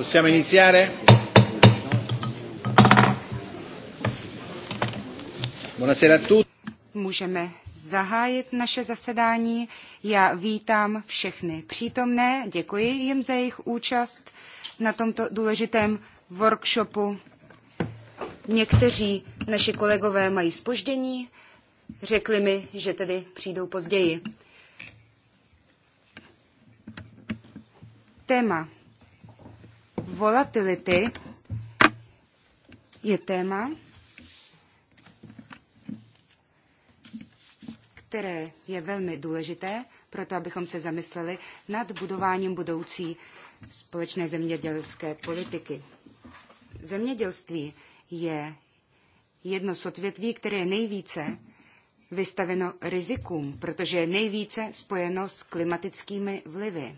Possiamo iniziare? Buonasera a tutti. Můžeme zahájit naše zasedání. Já vítám všechny přítomné, děkuji jim za jejich účast na tomto důležitém workshopu. Někteří naši kolegové mají spoždění, řekli mi, že tedy přijdou později. Téma volatility je téma, které je velmi důležité, proto abychom se zamysleli nad budováním budoucí společné zemědělské politiky. Zemědělství je jedno z odvětví, které je nejvíce vystaveno rizikům, protože je nejvíce spojeno s klimatickými vlivy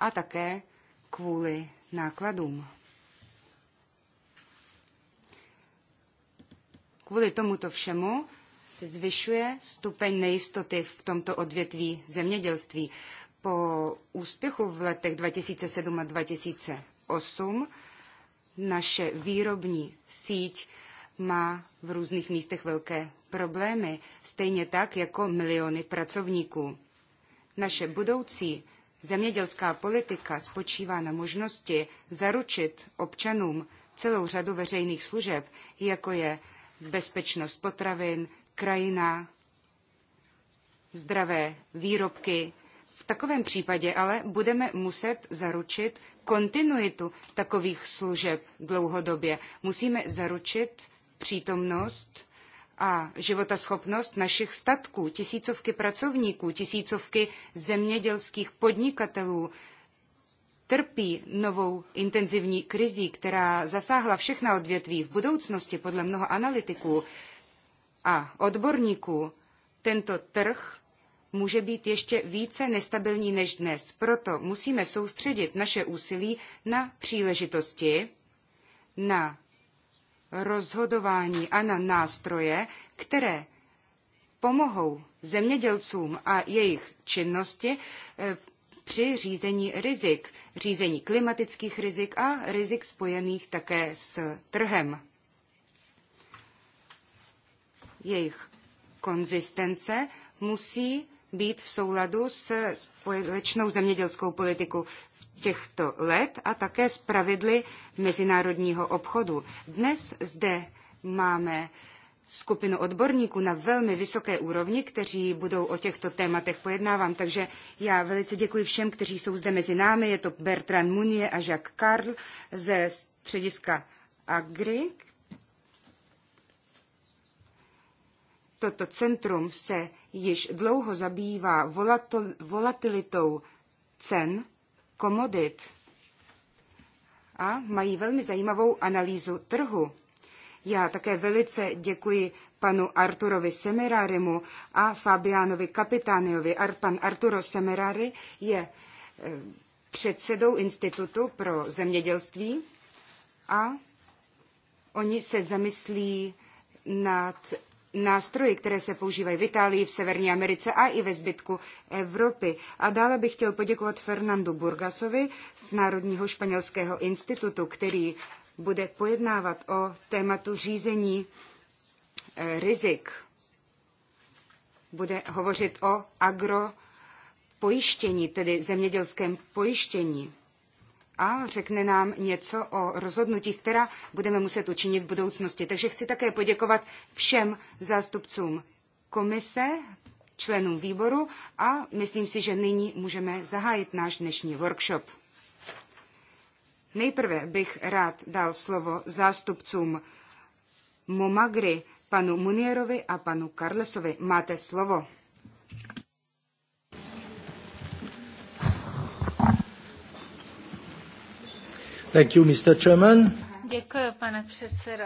a také kvůli nákladům. Kvůli tomuto všemu se zvyšuje stupeň nejistoty v tomto odvětví zemědělství. Po úspěchu v letech 2007 a 2008 naše výrobní síť má v různých místech velké problémy, stejně tak jako miliony pracovníků. Naše budoucí Zemědělská politika spočívá na možnosti zaručit občanům celou řadu veřejných služeb, jako je bezpečnost potravin, krajina, zdravé výrobky. V takovém případě ale budeme muset zaručit kontinuitu takových služeb dlouhodobě. Musíme zaručit přítomnost a životaschopnost našich statků, tisícovky pracovníků, tisícovky zemědělských podnikatelů trpí novou intenzivní krizí, která zasáhla všechna odvětví v budoucnosti podle mnoha analytiků a odborníků, tento trh může být ještě více nestabilní než dnes. Proto musíme soustředit naše úsilí na příležitosti, na rozhodování a na nástroje, které pomohou zemědělcům a jejich činnosti eh, při řízení rizik, řízení klimatických rizik a rizik spojených také s trhem. Jejich konzistence musí být v souladu s společnou zemědělskou politikou těchto let a také s pravidly mezinárodního obchodu. Dnes zde máme skupinu odborníků na velmi vysoké úrovni, kteří budou o těchto tématech pojednávám. Takže já velice děkuji všem, kteří jsou zde mezi námi. Je to Bertrand Munier a Jacques Carl ze střediska Agri. Toto centrum se již dlouho zabývá volatil, volatilitou cen komodit a mají velmi zajímavou analýzu trhu. Já také velice děkuji panu Arturovi Semerarimu a Fabiánovi Kapitániovi. Pan Arturo Semerari je eh, předsedou Institutu pro zemědělství a oni se zamyslí nad nástroji, které se používají v Itálii, v Severní Americe a i ve zbytku Evropy. A dále bych chtěl poděkovat Fernandu Burgasovi z Národního španělského institutu, který bude pojednávat o tématu řízení eh, rizik. Bude hovořit o agropojištění, tedy zemědělském pojištění a řekne nám něco o rozhodnutích, která budeme muset učinit v budoucnosti. Takže chci také poděkovat všem zástupcům komise, členům výboru a myslím si, že nyní můžeme zahájit náš dnešní workshop. Nejprve bych rád dal slovo zástupcům Momagry, panu Munierovi a panu Karlesovi. Máte slovo. Thank you, Mr. Chairman. Děkuji, pane předsedo.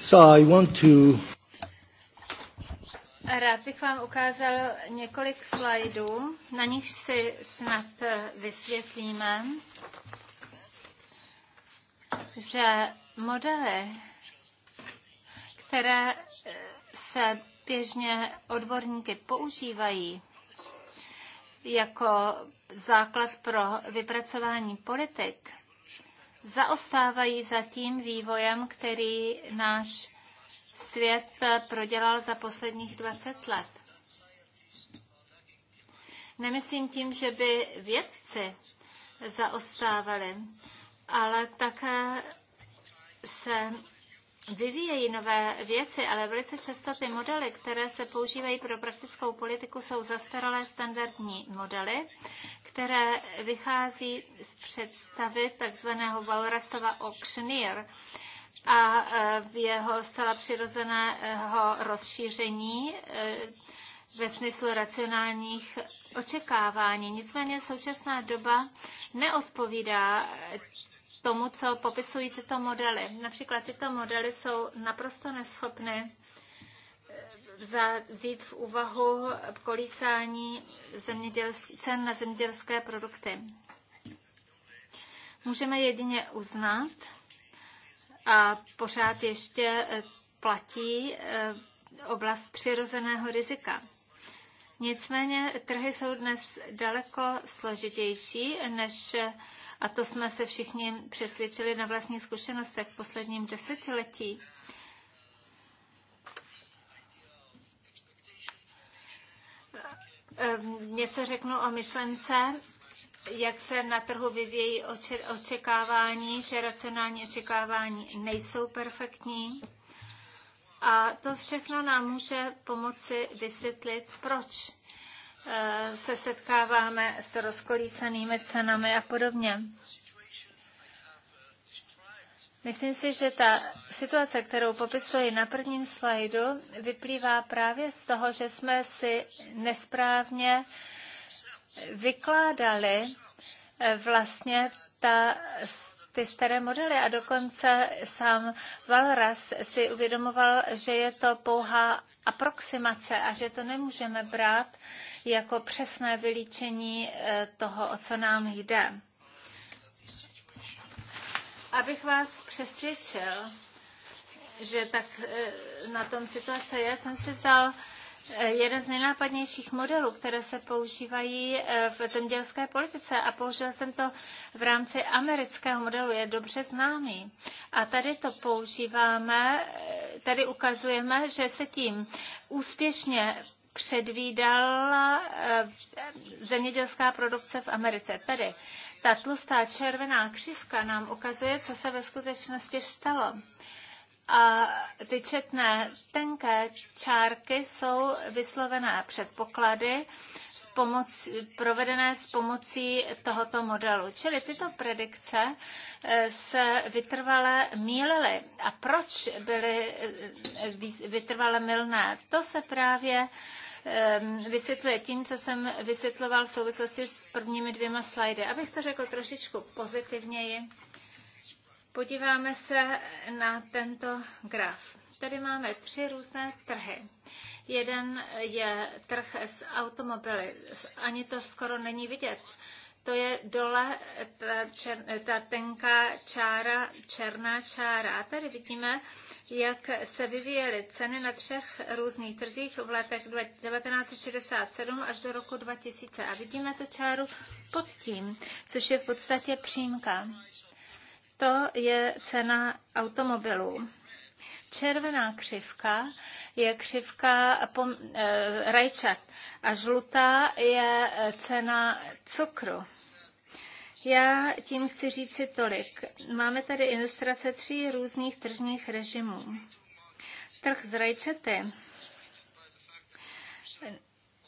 So I want to... Rád bych vám ukázal několik slajdů, na nich si snad vysvětlíme, že modely, které se běžně odborníky používají jako základ pro vypracování politik, zaostávají za tím vývojem, který náš svět prodělal za posledních 20 let. Nemyslím tím, že by vědci zaostávali, ale také se vyvíjejí nové věci, ale velice často ty modely, které se používají pro praktickou politiku, jsou zastaralé standardní modely, které vychází z představy takzvaného Valrasova auctioneer, a e, v jeho zcela přirozeného rozšíření e, ve smyslu racionálních očekávání. Nicméně současná doba neodpovídá tomu, co popisují tyto modely. Například tyto modely jsou naprosto neschopny eh, vzít v úvahu kolísání cen na zemědělské produkty. Můžeme jedině uznat, a pořád ještě eh, platí eh, oblast přirozeného rizika. Nicméně trhy jsou dnes daleko složitější, než a to jsme se všichni přesvědčili na vlastních zkušenostech v posledním desetiletí. Ehm, něco řeknu o myšlence jak se na trhu vyvíjí očekávání, že racionální očekávání nejsou perfektní. A to všechno nám může pomoci vysvětlit, proč Eh, se setkáváme s rozkolísanými cenami a podobně. Myslím si, že ta situace, kterou popisuji na prvním slajdu, vyplývá právě z toho, že jsme si nesprávně vykládali eh, vlastně ta ty staré modely a dokonce sám Valras si uvědomoval, že je to pouhá aproximace a že to nemůžeme brát jako přesné vylíčení eh, toho, o co nám jde. Abych vás přesvědčil, že tak eh, na tom situace je, jsem si vzal Eh, jeden z nejnápadnějších modelů, které se používají eh, v zemědělské politice a použil jsem to v rámci amerického modelu, je dobře známý. A tady to používáme, eh, tady ukazujeme, že se tím úspěšně předvídala zemědělská produkce v Americe. Tady ta tlustá červená křivka nám ukazuje, co se ve skutečnosti stalo a ty četné tenké čárky jsou vyslovené předpoklady s pomocí, provedené s pomocí tohoto modelu. Čili tyto predikce eh, se vytrvale mílily. A proč byly eh, vytrvale milné? To se právě eh, vysvětluje tím, co jsem vysvětloval v souvislosti s prvními dvěma slajdy. Abych to řekl trošičku pozitivněji, Podíváme se na tento graf. Tady máme tři různé trhy. Jeden je trh s automobily. Ani to skoro není vidět. To je dole ta, čer, ta tenká čára, černá čára. A tady vidíme, jak se vyvíjely ceny na třech různých trzích v letech 1967 až do roku 2000. A vidíme tu čáru pod tím, což je v podstatě přímka to je cena automobilů. Červená křivka je křivka pom- e, rajčat a žlutá je cena cukru. Já tím chci říci tolik. Máme tady ilustrace tří různých tržních režimů. Trh s rajčaty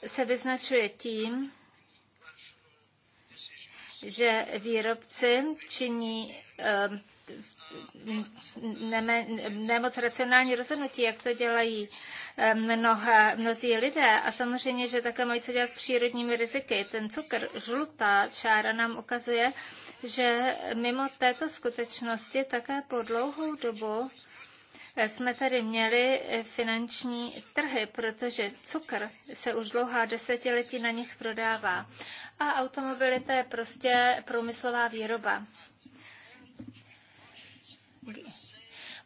se vyznačuje tím, že výrobci činí eh, nemoc racionální rozhodnutí, jak to dělají eh, mnoha, mnozí lidé. A samozřejmě, že také mají co dělat s přírodními riziky. Ten cukr, žlutá čára nám ukazuje, že mimo této skutečnosti také po dlouhou dobu jsme tady měli eh, finanční trhy, protože cukr se už dlouhá desetiletí na nich prodává. A automobily to je prostě průmyslová výroba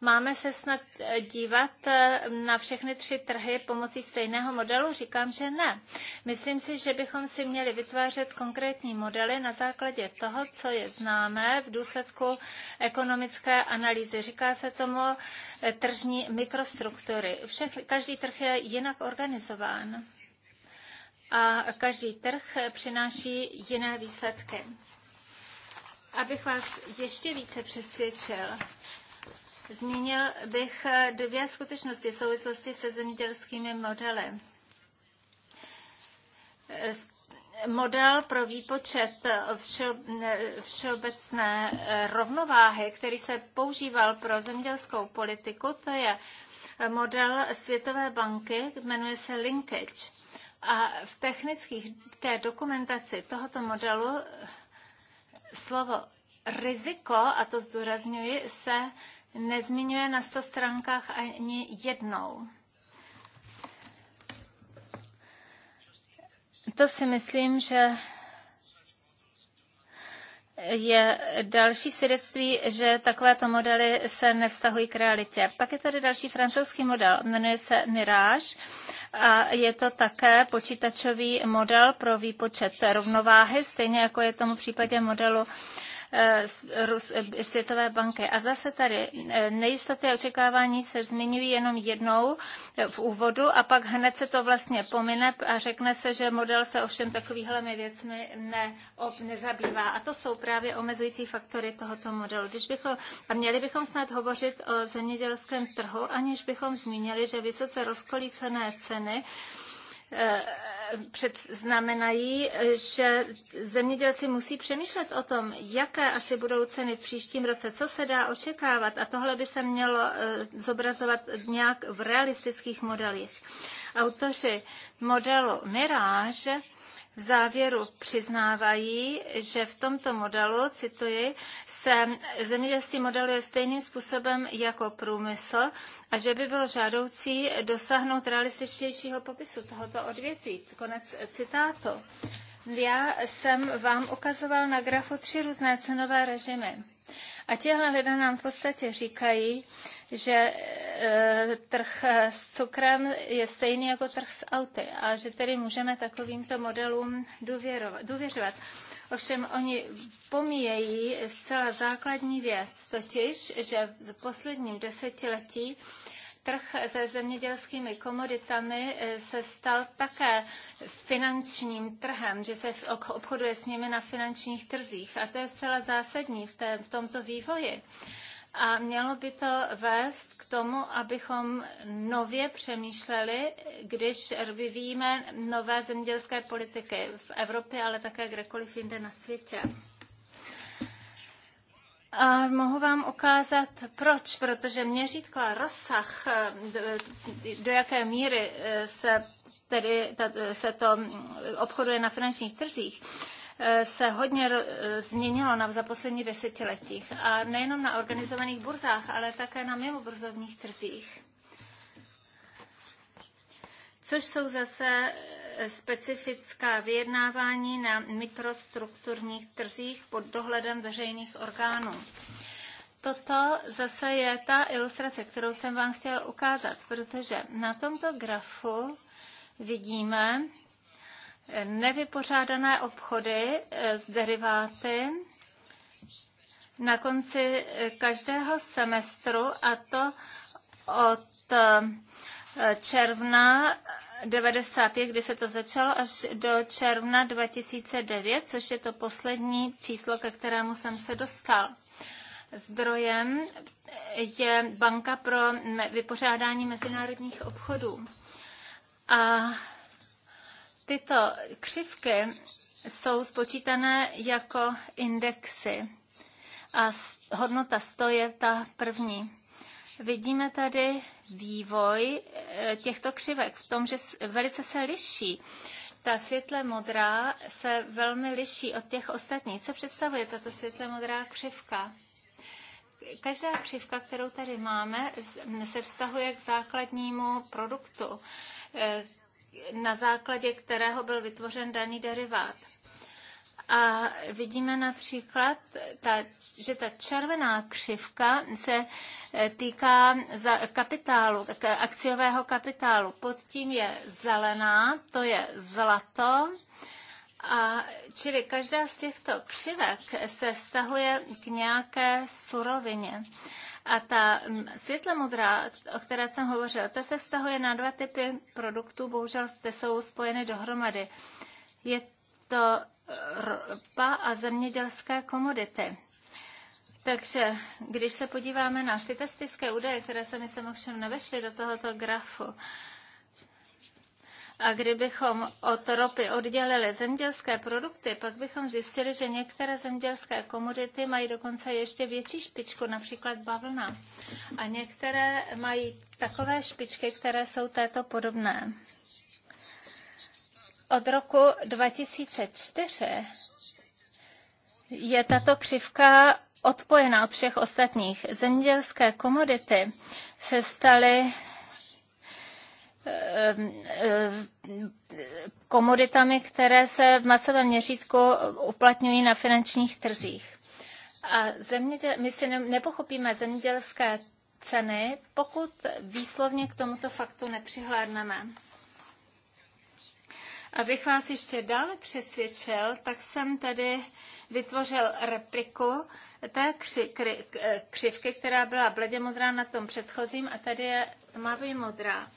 Máme se snad eh, dívat eh, na všechny tři trhy pomocí stejného modelu? Říkám, že ne. Myslím si, že bychom si měli vytvářet konkrétní modely na základě toho, co je známé v důsledku ekonomické analýzy. Říká se tomu eh, tržní mikrostruktury. Všech, každý trh je jinak organizován a každý trh přináší jiné výsledky. Abych vás ještě více přesvědčil, Zmínil bych eh, dvě skutečnosti v souvislosti se zemědělskými modely. Eh, model pro výpočet eh, všeobecné rovnováhy, který se používal pro zemědělskou politiku, to je model Světové banky, jmenuje se Linkage. A v technické dokumentaci tohoto modelu slovo riziko, a to zdůrazňuji, se nezmiňuje na 100 stránkách ani jednou. To si myslím, že je další svědectví, že takovéto modely se nevztahují k realitě. Pak je tady další francouzský model, jmenuje se Mirage a je to také počítačový model pro výpočet rovnováhy, stejně jako je tomu v případě modelu Eh, eh, Světové banky. A zase tady eh, nejistoty a očekávání se zmiňují jenom jednou v úvodu a pak hned se to vlastně pomine a řekne se, že model se ovšem takovýhlemi věcmi ne, ob, nezabývá. A to jsou právě omezující faktory tohoto modelu. Když bychom, a měli bychom snad hovořit o zemědělském trhu, aniž bychom zmínili, že vysoce rozkolísené ceny před, znamenají, že zemědělci musí přemýšlet o tom, jaké asi budou ceny v příštím roce, co se dá očekávat a tohle by se mělo eh, zobrazovat nějak v realistických modelích. Autoři modelu Mirage v závěru přiznávají, že v tomto modelu, cituji, se zemědělství modeluje stejným způsobem jako průmysl a že by bylo žádoucí dosáhnout realističtějšího popisu tohoto odvětví. Konec citátu. Já jsem vám ukazoval na grafu tři různé cenové režimy. A těhle lidé nám v podstatě říkají, že e, trh s cukrem je stejný jako trh s auty a že tedy můžeme takovýmto modelům důvěřovat. Ovšem oni pomíjejí zcela základní věc, totiž, že v posledním desetiletí trh se zemědělskými komoditami e, se stal také finančním trhem, že se obchoduje s nimi na finančních trzích. A to je zcela zásadní v, té, v tomto vývoji a mělo by to vést k tomu, abychom nově přemýšleli, když vyvíjíme nové zemědělské politiky v Evropě, ale také kdekoliv jinde na světě. A mohu vám ukázat, proč, protože měřítko a rozsah, do jaké míry se tedy se to obchoduje na finančních trzích, Eh, se hodně eh, změnilo na, za poslední desetiletích. A nejenom na organizovaných burzách, ale také na mimoburzovních trzích. Což jsou zase eh, specifická vyjednávání na mikrostrukturních trzích pod dohledem veřejných orgánů. Toto zase je ta ilustrace, kterou jsem vám chtěla ukázat, protože na tomto grafu vidíme, nevypořádané obchody eh, s deriváty na konci eh, každého semestru a to od eh, června 95, kdy se to začalo, až do června 2009, což je to poslední číslo, ke kterému jsem se dostal. Zdrojem je Banka pro vypořádání mezinárodních obchodů. A tyto křivky jsou spočítané jako indexy a hodnota 100 je ta první. Vidíme tady vývoj e, těchto křivek v tom, že velice se liší. Ta světle modrá se velmi liší od těch ostatních. Co představuje tato světle modrá křivka? Každá křivka, kterou tady máme, se vztahuje k základnímu produktu e, na základě kterého byl vytvořen daný derivát. A vidíme například, ta, že ta červená křivka se eh, týká za kapitálu, eh, akciového kapitálu. Pod tím je zelená, to je zlato. A čili každá z těchto křivek se stahuje k nějaké surovině. A ta světle modrá, o které jsem hovořila, ta se vztahuje na dva typy produktů, bohužel ty jsou spojeny dohromady. Je to ropa a zemědělské komodity. Takže když se podíváme na statistické údaje, které se mi sem ovšem nevešly do tohoto grafu, a kdybychom od ropy oddělili zemědělské produkty, pak bychom zjistili, že některé zemědělské komodity mají dokonce ještě větší špičku, například bavlna. A některé mají takové špičky, které jsou této podobné. Od roku 2004 je tato křivka odpojena od všech ostatních. Zemědělské komodity se staly komoditami, které se v masovém měřítku uplatňují na finančních trzích. A zeměděl, my si nepochopíme zemědělské ceny, pokud výslovně k tomuto faktu nepřihlédneme. Abych vás ještě dále přesvědčil, tak jsem tady vytvořil repliku té kři, kri, křivky, která byla bledě modrá na tom předchozím a tady je tmavě modrá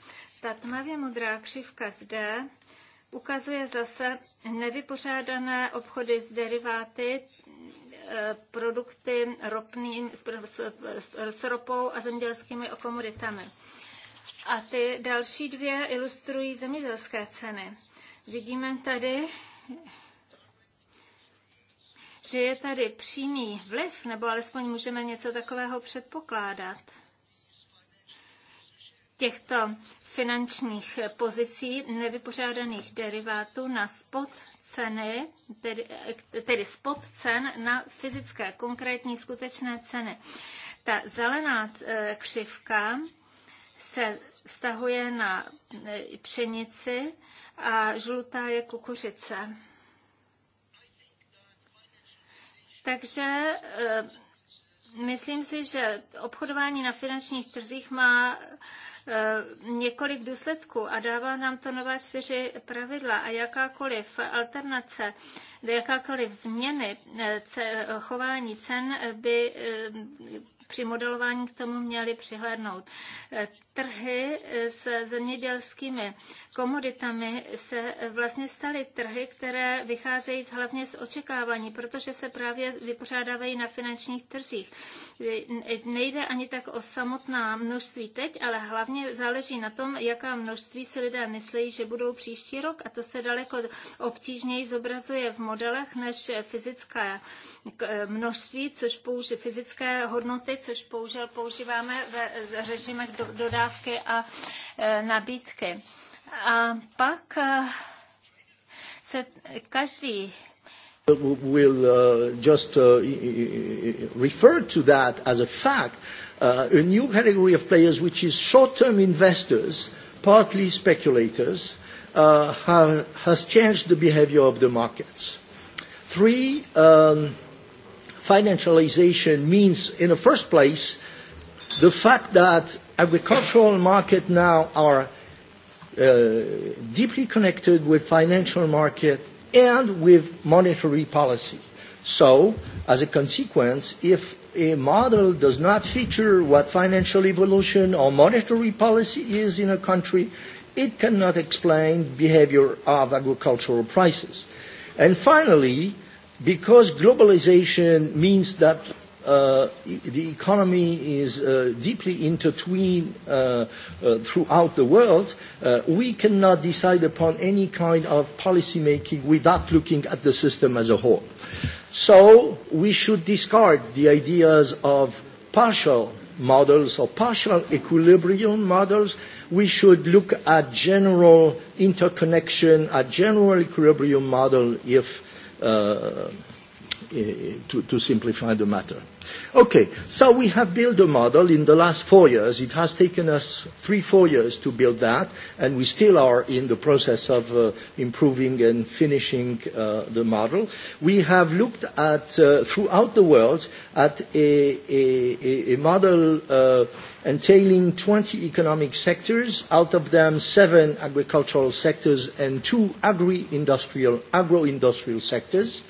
ta tmavě modrá křivka zde ukazuje zase nevypořádané obchody s deriváty, e, produkty ropným, s ropou a zemědělskými komoditami. A ty další dvě ilustrují zemědělské ceny. Vidíme tady, že je tady přímý vliv, nebo alespoň můžeme něco takového předpokládat těchto finančních pozicí nevypořádaných derivátů na spot ceny, tedy, tedy spot cen na fyzické konkrétní skutečné ceny. Ta zelená e, křivka se vztahuje na e, pšenici a žlutá je kukuřice. Takže e, myslím si, že obchodování na finančních trzích má Eh, několik důsledků a dává nám to nové čtyři pravidla a jakákoliv alternace, jakákoliv změny eh, chování cen by eh, při modelování k tomu měli přihlédnout. E, trhy s zemědělskými komoditami se vlastně staly trhy, které vycházejí hlavně z očekávání, protože se právě vypořádávají na finančních trzích. E, nejde ani tak o samotná množství teď, ale hlavně záleží na tom, jaká množství si lidé myslí, že budou příští rok a to se daleko obtížněji zobrazuje v modelech než fyzické e, množství, což použije fyzické hodnoty což bohužel používáme ve režimech dodávky a e, nabídky. A pak e, se každý will uh, just uh, refer to that as a fact, uh, a new category of players which is short-term investors, partly speculators, uh, ha- has changed the behavior of the markets. Three, um, financialization means in the first place the fact that agricultural market now are uh, deeply connected with financial market and with monetary policy. So, as a consequence, if a model does not feature what financial evolution or monetary policy is in a country, it cannot explain behavior of agricultural prices. And finally, because globalization means that uh, e, the economy is uh, deeply intertwined uh, uh, throughout the world, uh, we cannot decide upon any kind of policy making without looking at the system as a whole. So we should discard the ideas of partial models or partial equilibrium models. We should look at general interconnection, at general equilibrium model if uh, Eh, to, to simplify the matter. Okay, so we have built a model in the last four years. It has taken us three, four years to build that, and we still are in the process of uh, improving and finishing uh, the model. We have looked at, uh, throughout the world, at a, a, a model uh, entailing 20 economic sectors, out of them seven agricultural sectors and two agri-industrial, agro-industrial sectors.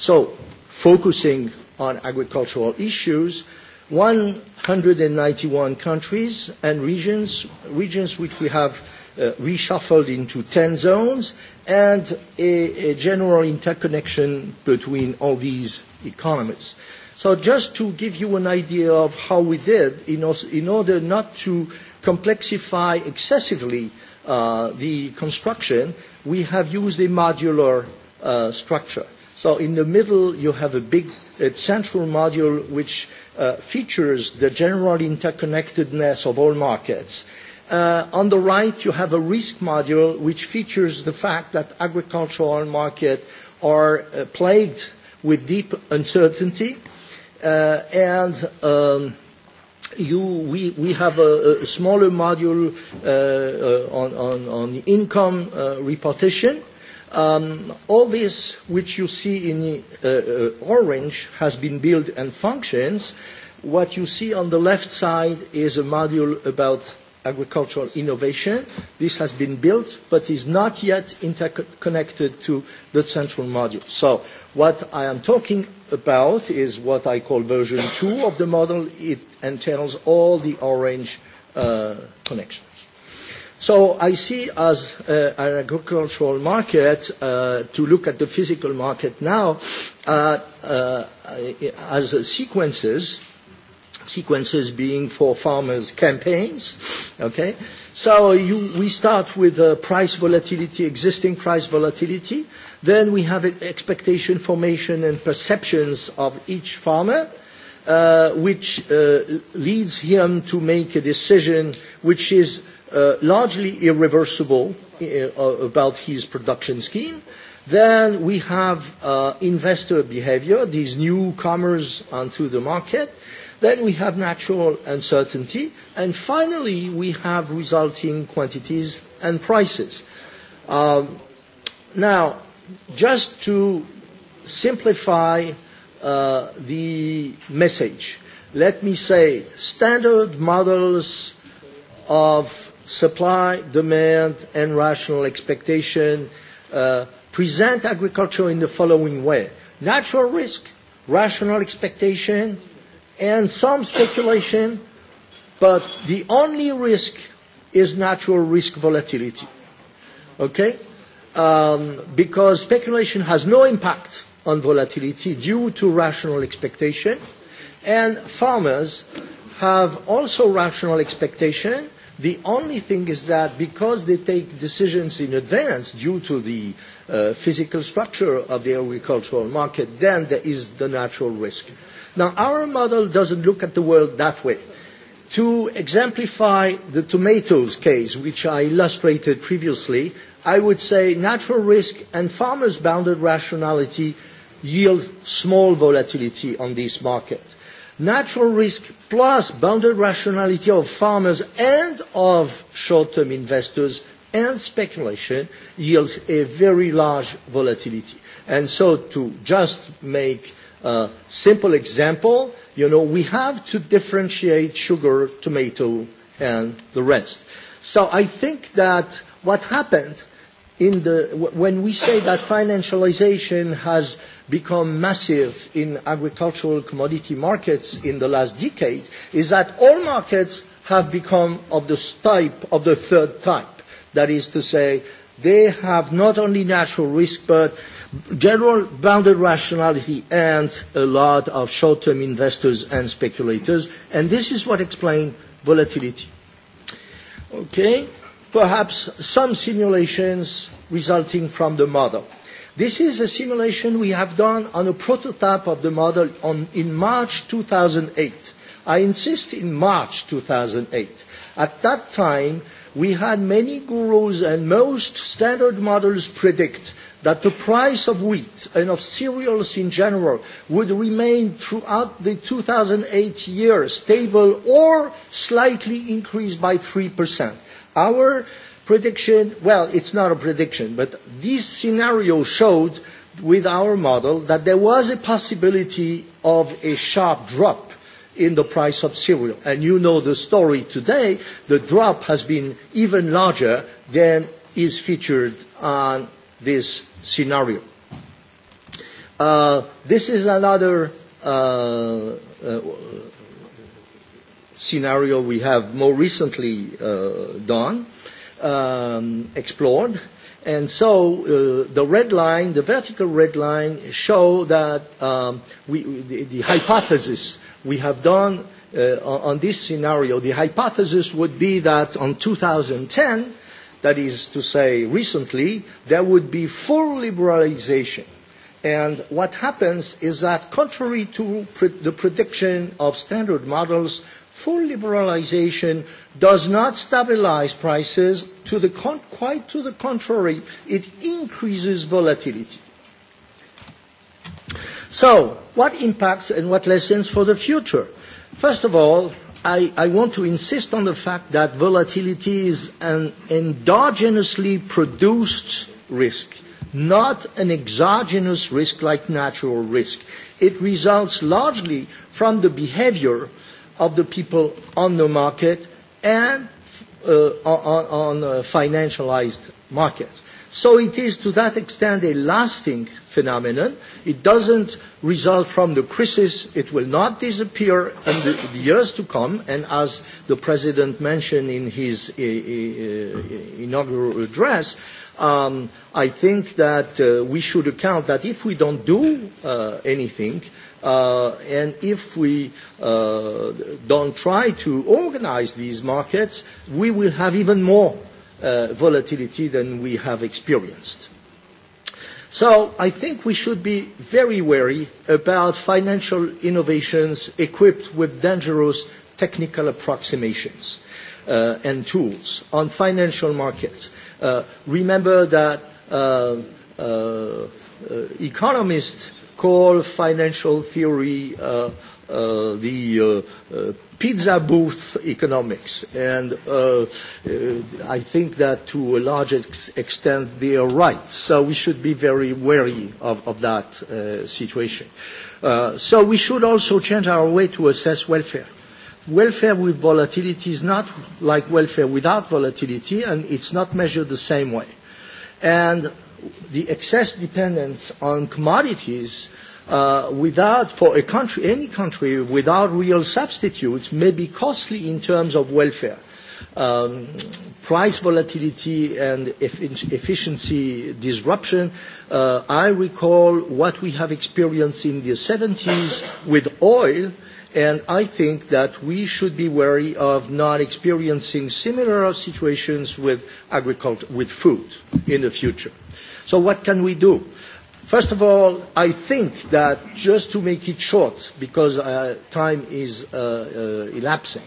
So, focusing on agricultural issues, 191 countries and regions, regions which we have uh, reshuffled into 10 zones, and a, a general interconnection between all these economies. So just to give you an idea of how we did, in, in order not to complexify excessively uh, the construction, we have used a modular uh, structure. So in the middle, you have a big a central module which uh, features the general interconnectedness of all markets. Uh, on the right, you have a risk module which features the fact that agricultural markets are uh, plagued with deep uncertainty. Uh, and um, you, we, we have a, a smaller module uh, uh, on, on, on income uh, repartition. Uh, Um, all this, which you see in uh, uh, orange, has been built and functions. What you see on the left side is a module about agricultural innovation. This has been built, but is not yet interconnected to the central module. So what I am talking about is what I call version two of the model. It entails all the orange uh, connections. So I see as uh, an agricultural market, uh, to look at the physical market now, uh, uh, as sequences, sequences being for farmers' campaigns, okay? So you, we start with uh, price volatility, existing price volatility. Then we have e-, expectation formation and perceptions of each farmer, uh, which uh, leads him to make a decision which is Uh, largely irreversible uh, about his production scheme. Then we have uh, investor behavior, these newcomers onto the market. Then we have natural uncertainty. And finally, we have resulting quantities and prices. Um, now, just to simplify uh, the message, let me say standard models of supply, demand, and rational expectation uh, present agriculture in the following way. Natural risk, rational expectation, and some speculation, but the only risk is natural risk volatility. Okay? Um, because speculation has no impact on volatility due to rational expectation, and farmers have also rational expectation, The only thing is that because they take decisions in advance due to the uh, physical structure of the agricultural market, then there is the natural risk. Now, our model doesn't look at the world that way. To exemplify the tomatoes case, which I illustrated previously, I would say natural risk and farmers' bounded rationality yield small volatility on this market natural risk plus bounded rationality of farmers and of short-term investors and speculation yields a very large volatility. And so to just make a simple example, you know, we have to differentiate sugar, tomato, and the rest. So I think that what happened in the, when we say that financialization has become massive in agricultural commodity markets in the last decade, is that all markets have become of the type, of the third type. That is to say, they have not only natural risk, but general bounded rationality and a lot of short-term investors and speculators. And this is what explains volatility. Okay perhaps some simulations resulting from the model. This is a simulation we have done on a prototype of the model on, in March 2008. I insist in March 2008. At that time, we had many gurus and most standard models predict that the price of wheat and of cereals in general would remain throughout the 2008 year stable or slightly increased by 3%. Our prediction, well, it's not a prediction, but this scenario showed with our model that there was a possibility of a sharp drop in the price of cereal. And you know the story today, the drop has been even larger than is featured on this scenario. Uh, this is another uh, uh, scenario we have more recently uh, done, um, explored. And so uh, the red line, the vertical red line, show that um, we, the, the hypothesis we have done uh, on this scenario, the hypothesis would be that on 2010, that is to say recently, there would be full liberalization. And what happens is that contrary to pre- the prediction of standard models, full liberalization does not stabilize prices. To the con- quite to the contrary, it increases volatility. So, what impacts and what lessons for the future? First of all, I, I want to insist on the fact that volatility is an endogenously produced risk, not an exogenous risk like natural risk. It results largely from the behavior of the people on the market and uh, on, on uh, financialized markets. So it is to that extent a lasting phenomenon. It doesn't result from the crisis. It will not disappear in the, the years to come. And as the President mentioned in his uh, uh, uh inaugural address, um, I think that uh, we should account that if we don't do uh, anything, uh, Uh, and if we uh, don't try to organize these markets, we will have even more uh, volatility than we have experienced. So I think we should be very wary about financial innovations equipped with dangerous technical approximations uh, and tools on financial markets. Uh, remember that uh, uh, uh economists call financial theory uh, uh, the uh, uh, pizza booth economics. And uh, uh, I think that to a large ex- extent they are right. So we should be very wary of, of that uh, situation. Uh, so we should also change our way to assess welfare. Welfare with volatility is not like welfare without volatility, and it's not measured the same way. And the excess dependence on commodities uh, without for a country, any country, without real substitutes may be costly in terms of welfare. Um, price volatility and efficiency disruption. Uh, I recall what we have experienced in the 70s with oil, and I think that we should be wary of not experiencing similar situations with agriculture, with food in the future. So what can we do? First of all, I think that just to make it short, because uh, time is uh, uh, elapsing,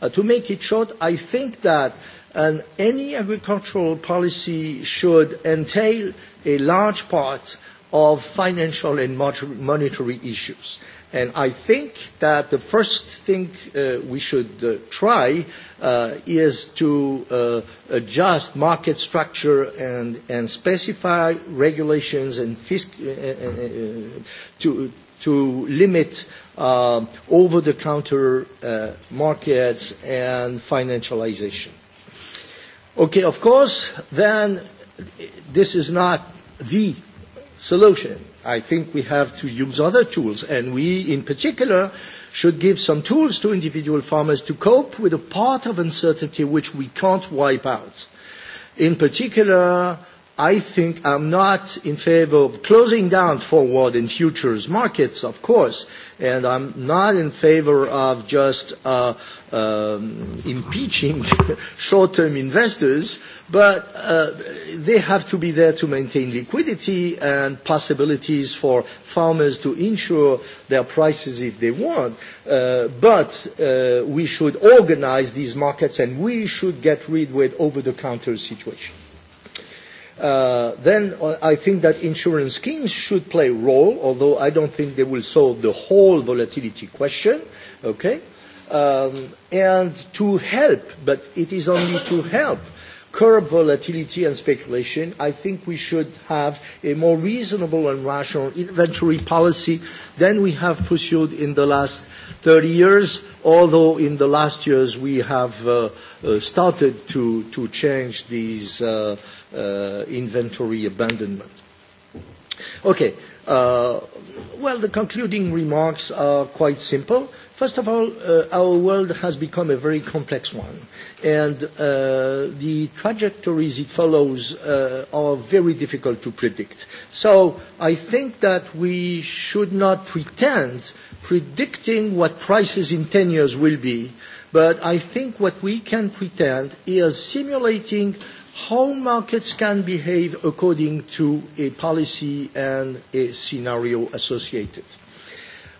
uh, to make it short, I think that an, um, any agricultural policy should entail a large part of financial and monetary issues. And I think that the first thing uh, we should uh, try uh, is to uh, adjust market structure and, and specify regulations and fisc- uh, uh, to, to limit uh, over-the-counter uh, markets and financialization. Okay, of course, then this is not the solution. I think we have to use other tools, and we, in particular, uh, should give some tools to individual farmers to cope with a part of uncertainty which we can't wipe out. In particular, i think I'm not in favor of closing down forward and futures markets, of course, and I'm not in favor of just uh, um, impeaching short-term investors, but uh, they have to be there to maintain liquidity and possibilities for farmers to insure their prices if they want. Uh, but we should organize these markets and we should get rid with over-the-counter situation. Uh, then I think that insurance schemes should play a role, although I don't think they will solve the whole volatility question, okay? Um, and to help, but it is only to help curb volatility and speculation, I think we should have a more reasonable and rational inventory policy than we have pursued in the last 30 years although in the last years we have uh, uh, started to, to change these uh, uh, inventory abandonment. Okay. Uh, well, the concluding remarks are quite simple. First of all, uh, our world has become a very complex one, and uh, the trajectories it follows uh, are very difficult to predict. So I think that we should not pretend predicting what prices in 10 years will be, but I think what we can pretend is simulating how markets can behave according to a policy and a scenario associated.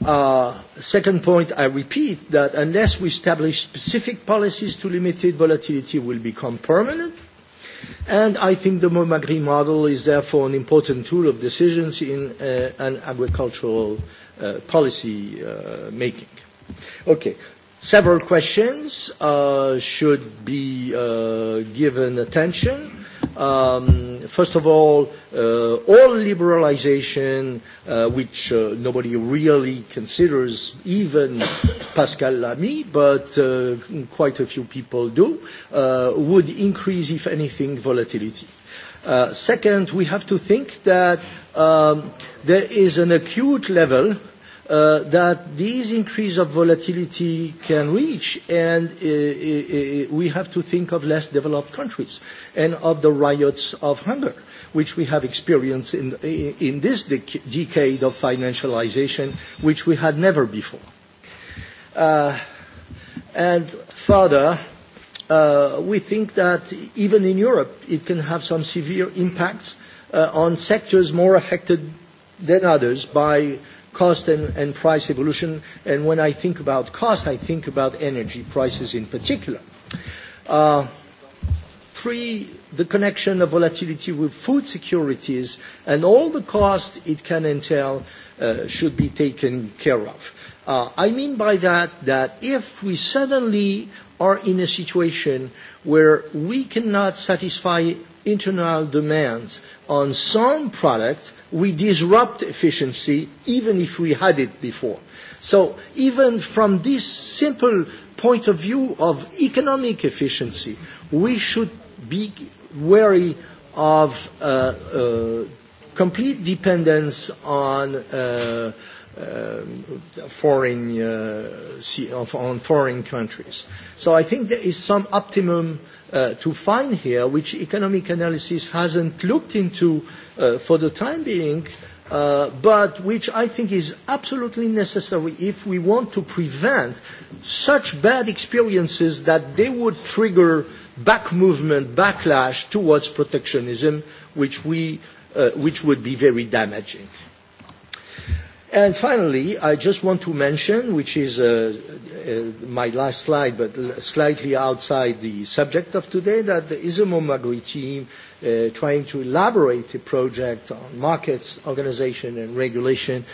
Uh, second point, I repeat that unless we establish specific policies to limit volatility will become permanent, And I think the MOMAGRI model is therefore an important tool of decisions in uh, an agricultural uh, policy uh, making. Okay, several questions should be given attention um, first of all, uh, all liberalization, uh, which uh, nobody really considers, even Pascal Lamy, but uh, quite a few people do, uh, would increase, if anything, volatility. Uh, second, we have to think that um, there is an acute level uh, that these increase of volatility can reach, and uh, uh, uh, we have to think of less developed countries and of the riots of hunger, which we have experienced in, in this dec decade of financialization, which we had never before. Uh, and further, uh, we think that even in Europe, it can have some severe impacts uh, on sectors more affected than others by cost and, price evolution. And when I think about cost, I think about energy prices in particular. Uh, three, the connection of volatility with food securities and all the cost it can entail uh, should be taken care of. Uh, I mean by that that if we suddenly are in a situation where we cannot satisfy internal demands on some product, we disrupt efficiency even if we had it before. So even from this simple point of view of economic efficiency, we should be wary of uh, uh, complete dependence on uh, uh, foreign uh, on foreign countries. So I think there is some optimum uh, to find here, which economic analysis hasn't looked into Uh, for the time being, uh, but which I think is absolutely necessary if we want to prevent such bad experiences that they would trigger back movement, backlash towards protectionism, which, we, uh, which would be very damaging. And finally, I just want to mention, which is uh, uh, my last slide, but slightly outside the subject of today, that the Izumo Magui team uh, trying to elaborate a project on markets, organization, and regulation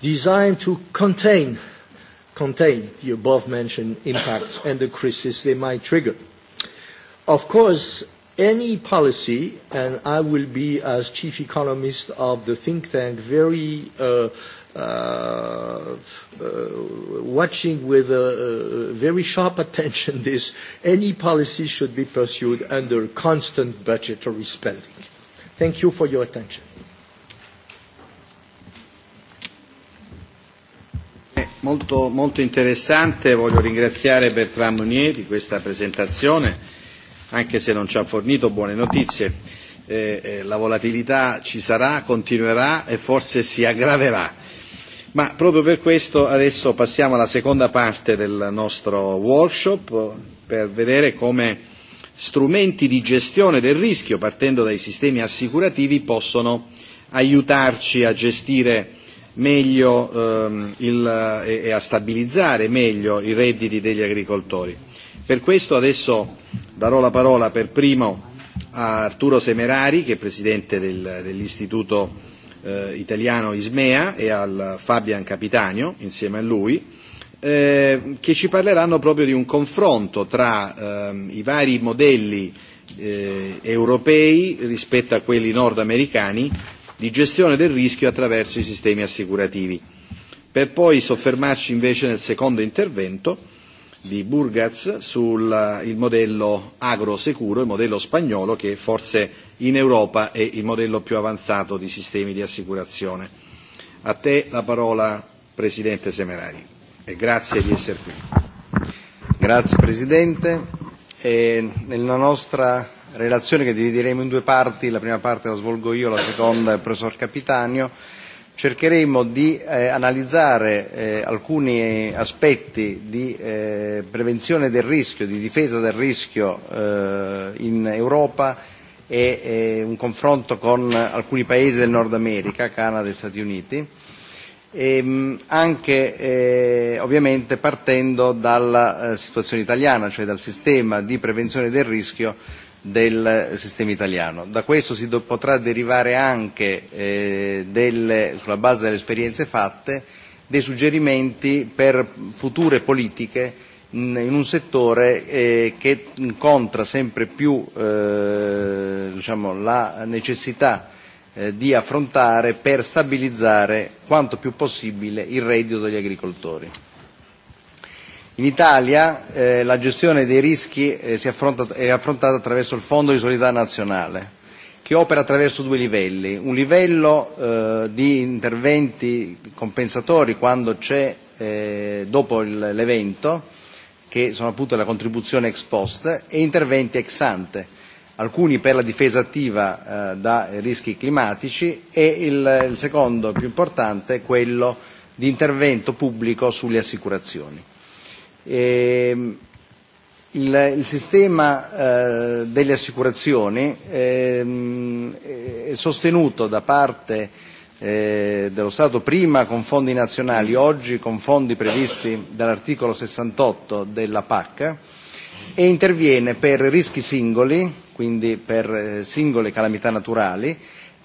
designed to contain, contain the above-mentioned impacts and the crisis they might trigger. Of course, any policy, and I will be, as chief economist of the think tank, very uh, Uh, uh, watching with a, a very sharp attention this, any policy should be pursued under constant budgetary spending. Thank you for your attention. Eh, molto, molto interessante, voglio ringraziare Bertrand Meunier di questa presentazione, anche se non ci ha fornito buone notizie. Eh, eh, la volatilità ci sarà, continuerà e forse si aggraverà Ma proprio per questo adesso passiamo alla seconda parte del nostro workshop per vedere come strumenti di gestione del rischio, partendo dai sistemi assicurativi, possono aiutarci a gestire meglio ehm, il, e, e a stabilizzare meglio i redditi degli agricoltori. Per questo adesso darò la parola per primo a Arturo Semerari, che è presidente del, dell'Istituto eh, italiano Ismea e al Fabian Capitanio insieme a lui, eh, che ci parleranno proprio di un confronto tra eh, i vari modelli eh, europei rispetto a quelli nordamericani di gestione del rischio attraverso i sistemi assicurativi, per poi soffermarci invece nel secondo intervento di Burgaz sul eh, il modello agrosecuro, il modello spagnolo che forse in Europa è il modello più avanzato di sistemi di assicurazione. A te la parola Presidente Semerari e grazie di essere qui. Grazie Presidente. E nella nostra relazione che divideremo in due parti, la prima parte la svolgo io, la seconda il professor Capitanio, cercheremo di eh, analizzare eh, alcuni aspetti di eh, prevenzione del rischio, di difesa del rischio eh, in Europa e eh, un confronto con alcuni paesi del Nord America, Canada e Stati Uniti e anche eh, ovviamente partendo dalla eh, situazione italiana, cioè dal sistema di prevenzione del rischio del sistema italiano. Da questo si do, potrà derivare anche, eh, delle, sulla base delle esperienze fatte, dei suggerimenti per future politiche in, un settore eh, che incontra sempre più eh, diciamo, la necessità eh, di affrontare per stabilizzare quanto più possibile il reddito degli agricoltori. In Italia eh, la gestione dei rischi eh, si affronta, è affrontata attraverso il Fondo di solidarietà nazionale, che opera attraverso due livelli. Un livello eh, di interventi compensatori quando c'è, eh, dopo l'evento, che sono appunto la contribuzione ex post, e interventi ex ante, alcuni per la difesa attiva eh, da rischi climatici e il, il secondo più importante è quello di intervento pubblico sulle assicurazioni. Eh, il, il sistema eh, delle assicurazioni eh, è sostenuto da parte eh, dello Stato prima con fondi nazionali, oggi con fondi previsti dall'articolo 68 della PAC e interviene per rischi singoli, quindi per eh, singole calamità naturali,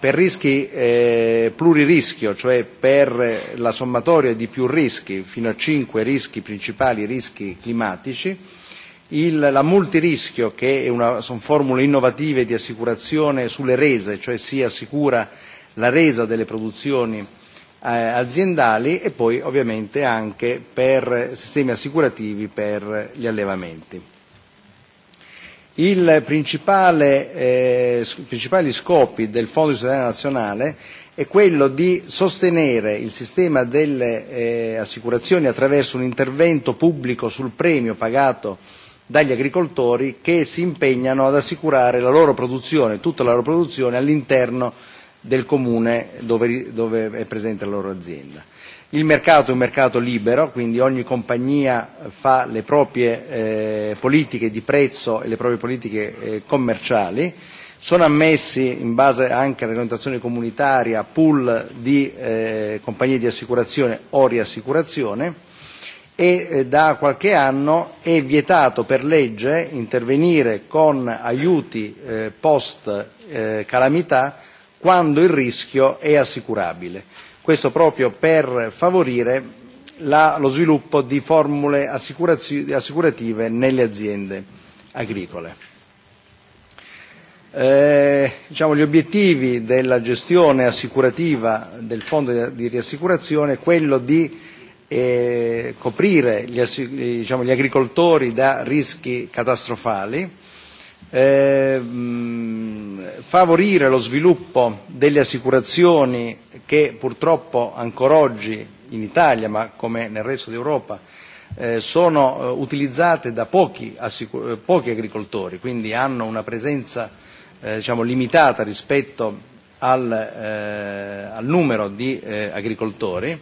per rischi eh, pluririschio, cioè per la sommatoria di più rischi, fino a cinque rischi principali, rischi climatici, il, la multirischio, che è una, sono formule innovative di assicurazione sulle rese, cioè si assicura la resa delle produzioni eh, aziendali e poi ovviamente anche per sistemi assicurativi per gli allevamenti. Il principale, eh, principali scopi del Fondo di solidarietà nazionale è quello di sostenere il sistema delle eh, assicurazioni attraverso un intervento pubblico sul premio pagato dagli agricoltori che si impegnano ad assicurare la loro produzione, tutta la loro produzione all'interno del comune dove, dove è presente la loro azienda Il mercato è un mercato libero, quindi ogni compagnia fa le proprie eh, politiche di prezzo e le proprie politiche eh, commerciali. Sono ammessi, in base anche alla regolamentazione comunitaria, pool di eh, compagnie di assicurazione o riassicurazione e eh, da qualche anno è vietato per legge intervenire con aiuti eh, post eh, calamità quando il rischio è assicurabile questo proprio per favorire lo sviluppo di formule assicurative nelle aziende agricole. Eh, diciamo, gli obiettivi della gestione assicurativa del fondo di, di riassicurazione è quello di eh, coprire gli, diciamo, gli agricoltori da rischi catastrofali, eh, favorire lo sviluppo delle assicurazioni che purtroppo ancora oggi in Italia, ma come nel resto d'Europa, eh, sono eh, utilizzate da pochi, eh, pochi agricoltori, quindi hanno una presenza eh, diciamo, limitata rispetto al, eh, al numero di eh, agricoltori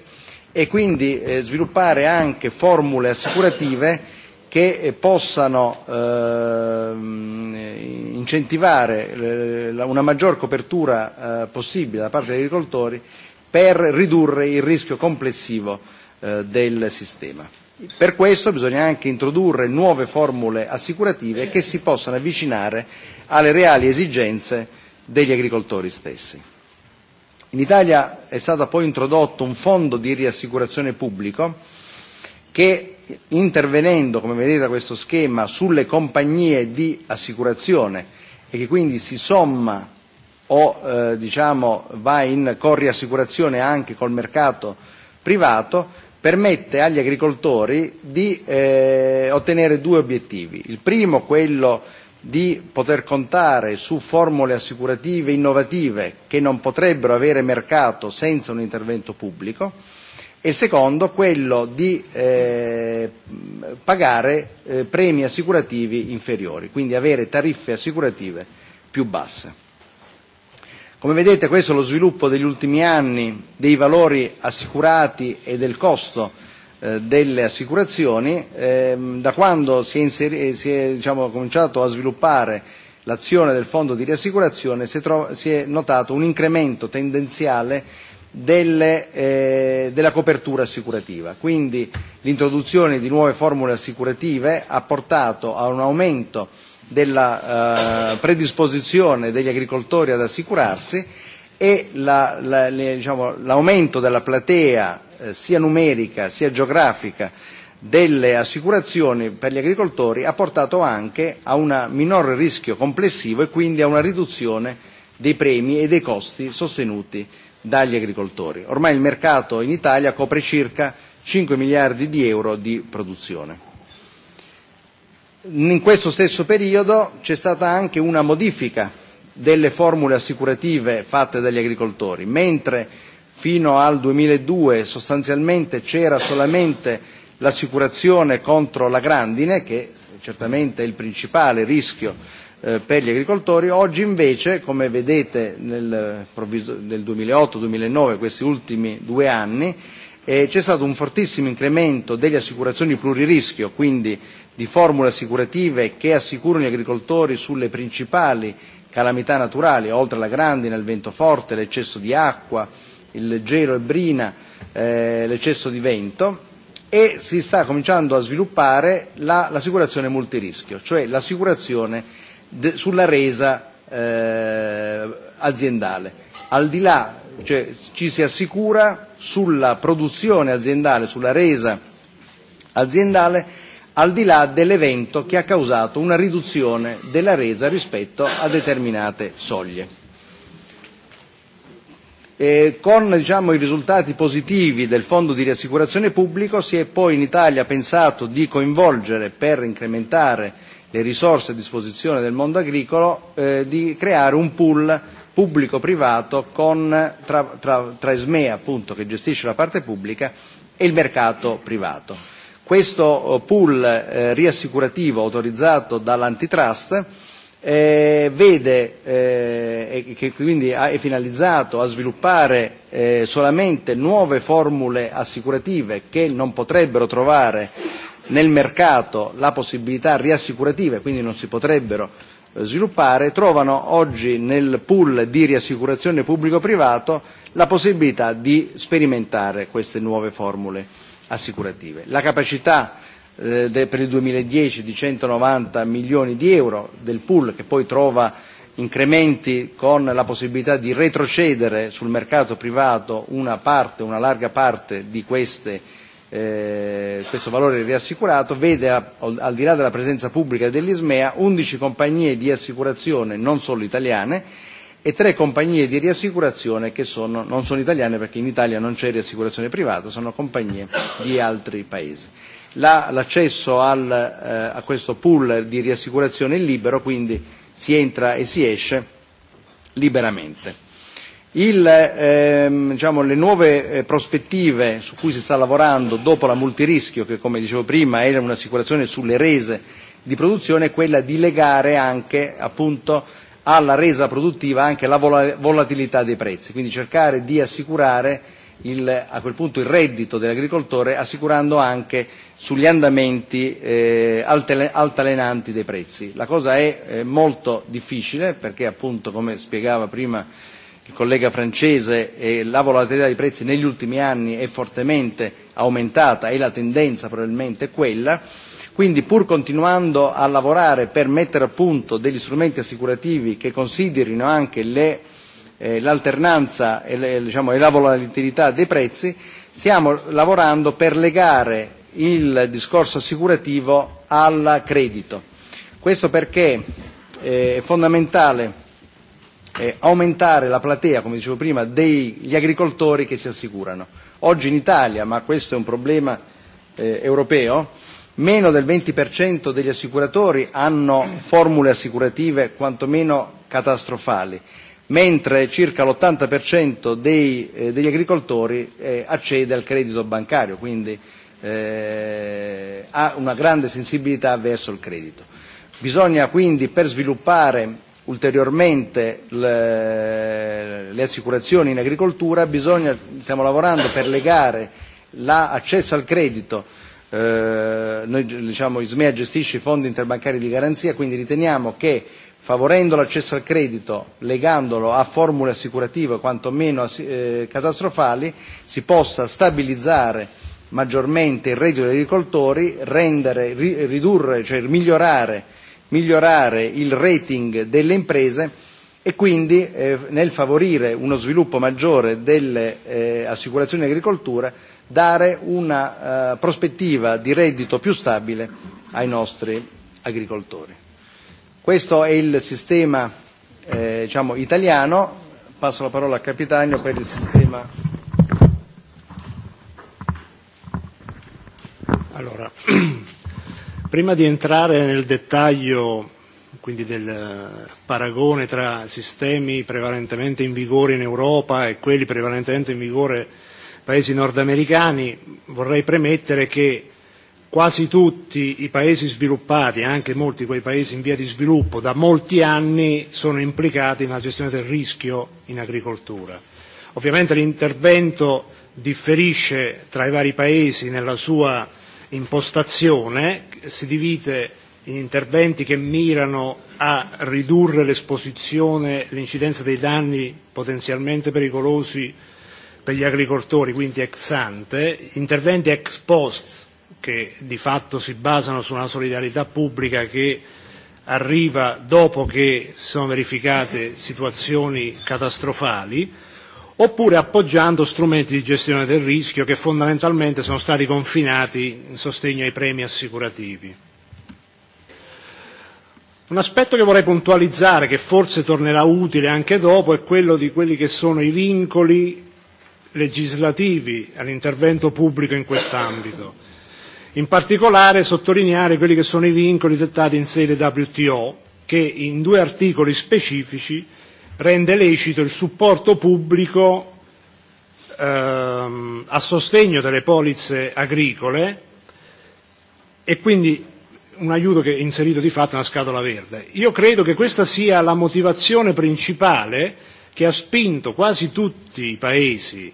e quindi eh, sviluppare anche formule assicurative che eh, possano ehm, eh, incentivare una maggior copertura eh, possibile da parte degli agricoltori per ridurre il rischio complessivo eh, del sistema. Per questo bisogna anche introdurre nuove formule assicurative che si possano avvicinare alle reali esigenze degli agricoltori stessi. In Italia è stato poi introdotto un fondo di riassicurazione pubblico che intervenendo, come vedete da questo schema, sulle compagnie di assicurazione e che quindi si somma o eh, diciamo, va in corriassicurazione anche col mercato privato, permette agli agricoltori di eh, ottenere due obiettivi. Il primo, quello di poter contare su formule assicurative innovative che non potrebbero avere mercato senza un intervento pubblico e il secondo quello di eh, pagare eh, premi assicurativi inferiori, quindi avere tariffe assicurative più basse. Come vedete questo è lo sviluppo degli ultimi anni dei valori assicurati e del costo eh, delle assicurazioni, eh, da quando si è, inseri- eh, si è diciamo, cominciato a sviluppare l'azione del fondo di riassicurazione si è, si è notato un incremento tendenziale delle, eh, della copertura assicurativa. Quindi l'introduzione di nuove formule assicurative ha portato a un aumento della eh, predisposizione degli agricoltori ad assicurarsi e la, la, le, diciamo, l'aumento della platea eh, sia numerica sia geografica delle assicurazioni per gli agricoltori ha portato anche a un minor rischio complessivo e quindi a una riduzione dei premi e dei costi sostenuti dagli agricoltori. Ormai il mercato in Italia copre circa 5 miliardi di euro di produzione. In questo stesso periodo c'è stata anche una modifica delle formule assicurative fatte dagli agricoltori, mentre fino al 2002 sostanzialmente c'era solamente l'assicurazione contro la grandine, che certamente è il principale rischio Eh, per gli agricoltori. Oggi invece, come vedete nel, nel 2008-2009, questi ultimi due anni, eh, c'è stato un fortissimo incremento delle assicurazioni pluririschio, quindi di formule assicurative che assicurano gli agricoltori sulle principali calamità naturali, oltre alla grandine, il vento forte, l'eccesso di acqua, il gelo e brina, eh, l'eccesso di vento e si sta cominciando a sviluppare la, l'assicurazione multirischio, cioè l'assicurazione de, sulla resa eh, aziendale. Al di là, cioè, ci si assicura sulla produzione aziendale, sulla resa aziendale, al di là dell'evento che ha causato una riduzione della resa rispetto a determinate soglie. E con diciamo, i risultati positivi del fondo di riassicurazione pubblico si è poi in Italia pensato di coinvolgere per incrementare le risorse a disposizione del mondo agricolo, eh, di creare un pool pubblico-privato con, tra, tra, tra e, appunto, che gestisce la parte pubblica e il mercato privato. Questo eh, pool eh, riassicurativo autorizzato dall'antitrust eh, vede eh, e che quindi è finalizzato a sviluppare eh, solamente nuove formule assicurative che non potrebbero trovare nel mercato la possibilità riassicurativa, quindi non si potrebbero eh, sviluppare, trovano oggi nel pool di riassicurazione pubblico-privato la possibilità di sperimentare queste nuove formule assicurative. La capacità eh, per il 2010 di 190 milioni di euro del pool che poi trova incrementi con la possibilità di retrocedere sul mercato privato una parte, una larga parte di queste Eh, questo valore riassicurato vede al di là della presenza pubblica dell'Ismea 11 compagnie di assicurazione non solo italiane e tre compagnie di riassicurazione che sono, non sono italiane perché in Italia non c'è riassicurazione privata, sono compagnie di altri paesi. La, l'accesso al, eh, a questo pool di riassicurazione è libero, quindi si entra e si esce liberamente. Il, ehm, diciamo, le nuove eh, prospettive su cui si sta lavorando dopo la multirischio, che come dicevo prima era un'assicurazione sulle rese di produzione, è quella di legare anche appunto alla resa produttiva anche la vol- volatilità dei prezzi, quindi cercare di assicurare il, a quel punto il reddito dell'agricoltore assicurando anche sugli andamenti eh, altalenanti dei prezzi. La cosa è eh, molto difficile perché appunto come spiegava prima il collega francese, eh, la volatilità dei prezzi negli ultimi anni è fortemente aumentata e la tendenza probabilmente è quella. Quindi pur continuando a lavorare per mettere a punto degli strumenti assicurativi che considerino anche le, eh, l'alternanza e, le, diciamo, e la volatilità dei prezzi, stiamo lavorando per legare il discorso assicurativo al credito. Questo perché eh, è fondamentale eh, aumentare la platea, come dicevo prima, degli agricoltori che si assicurano. Oggi in Italia, ma questo è un problema eh, europeo, meno del 20% degli assicuratori hanno formule assicurative quantomeno catastrofali, mentre circa l'80% dei, eh, degli agricoltori eh, accede al credito bancario, quindi eh, ha una grande sensibilità verso il credito. Bisogna quindi, per sviluppare ulteriormente le, le assicurazioni in agricoltura, bisogna, stiamo lavorando per legare l'accesso al credito eh, noi diciamo Ismea gestisce i fondi interbancari di garanzia, quindi riteniamo che favorendo l'accesso al credito, legandolo a formule assicurative quantomeno eh, catastrofali, si possa stabilizzare maggiormente il reddito degli agricoltori, rendere, ri, ridurre, cioè migliorare migliorare il rating delle imprese e quindi eh, nel favorire uno sviluppo maggiore delle eh, assicurazioni agricolture dare una eh, prospettiva di reddito più stabile ai nostri agricoltori. Questo è il sistema eh, diciamo, italiano. Passo la parola a Capitano per il sistema. Allora, Prima di entrare nel dettaglio quindi del eh, paragone tra sistemi prevalentemente in vigore in Europa e quelli prevalentemente in vigore nei paesi nordamericani, vorrei premettere che quasi tutti i paesi sviluppati, anche molti quei paesi in via di sviluppo, da molti anni sono implicati nella gestione del rischio in agricoltura. Ovviamente l'intervento differisce tra i vari paesi nella sua impostazione, si divide in interventi che mirano a ridurre l'esposizione, l'incidenza dei danni potenzialmente pericolosi per gli agricoltori, quindi ex ante, interventi ex post che di fatto si basano su una solidarietà pubblica che arriva dopo che si sono verificate situazioni catastrofali oppure appoggiando strumenti di gestione del rischio che fondamentalmente sono stati confinati in sostegno ai premi assicurativi. Un aspetto che vorrei puntualizzare, che forse tornerà utile anche dopo, è quello di quelli che sono i vincoli legislativi all'intervento pubblico in quest'ambito. In particolare sottolineare quelli che sono i vincoli dettati in sede WTO, che in due articoli specifici rende lecito il supporto pubblico ehm, a sostegno delle polizze agricole e quindi un aiuto che è inserito di fatto nella scatola verde. Io credo che questa sia la motivazione principale che ha spinto quasi tutti i paesi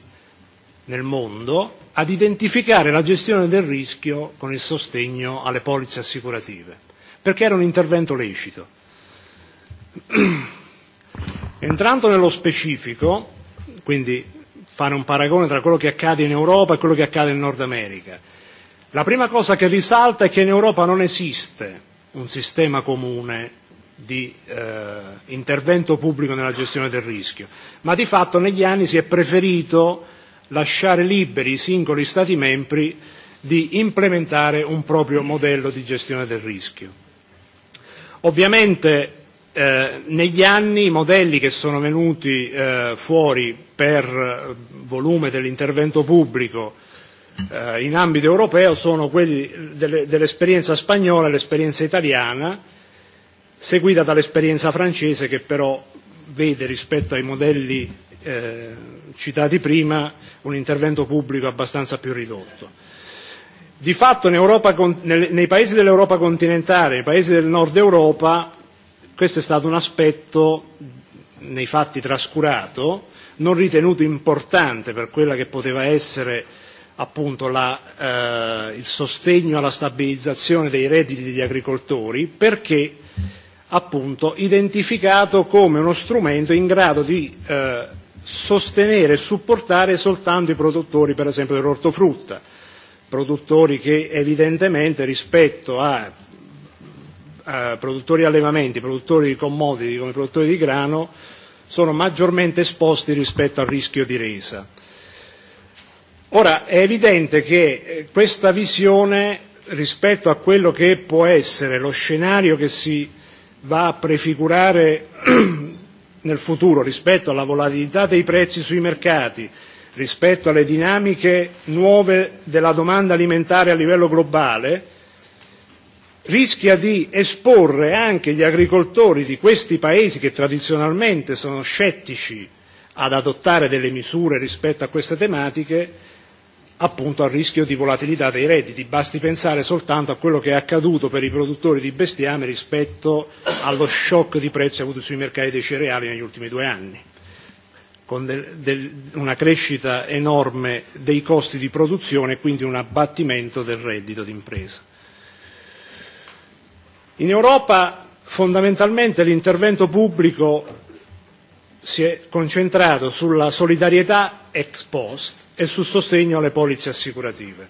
nel mondo ad identificare la gestione del rischio con il sostegno alle polizze assicurative, perché era un intervento lecito. Entrando nello specifico, quindi fare un paragone tra quello che accade in Europa e quello che accade in Nord America, la prima cosa che risalta è che in Europa non esiste un sistema comune di eh, intervento pubblico nella gestione del rischio, ma di fatto negli anni si è preferito lasciare liberi i singoli Stati membri di implementare un proprio modello di gestione del rischio. Ovviamente Eh, negli anni i modelli che sono venuti eh, fuori per eh, volume dell'intervento pubblico eh, in ambito europeo sono quelli delle, dell'esperienza spagnola e l'esperienza italiana, seguita dall'esperienza francese che però vede rispetto ai modelli eh, citati prima un intervento pubblico abbastanza più ridotto. Di fatto nei paesi dell'Europa continentale, nei paesi del nord Europa, Questo è stato un aspetto nei fatti trascurato, non ritenuto importante per quella che poteva essere appunto la, eh, il sostegno alla stabilizzazione dei redditi degli agricoltori, perché appunto identificato come uno strumento in grado di eh, sostenere e supportare soltanto i produttori, per esempio, dell'ortofrutta, produttori che evidentemente rispetto a Eh, produttori di allevamenti, produttori di commodity come produttori di grano sono maggiormente esposti rispetto al rischio di resa. Ora è evidente che eh, questa visione rispetto a quello che può essere lo scenario che si va a prefigurare nel futuro rispetto alla volatilità dei prezzi sui mercati, rispetto alle dinamiche nuove della domanda alimentare a livello globale, rischia di esporre anche gli agricoltori di questi paesi che tradizionalmente sono scettici ad adottare delle misure rispetto a queste tematiche appunto al rischio di volatilità dei redditi. Basti pensare soltanto a quello che è accaduto per i produttori di bestiame rispetto allo shock di prezzi avuto sui mercati dei cereali negli ultimi due anni, con del, del, una crescita enorme dei costi di produzione e quindi un abbattimento del reddito d'impresa. In Europa fondamentalmente l'intervento pubblico si è concentrato sulla solidarietà ex post e sul sostegno alle polizze assicurative.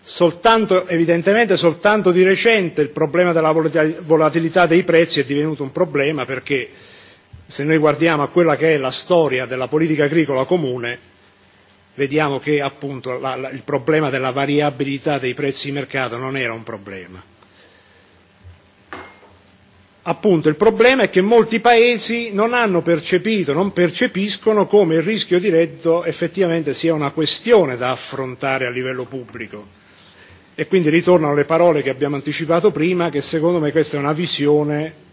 Soltanto, evidentemente soltanto di recente il problema della volatilità dei prezzi è divenuto un problema perché se noi guardiamo a quella che è la storia della politica agricola comune vediamo che appunto la, la, il problema della variabilità dei prezzi di mercato non era un problema appunto il problema è che molti paesi non hanno percepito, non percepiscono come il rischio diretto effettivamente sia una questione da affrontare a livello pubblico. E quindi ritornano le parole che abbiamo anticipato prima, che secondo me questa è una visione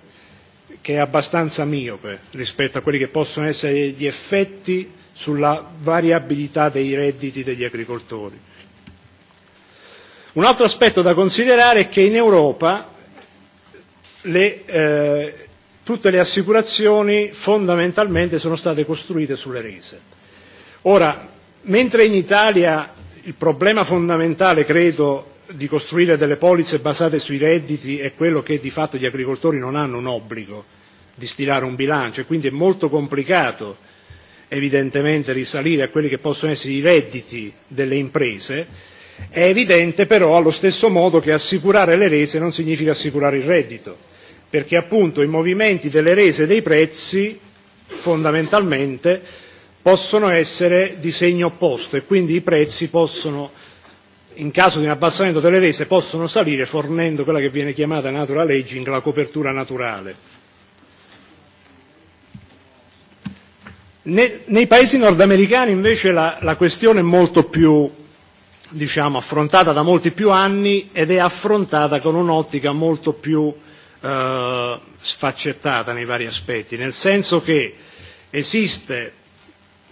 che è abbastanza miope rispetto a quelli che possono essere gli effetti sulla variabilità dei redditi degli agricoltori. Un altro aspetto da considerare è che in Europa le, eh, tutte le assicurazioni fondamentalmente sono state costruite sulle rese. Ora, mentre in Italia il problema fondamentale, credo, di costruire delle polizze basate sui redditi è quello che di fatto gli agricoltori non hanno un obbligo di stilare un bilancio e quindi è molto complicato evidentemente risalire a quelli che possono essere i redditi delle imprese, è evidente però allo stesso modo che assicurare le rese non significa assicurare il reddito perché appunto i movimenti delle rese dei prezzi fondamentalmente possono essere di segno opposto e quindi i prezzi possono in caso di un abbassamento delle rese possono salire fornendo quella che viene chiamata natural aging, la copertura naturale. Ne, nei paesi nordamericani invece la, la questione è molto più diciamo, affrontata da molti più anni ed è affrontata con un'ottica molto più eh, eh, sfaccettata nei vari aspetti, nel senso che esiste,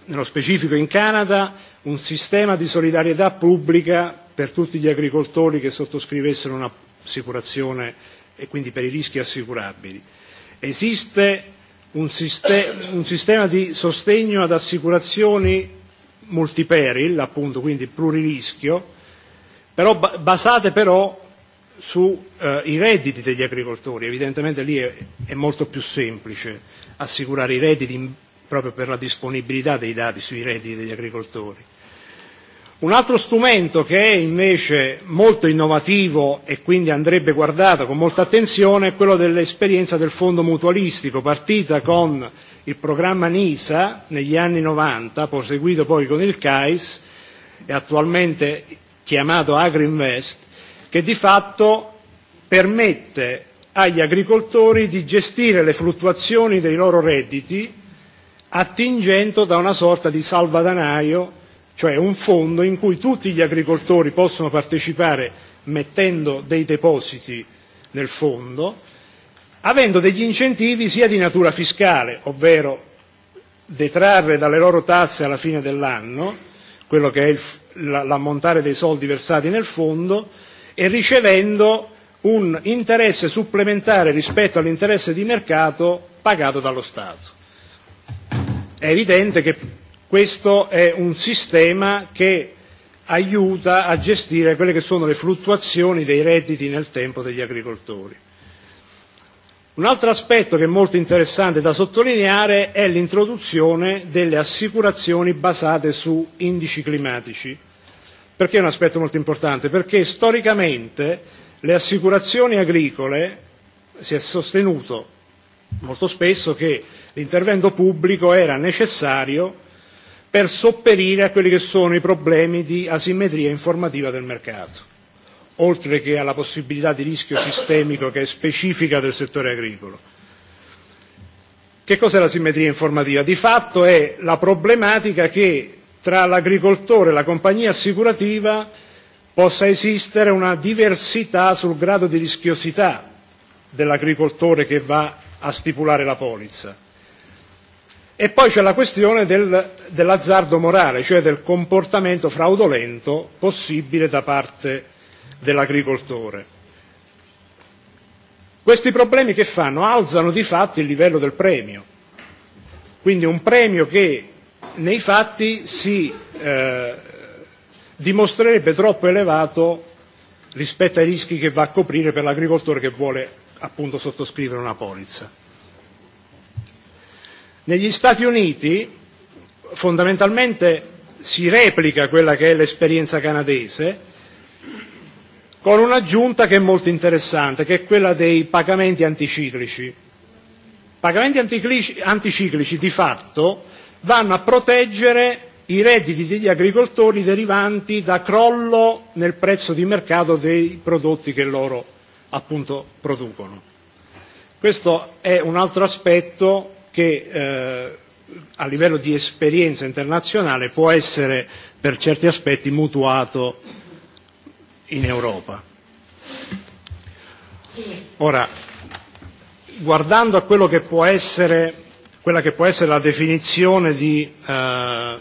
nello specifico in Canada, un sistema di solidarietà pubblica per tutti gli agricoltori che sottoscrivessero un'assicurazione e quindi per i rischi assicurabili. Esiste un, siste- un sistema di sostegno ad assicurazioni multiperil, appunto, quindi pluririschio, però, basate però sui eh, redditi degli agricoltori. Evidentemente lì è, è molto più semplice assicurare i redditi in, proprio per la disponibilità dei dati sui redditi degli agricoltori. Un altro strumento che è invece molto innovativo e quindi andrebbe guardato con molta attenzione è quello dell'esperienza del fondo mutualistico, partita con il programma NISA negli anni 90, proseguito poi con il CAIS e attualmente chiamato AgriInvest, che di fatto permette agli agricoltori di gestire le fluttuazioni dei loro redditi attingendo da una sorta di salvadanaio, cioè un fondo in cui tutti gli agricoltori possono partecipare mettendo dei depositi nel fondo, avendo degli incentivi sia di natura fiscale, ovvero detrarre dalle loro tasse alla fine dell'anno quello che è l'ammontare dei soldi versati nel fondo, e ricevendo un interesse supplementare rispetto all'interesse di mercato pagato dallo Stato. È evidente che questo è un sistema che aiuta a gestire quelle che sono le fluttuazioni dei redditi nel tempo degli agricoltori. Un altro aspetto che è molto interessante da sottolineare è l'introduzione delle assicurazioni basate su indici climatici Perché è un aspetto molto importante? Perché storicamente le assicurazioni agricole si è sostenuto molto spesso che l'intervento pubblico era necessario per sopperire a quelli che sono i problemi di asimmetria informativa del mercato oltre che alla possibilità di rischio sistemico che è specifica del settore agricolo. Che cos'è la simmetria informativa? Di fatto è la problematica che tra l'agricoltore e la compagnia assicurativa possa esistere una diversità sul grado di rischiosità dell'agricoltore che va a stipulare la polizza. E poi c'è la questione del, dell'azzardo morale, cioè del comportamento fraudolento possibile da parte dell'agricoltore. Questi problemi che fanno? Alzano di fatto il livello del premio. Quindi un premio che nei fatti si eh, dimostrerebbe troppo elevato rispetto ai rischi che va a coprire per l'agricoltore che vuole appunto sottoscrivere una polizza. Negli Stati Uniti fondamentalmente si replica quella che è l'esperienza canadese con un'aggiunta che è molto interessante, che è quella dei pagamenti anticiclici. Pagamenti anticiclici di fatto vanno a proteggere i redditi degli agricoltori derivanti da crollo nel prezzo di mercato dei prodotti che loro appunto producono. Questo è un altro aspetto che eh, a livello di esperienza internazionale può essere per certi aspetti mutuato in Europa. Ora, guardando a quello che può essere quella che può essere la definizione di, eh,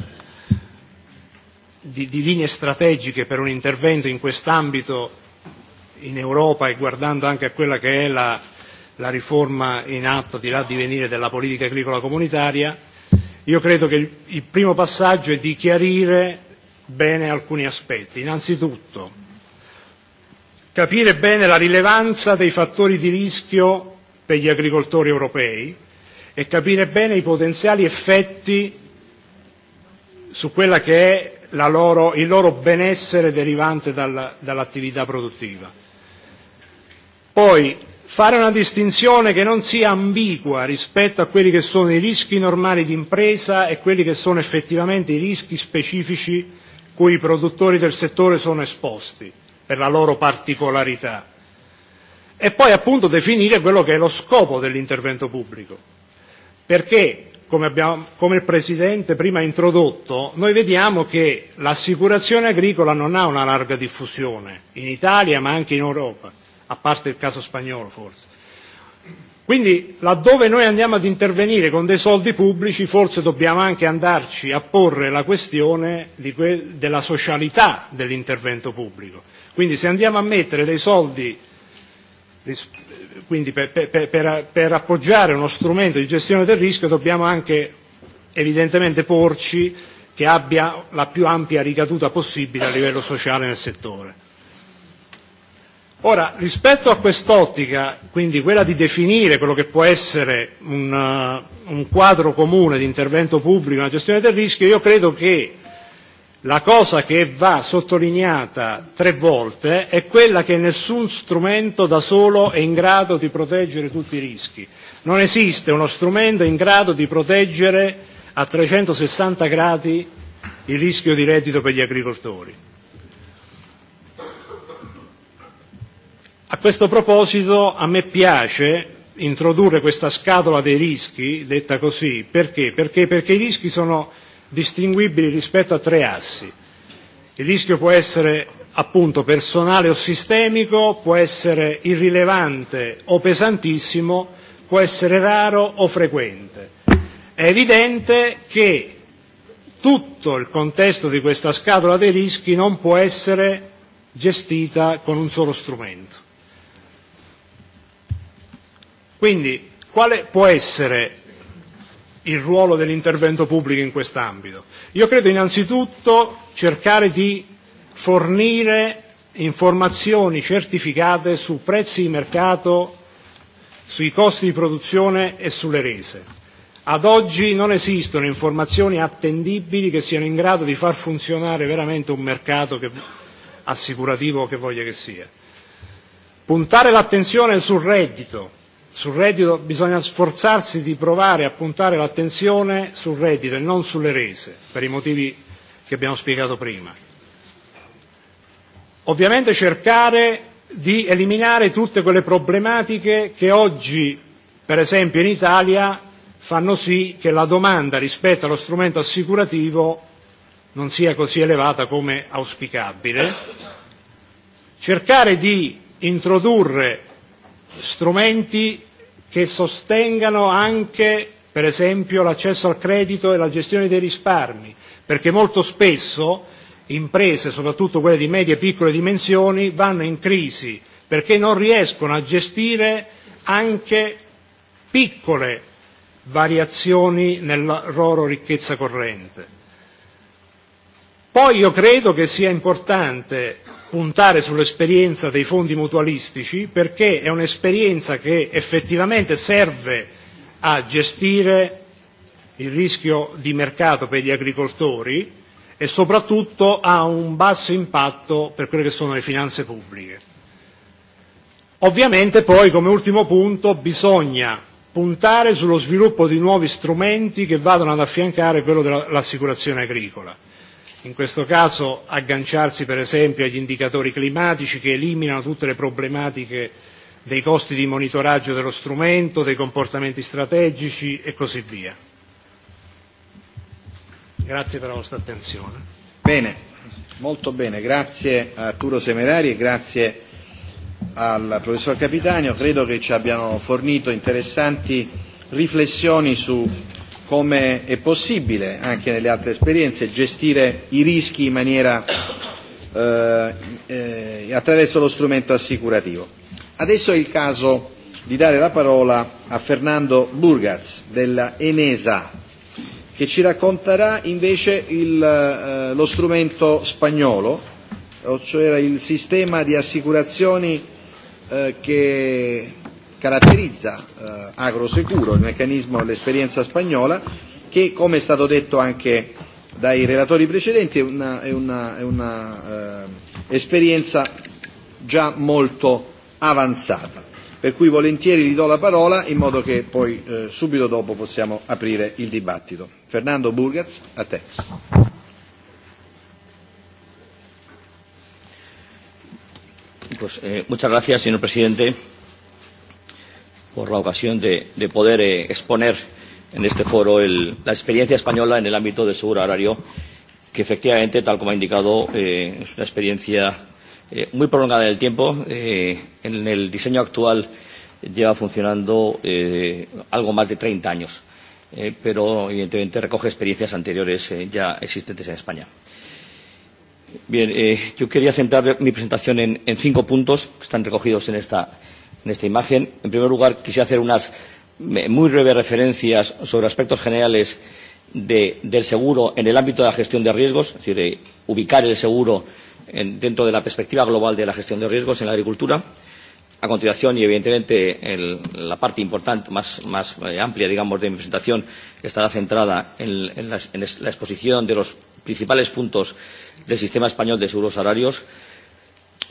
di, di linee strategiche per un intervento in quest'ambito in Europa e guardando anche a quella che è la, la riforma in atto di là di venire della politica agricola comunitaria, io credo che il, il primo passaggio è di chiarire bene alcuni aspetti. Innanzitutto, capire bene la rilevanza dei fattori di rischio per gli agricoltori europei, e capire bene i potenziali effetti su quella che è la loro, il loro benessere derivante dalla, dall'attività produttiva. Poi fare una distinzione che non sia ambigua rispetto a quelli che sono i rischi normali di impresa e quelli che sono effettivamente i rischi specifici cui i produttori del settore sono esposti per la loro particolarità. E poi appunto definire quello che è lo scopo dell'intervento pubblico perché, come, abbiamo, come il Presidente prima ha introdotto, noi vediamo che l'assicurazione agricola non ha una larga diffusione in Italia ma anche in Europa, a parte il caso spagnolo forse. Quindi laddove noi andiamo ad intervenire con dei soldi pubblici forse dobbiamo anche andarci a porre la questione di que- della socialità dell'intervento pubblico. Quindi se andiamo a mettere dei soldi quindi per, per, per, per appoggiare uno strumento di gestione del rischio dobbiamo anche evidentemente porci che abbia la più ampia ricaduta possibile a livello sociale nel settore. Ora, rispetto a quest'ottica, quindi quella di definire quello che può essere un, uh, un quadro comune di intervento pubblico nella gestione del rischio, io credo che La cosa che va sottolineata tre volte è quella che nessun strumento da solo è in grado di proteggere tutti i rischi. Non esiste uno strumento in grado di proteggere a 360 gradi il rischio di reddito per gli agricoltori. A questo proposito a me piace introdurre questa scatola dei rischi, detta così, perché? Perché, perché i rischi sono distinguibili rispetto a tre assi. Il rischio può essere appunto personale o sistemico, può essere irrilevante o pesantissimo, può essere raro o frequente. È evidente che tutto il contesto di questa scatola dei rischi non può essere gestita con un solo strumento. Quindi quale può essere il ruolo dell'intervento pubblico in quest'ambito. Io credo innanzitutto cercare di fornire informazioni certificate su prezzi di mercato, sui costi di produzione e sulle rese. Ad oggi non esistono informazioni attendibili che siano in grado di far funzionare veramente un mercato che, assicurativo che voglia che sia. Puntare l'attenzione sul reddito, Sul reddito bisogna sforzarsi di provare a puntare l'attenzione sul reddito e non sulle rese, per i motivi che abbiamo spiegato prima. Ovviamente cercare di eliminare tutte quelle problematiche che oggi, per esempio in Italia, fanno sì che la domanda rispetto allo strumento assicurativo non sia così elevata come auspicabile. Cercare di introdurre strumenti che sostengano anche, per esempio, l'accesso al credito e la gestione dei risparmi, perché molto spesso imprese, soprattutto quelle di medie e piccole dimensioni, vanno in crisi perché non riescono a gestire anche piccole variazioni nella loro ricchezza corrente. Poi io credo che sia importante puntare sull'esperienza dei fondi mutualistici perché è un'esperienza che effettivamente serve a gestire il rischio di mercato per gli agricoltori e soprattutto ha un basso impatto per quelle che sono le finanze pubbliche. Ovviamente poi come ultimo punto bisogna puntare sullo sviluppo di nuovi strumenti che vadano ad affiancare quello dell'assicurazione agricola in questo caso agganciarsi per esempio agli indicatori climatici che eliminano tutte le problematiche dei costi di monitoraggio dello strumento, dei comportamenti strategici e così via. Grazie per la vostra attenzione. Bene, molto bene, grazie a Arturo Semerari e grazie al professor Capitanio. Credo che ci abbiano fornito interessanti riflessioni su come è possibile anche nelle altre esperienze gestire i rischi in maniera eh, eh, attraverso lo strumento assicurativo. Adesso è il caso di dare la parola a Fernando Burgaz della Enesa che ci racconterà invece il, eh, lo strumento spagnolo, cioè il sistema di assicurazioni eh, che caratterizza eh, Agrosecuro, il meccanismo dell'esperienza spagnola, che come è stato detto anche dai relatori precedenti è un'esperienza una, una eh, già molto avanzata. Per cui volentieri gli do la parola in modo che poi eh, subito dopo possiamo aprire il dibattito. Fernando Burgaz, a te. Pues, eh, muchas gracias, señor presidente por la ocasión de, de poder eh, exponer en este foro el, la experiencia española en el ámbito del seguro agrario, que efectivamente, tal como ha indicado, eh, es una experiencia eh, muy prolongada en el tiempo. Eh, en el diseño actual lleva funcionando eh, algo más de 30 años, eh, pero evidentemente recoge experiencias anteriores eh, ya existentes en España. Bien, eh, yo quería centrar mi presentación en, en cinco puntos que están recogidos en esta en esta imagen. En primer lugar, quisiera hacer unas muy breves referencias sobre aspectos generales de, del seguro en el ámbito de la gestión de riesgos, es decir, eh, ubicar el seguro en, dentro de la perspectiva global de la gestión de riesgos en la agricultura. A continuación, y evidentemente el, la parte importante, más, más eh, amplia, digamos, de mi presentación estará centrada en, en, la, en la exposición de los principales puntos del sistema español de seguros horarios.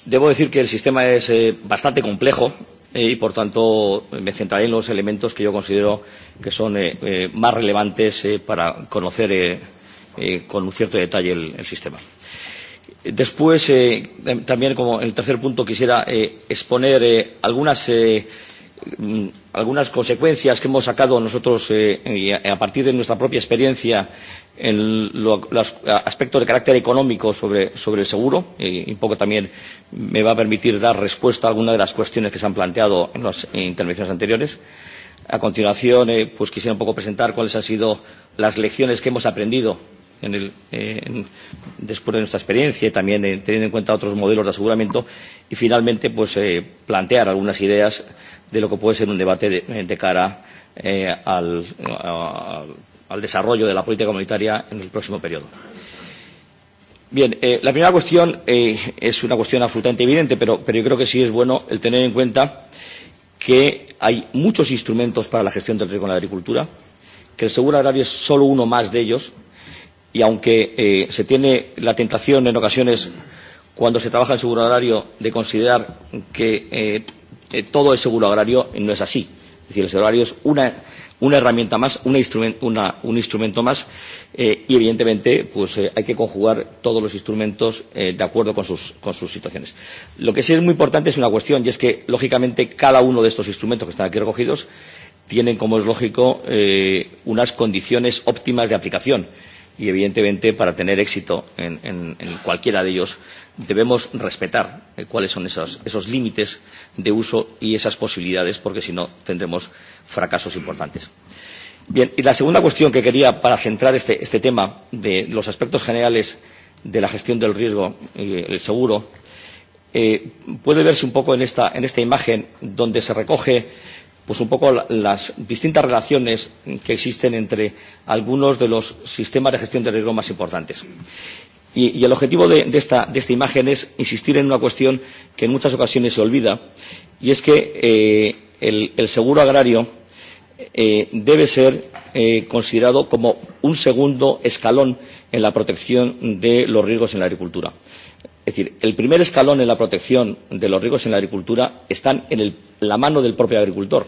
Debo decir que el sistema es eh, bastante complejo, Eh, y, por tanto, me centraré en los elementos que yo considero que son eh, eh, más relevantes eh, para conocer eh, eh, con un cierto detalle el, el sistema. Después, eh, también como el tercer punto, quisiera eh, exponer eh, algunas, eh, mm, algunas consecuencias que hemos sacado nosotros eh, a partir de nuestra propia experiencia en lo, los aspectos de carácter económico sobre, sobre el seguro y, un poco también me va a permitir dar respuesta a algunas de las cuestiones que se han planteado en las intervenciones anteriores. A continuación, eh, pues quisiera un poco presentar cuáles han sido las lecciones que hemos aprendido en el, eh, en, después de nuestra experiencia y también eh, teniendo en cuenta otros modelos de aseguramiento y finalmente pues eh, plantear algunas ideas de lo que puede ser un debate de, de cara eh, al, al al desarrollo de la política comunitaria en el próximo periodo. Bien, eh, la primera cuestión eh, es una cuestión absolutamente evidente, pero, pero yo creo que sí es bueno el tener en cuenta que hay muchos instrumentos para la gestión del riesgo en la agricultura, que el seguro agrario es solo uno más de ellos, y aunque eh, se tiene la tentación en ocasiones cuando se trabaja en seguro agrario de considerar que eh, eh, todo es seguro agrario, no es así. Es decir, el seguro agrario es una una herramienta más, una instrument, una, un instrumento más eh, y evidentemente pues, eh, hay que conjugar todos los instrumentos eh, de acuerdo con sus, con sus situaciones. Lo que sí es muy importante es una cuestión y es que lógicamente cada uno de estos instrumentos que están aquí recogidos tienen, como es lógico, eh, unas condiciones óptimas de aplicación y evidentemente para tener éxito en, en, en cualquiera de ellos debemos respetar eh, cuáles son esos, esos límites de uso y esas posibilidades porque si no tendremos fracasos importantes. Bien, y la segunda cuestión que quería para centrar este, este tema de los aspectos generales de la gestión del riesgo y el seguro eh, puede verse un poco en esta, en esta imagen donde se recoge pues un poco las distintas relaciones que existen entre algunos de los sistemas de gestión de riesgo más importantes. Y, y el objetivo de, de, esta, de esta imagen es insistir en una cuestión que en muchas ocasiones se olvida, y es que eh, el, el seguro agrario eh, debe ser eh, considerado como un segundo escalón en la protección de los riesgos en la agricultura. Es decir, el primer escalón en la protección de los riesgos en la agricultura está en el, la mano del propio agricultor.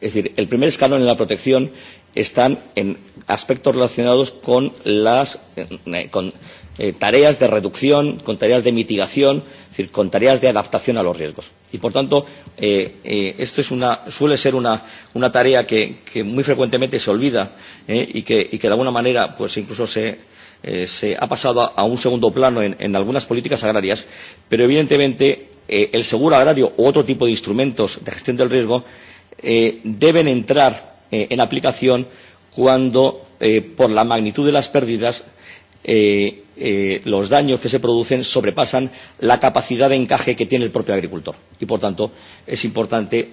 Es decir, el primer escalón en la protección están en aspectos relacionados con, las, eh, con eh, tareas de reducción, con tareas de mitigación, es decir, con tareas de adaptación a los riesgos. Y, por tanto, eh, eh, esto es una, suele ser una, una tarea que, que muy frecuentemente se olvida eh, y, que, y que, de alguna manera, pues incluso se, eh, se ha pasado a, a un segundo plano en, en algunas políticas agrarias, pero evidentemente eh, el seguro agrario u otro tipo de instrumentos de gestión del riesgo eh, deben entrar eh, en aplicación cuando, eh, por la magnitud de las pérdidas, eh, eh, los daños que se producen sobrepasan la capacidad de encaje que tiene el propio agricultor. Y, por tanto, es importante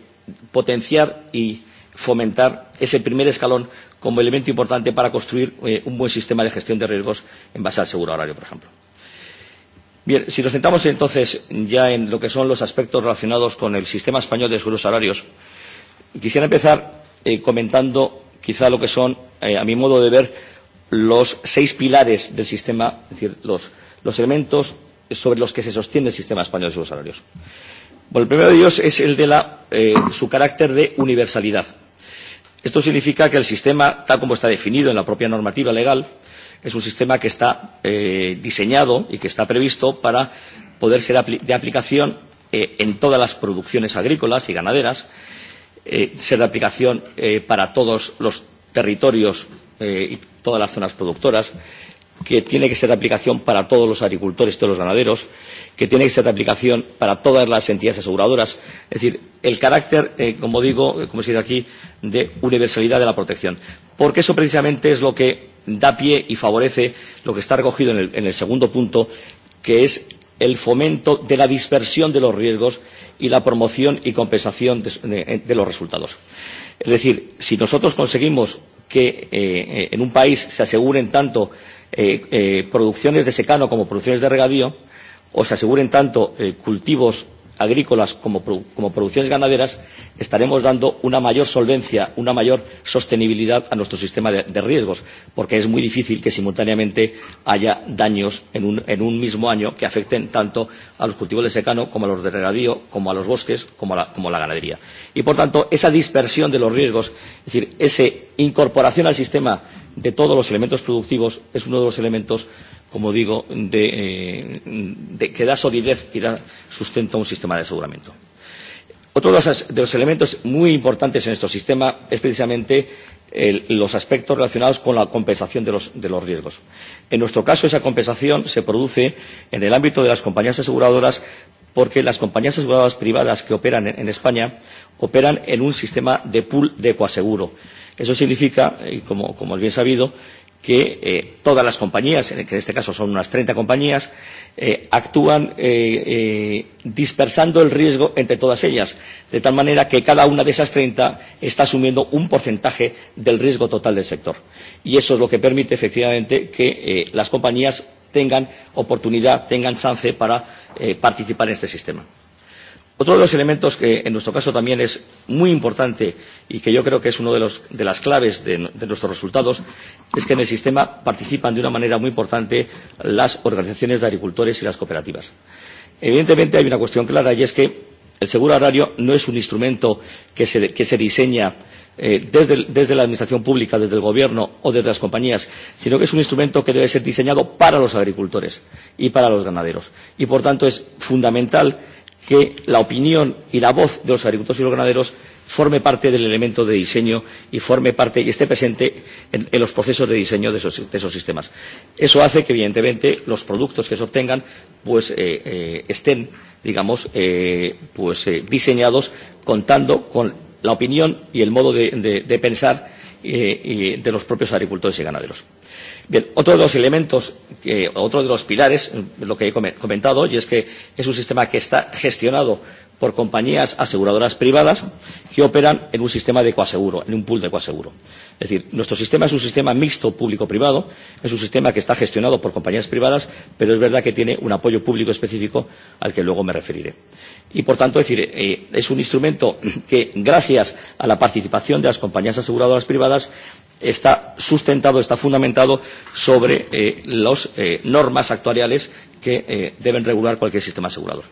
potenciar y fomentar ese primer escalón como elemento importante para construir eh, un buen sistema de gestión de riesgos en base al seguro horario, por ejemplo. Bien, si nos centramos entonces ya en lo que son los aspectos relacionados con el sistema español de seguros horarios, quisiera empezar eh, comentando quizá lo que son, eh, a mi modo de ver, los seis pilares del sistema, es decir, los, los elementos sobre los que se sostiene el sistema español de los salarios. Bueno, el primero de ellos es el de la, eh, su carácter de universalidad. Esto significa que el sistema, tal como está definido en la propia normativa legal, es un sistema que está eh, diseñado y que está previsto para poder ser apli de aplicación eh, en todas las producciones agrícolas y ganaderas, eh, ser de aplicación eh, para todos los territorios eh, y todas las zonas productoras, que tiene que ser de aplicación para todos los agricultores, y todos los ganaderos, que tiene que ser de aplicación para todas las entidades aseguradoras. Es decir, el carácter, eh, como digo, como se dice aquí, de universalidad de la protección. Porque eso precisamente es lo que da pie y favorece lo que está recogido en el, en el segundo punto, que es el fomento de la dispersión de los riesgos y la promoción y compensación de, de, de los resultados. Es decir, si nosotros conseguimos que eh, en un país se aseguren tanto eh, eh, producciones de secano como producciones de regadío, o se aseguren tanto eh, cultivos agrícolas como, como producciones ganaderas, estaremos dando una mayor solvencia, una mayor sostenibilidad a nuestro sistema de, de riesgos, porque es muy difícil que simultáneamente haya daños en un, en un mismo año que afecten tanto a los cultivos de secano como a los de regadío, como a los bosques, como a la, como a la ganadería. Y, por tanto, esa dispersión de los riesgos, es decir, esa incorporación al sistema de todos los elementos productivos es uno de los elementos como digo, de, eh, de, que da solidez y da sustento a un sistema de aseguramiento. Otro de los, de los elementos muy importantes en nuestro sistema es precisamente el, los aspectos relacionados con la compensación de los, de los riesgos. En nuestro caso, esa compensación se produce en el ámbito de las compañías aseguradoras porque las compañías aseguradoras privadas que operan en, en España operan en un sistema de pool de coaseguro. Eso significa, y como, como es bien sabido, que eh, todas las compañías, que en este caso son unas 30 compañías, eh, actúan eh, eh, dispersando el riesgo entre todas ellas, de tal manera que cada una de esas 30 está asumiendo un porcentaje del riesgo total del sector. Y eso es lo que permite efectivamente que eh, las compañías tengan oportunidad, tengan chance para eh, participar en este sistema. Otro de los elementos que en nuestro caso también es muy importante y que yo creo que es una de, de las claves de, de nuestros resultados es que en el sistema participan de una manera muy importante las organizaciones de agricultores y las cooperativas. Evidentemente hay una cuestión clara y es que el seguro agrario no es un instrumento que se, que se diseña eh, desde, desde la administración pública, desde el gobierno o desde las compañías, sino que es un instrumento que debe ser diseñado para los agricultores y para los ganaderos. Y por tanto es fundamental que la opinión y la voz de los agricultores y los ganaderos forme parte del elemento de diseño y forme parte y esté presente en, en los procesos de diseño de esos, de esos sistemas. Eso hace que, evidentemente, los productos que se obtengan pues, eh, eh, estén, digamos, eh, pues, eh, diseñados contando con la opinión y el modo de, de, de pensar eh, y de los propios agricultores y ganaderos. Bien, otro de los elementos, que, otro de los pilares, lo que he comentado, y es que es un sistema que está gestionado por compañías aseguradoras privadas que operan en un sistema de coaseguro, en un pool de coaseguro. Es decir, nuestro sistema es un sistema mixto público-privado, es un sistema que está gestionado por compañías privadas, pero es verdad que tiene un apoyo público específico al que luego me referiré. Y por tanto, es, decir, eh, es un instrumento que, gracias a la participación de las compañías aseguradoras privadas, está sustentado, está fundamentado sobre eh, las eh, normas actuariales que eh, deben regular cualquier sistema asegurador.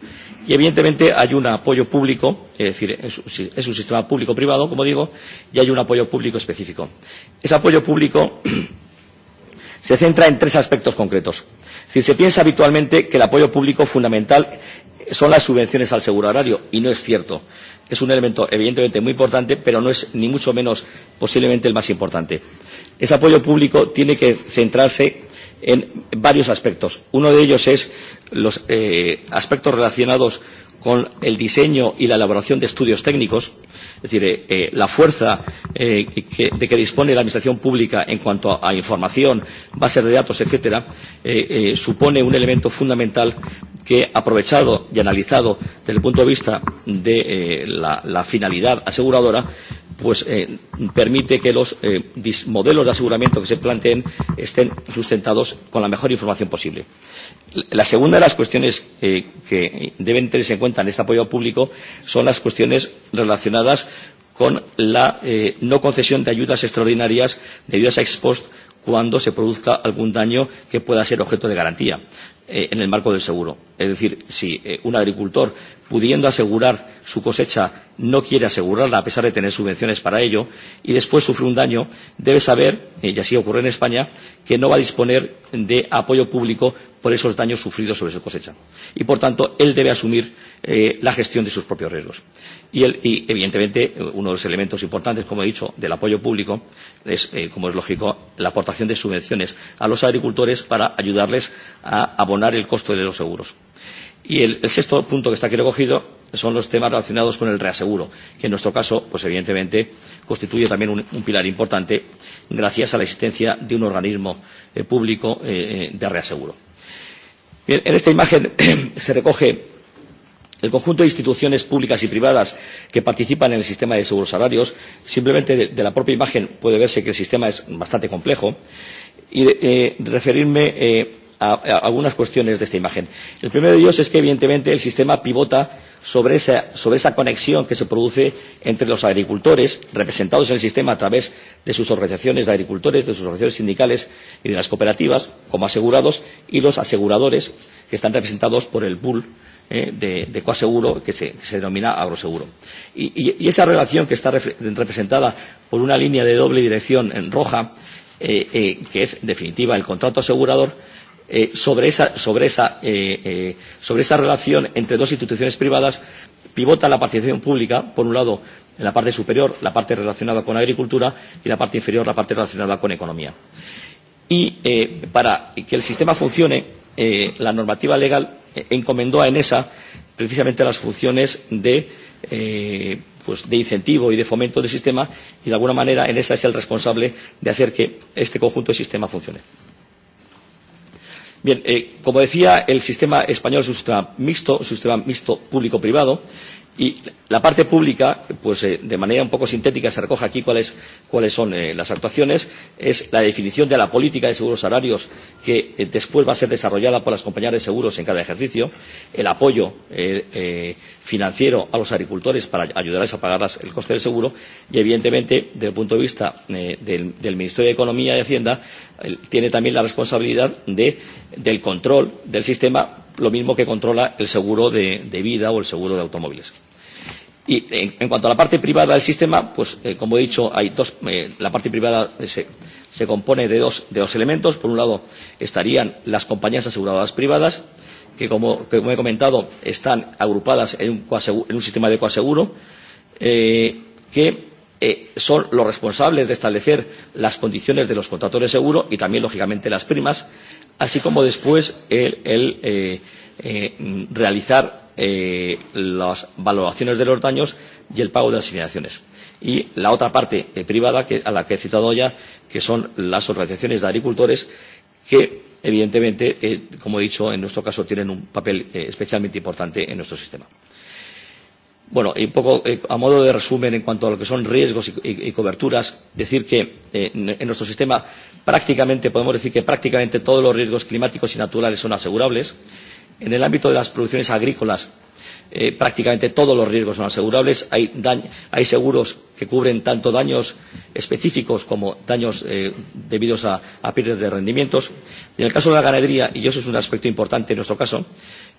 Y evidentemente hay un apoyo público, es decir, es, un sistema público-privado, como digo, y hay un apoyo público específico. Ese apoyo público se centra en tres aspectos concretos. Es decir, se piensa habitualmente que el apoyo público fundamental son las subvenciones al seguro agrario, y no es cierto es un elemento evidentemente muy importante, pero no es ni mucho menos posiblemente el más importante. Ese apoyo público tiene que centrarse en varios aspectos. Uno de ellos es los eh, aspectos relacionados con el diseño y la elaboración de estudios técnicos, es decir, eh, eh, la fuerza eh, que, de que dispone la Administración Pública en cuanto a, a información, bases de datos, etcétera, eh, eh, supone un elemento fundamental que, aprovechado y analizado desde el punto de vista de eh, la, la finalidad aseguradora, pues eh, permite que los eh, modelos de aseguramiento que se planteen estén sustentados con la mejor información posible. La segunda de las cuestiones eh, que deben tenerse en cuenta fundamentan este apoyo público son las cuestiones relacionadas con la eh, no concesión de ayudas extraordinarias, de ayudas ex post, cuando se produzca algún daño que pueda ser objeto de garantía eh, en el marco del seguro. Es decir, si eh, un agricultor pudiendo asegurar su cosecha, no quiere asegurarla a pesar de tener subvenciones para ello y después sufre un daño, debe saber, eh, y así ocurre en España, que no va a disponer de apoyo público por esos daños sufridos sobre su cosecha. Y, por tanto, él debe asumir eh, la gestión de sus propios riesgos. Y, él, y, evidentemente, uno de los elementos importantes, como he dicho, del apoyo público es, eh, como es lógico, la aportación de subvenciones a los agricultores para ayudarles a abonar el costo de los seguros. Y el, el sexto punto que está aquí recogido son los temas relacionados con el reaseguro, que en nuestro caso, pues evidentemente, constituye también un, un pilar importante gracias a la existencia de un organismo eh, público eh, eh de reaseguro. Bien, en esta imagen se recoge el conjunto de instituciones públicas y privadas que participan en el sistema de seguros salarios. Simplemente de, de la propia imagen puede verse que el sistema es bastante complejo. Y de, eh, referirme eh, a, a algunas cuestiones de esta imagen. El primero de ellos es que, evidentemente, el sistema pivota sobre esa, sobre esa conexión que se produce entre los agricultores, representados en el sistema a través de sus organizaciones de agricultores, de sus organizaciones sindicales y de las cooperativas, como asegurados, y los aseguradores, que están representados por el pool eh, de, de coaseguro, que se, que se denomina agroseguro. Y, y, y esa relación que está re, representada por una línea de doble dirección en roja, eh, eh, que es, en definitiva, el contrato asegurador, eh, sobre, esa, sobre, esa, eh, eh, sobre esa relación entre dos instituciones privadas pivota la participación pública, por un lado, en la parte superior, la parte relacionada con agricultura, y la parte inferior, la parte relacionada con economía. Y eh, para que el sistema funcione, eh, la normativa legal eh, encomendó a ENESA precisamente las funciones de, eh, pues de incentivo y de fomento del sistema, y de alguna manera ENESA es el responsable de hacer que este conjunto de sistema funcione. Bien, eh, como decía, el sistema español es un sistema mixto, un sistema mixto público-privado. Y la parte pública, pues eh, de manera un poco sintética se recoge aquí cuáles, cuáles son eh, las actuaciones. Es la definición de la política de seguros horarios que eh, después va a ser desarrollada por las compañías de seguros en cada ejercicio. El apoyo eh, eh, financiero a los agricultores para ayudarles a pagar las, el coste del seguro. Y evidentemente, desde el punto de vista eh, del, del Ministerio de Economía y Hacienda, eh, tiene también la responsabilidad de, del control del sistema lo mismo que controla el seguro de, de vida o el seguro de automóviles. Y en, en cuanto a la parte privada del sistema, pues eh, como he dicho, hay dos, eh, la parte privada eh, se, se compone de dos, de dos elementos. Por un lado estarían las compañías aseguradoras privadas, que como, que como he comentado están agrupadas en un, en un sistema de coaseguro, eh, que eh, son los responsables de establecer las condiciones de los contratos de seguro y también, lógicamente, las primas, así como después el, el eh, eh, realizar eh, las valoraciones de los daños y el pago de las asignaciones. Y la otra parte eh, privada que, a la que he citado ya, que son las organizaciones de agricultores, que evidentemente, eh, como he dicho, en nuestro caso tienen un papel eh, especialmente importante en nuestro sistema. Bueno, y poco eh, a modo de resumen en cuanto a lo que son riesgos y, y, y coberturas, decir que eh, en nuestro sistema prácticamente, podemos decir que prácticamente todos los riesgos climáticos y naturales son asegurables. En el ámbito de las producciones agrícolas eh, prácticamente todos los riesgos son asegurables. Hay, daño, hay seguros que cubren tanto daños específicos como daños eh, debidos a, a pérdidas de rendimientos. En el caso de la ganadería, y eso es un aspecto importante en nuestro caso,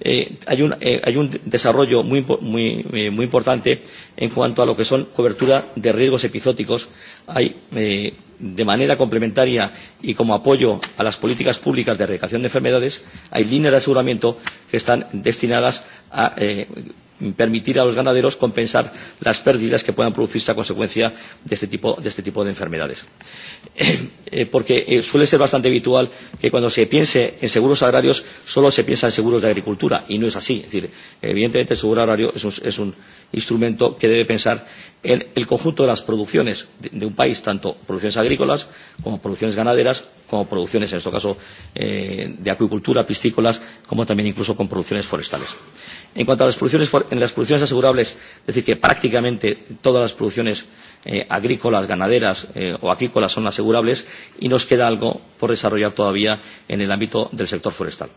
eh, hay, un, eh, hay un desarrollo muy, muy, eh, muy importante en cuanto a lo que son cobertura de riesgos epizóticos. Hay eh, de manera complementaria y como apoyo a las políticas públicas de erradicación de enfermedades, hay líneas de aseguramiento que están destinadas a eh, permitir a los ganaderos compensar las pérdidas que puedan producirse a consecuencia de este tipo de, este tipo de enfermedades. Eh, porque eh, suele ser bastante habitual que cuando se piense en seguros agrarios solo se piensa en seguros de agricultura y no es así. Es decir, evidentemente el seguro agrario es un, es un instrumento que debe pensar en el conjunto de las producciones de, de un país, tanto producciones agrícolas como producciones ganaderas, como producciones, en este caso, eh, de acuicultura, piscícolas, como también incluso con producciones forestales. En cuanto a las producciones, en las producciones asegurables, es decir, que prácticamente todas las producciones eh, agrícolas, ganaderas eh, o agrícolas son asegurables y nos queda algo por desarrollar todavía en el ámbito del sector forestal.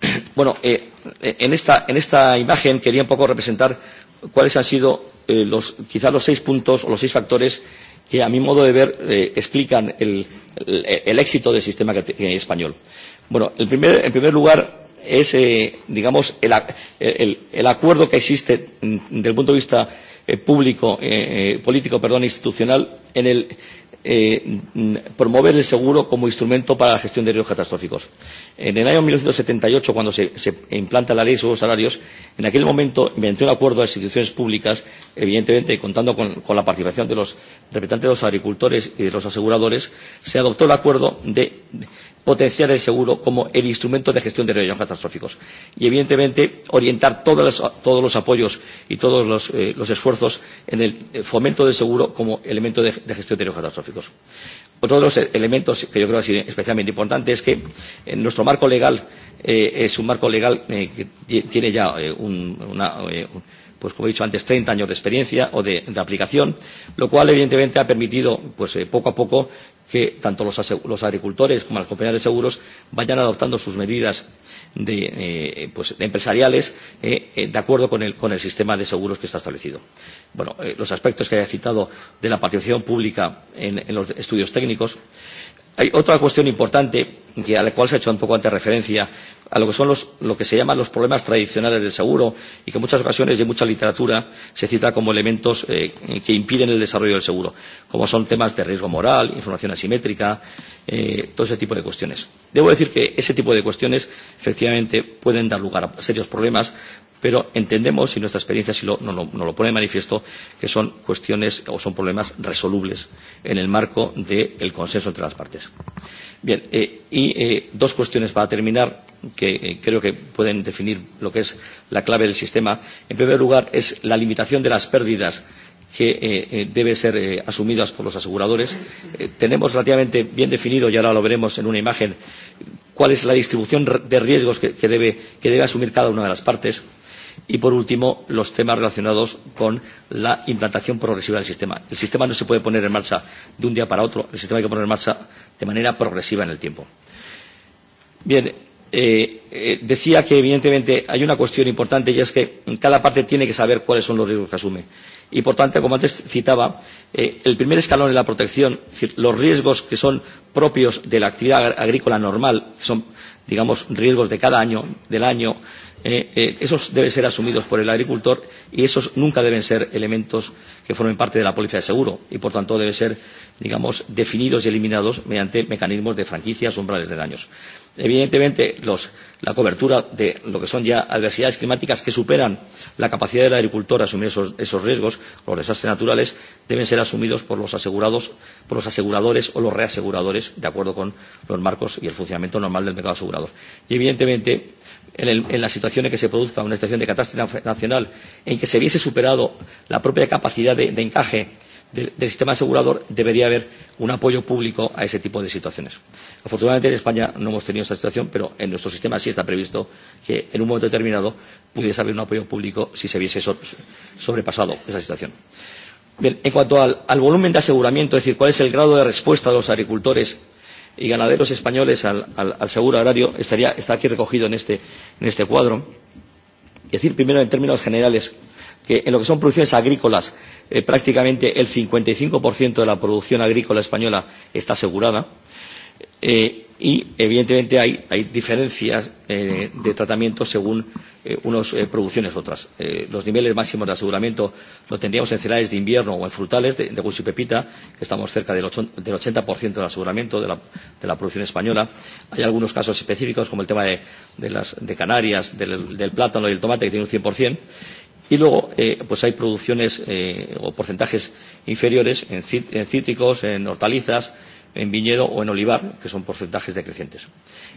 Bueno, eh, eh, en, esta, en esta imagen quería un poco representar cuáles han sido eh, los, quizás los seis puntos o los seis factores que, a mi modo de ver, eh, explican el, el, el éxito del sistema que, que, español. Bueno, el primer, en primer lugar, es, eh, digamos, el, el, el acuerdo que existe mm, desde el punto de vista eh, público, eh, eh, político, perdón, institucional, en el eh, mm, promover el seguro como instrumento para la gestión de riesgos catastróficos. En el año 1978, cuando se, se implanta la ley de seguros salarios, en aquel momento, mediante un acuerdo de instituciones públicas, evidentemente contando con, con la participación de los representantes de los agricultores y de los aseguradores, se adoptó el acuerdo de, potenciar el seguro como el instrumento de gestión de riesgos catastróficos. Y, evidentemente, orientar todas las, todos los apoyos y todos los, eh, los esfuerzos en el eh, fomento del seguro como elemento de, de gestión de riesgos catastróficos. Otro de los eh, elementos que yo creo que es especialmente importante es que en nuestro marco legal eh, es un marco legal eh, que tiene ya eh, un, una, eh, un, pues como he dicho antes, 30 años de experiencia o de, de aplicación, lo cual evidentemente ha permitido pues, eh, poco a poco que tanto los, los agricultores como las compañías de seguros vayan adoptando sus medidas de, eh, pues, de empresariales eh, eh, de acuerdo con el, con el sistema de seguros que está establecido. Bueno, eh, los aspectos que haya citado de la participación pública en, en los estudios técnicos. Hay otra cuestión importante que, a la cual se ha hecho un poco antes referencia a lo que son los, lo que se llaman los problemas tradicionales del seguro y que en muchas ocasiones y en mucha literatura se cita como elementos eh, que impiden el desarrollo del seguro, como son temas de riesgo moral, información asimétrica, eh, todo ese tipo de cuestiones. Debo decir que ese tipo de cuestiones efectivamente pueden dar lugar a serios problemas, pero entendemos y nuestra experiencia si lo, nos, lo, nos no lo pone de manifiesto que son cuestiones o son problemas resolubles en el marco del de consenso entre las partes. Bien, eh, y eh, dos cuestiones para terminar que que eh, creo que pueden definir lo que es la clave del sistema. En primer lugar, es la limitación de las pérdidas que eh, eh, deben ser eh, asumidas por los aseguradores. Eh, tenemos relativamente bien definido, y ahora lo veremos en una imagen, cuál es la distribución de riesgos que, que, debe, que debe asumir cada una de las partes. Y, por último, los temas relacionados con la implantación progresiva del sistema. El sistema no se puede poner en marcha de un día para otro, el sistema hay que poner en marcha de manera progresiva en el tiempo. Bien, Eh, eh, decía que evidentemente hay una cuestión importante y es que cada parte tiene que saber cuáles son los riesgos que asume. Y por tanto, como antes citaba, eh, el primer escalón en la protección, es decir, los riesgos que son propios de la actividad agrícola normal, que son, digamos, riesgos de cada año, del año, eh, eh, esos deben ser asumidos por el agricultor y esos nunca deben ser elementos que formen parte de la póliza de seguro y por tanto deben ser, digamos, definidos y eliminados mediante mecanismos de franquicias, umbrales de daños. Evidentemente, los, la cobertura de lo que son ya adversidades climáticas que superan la capacidad del agricultor a asumir esos, esos riesgos, los desastres naturales, deben ser asumidos por los, asegurados, por los aseguradores o los reaseguradores, de acuerdo con los marcos y el funcionamiento normal del mercado asegurador. Y evidentemente, en, el, en la situación en que se produzca una situación de catástrofe nacional, en que se viese superado la propia capacidad de, de encaje del, del sistema asegurador, debería haber un apoyo público a ese tipo de situaciones. Afortunadamente en España no hemos tenido esta situación, pero en nuestro sistema sí está previsto que en un momento determinado pudiese haber un apoyo público si se viese sobrepasado esa situación. Bien, en cuanto al, al volumen de aseguramiento, es decir, cuál es el grado de respuesta de los agricultores y ganaderos españoles al, al, al seguro agrario, estaría, está aquí recogido en este, en este cuadro. Es decir, primero en términos generales, que en lo que son producciones agrícolas, eh, prácticamente el 55% de la producción agrícola española está asegurada. Eh, y evidentemente hay, hay diferencias eh, de tratamiento según eh, unas eh, producciones otras. Eh, los niveles máximos de aseguramiento los tendríamos en cereales de invierno o en frutales de, de gusto y pepita, que estamos cerca del, ocho, del 80% aseguramiento de la, de la producción española. Hay algunos casos específicos como el tema de, de, las, de Canarias, del, del plátano y el tomate que tiene un 100%. Y luego eh, pues hay producciones eh, o porcentajes inferiores en, en cítricos, en hortalizas, en viñedo o en olivar, que son porcentajes decrecientes.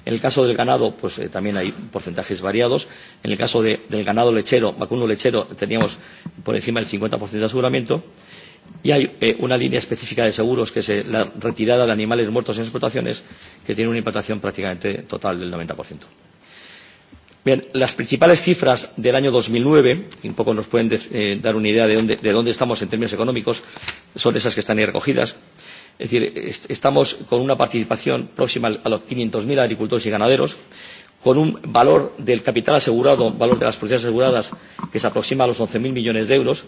En el caso del ganado, pues eh, también hay porcentajes variados. En el caso de, del ganado lechero, vacuno lechero, teníamos por encima del 50% de aseguramiento. Y hay eh, una línea específica de seguros, que es eh, la retirada de animales muertos en explotaciones, que tiene una implantación prácticamente total del 90%. Bien, las principales cifras del año 2009, que un poco nos pueden de, eh, dar una idea de dónde, de dónde estamos en términos económicos, son esas que están ahí recogidas. Es decir, est estamos con una participación próxima a los 500.000 agricultores y ganaderos, con un valor del capital asegurado, valor de las propiedades aseguradas, que se aproxima a los 11.000 millones de euros,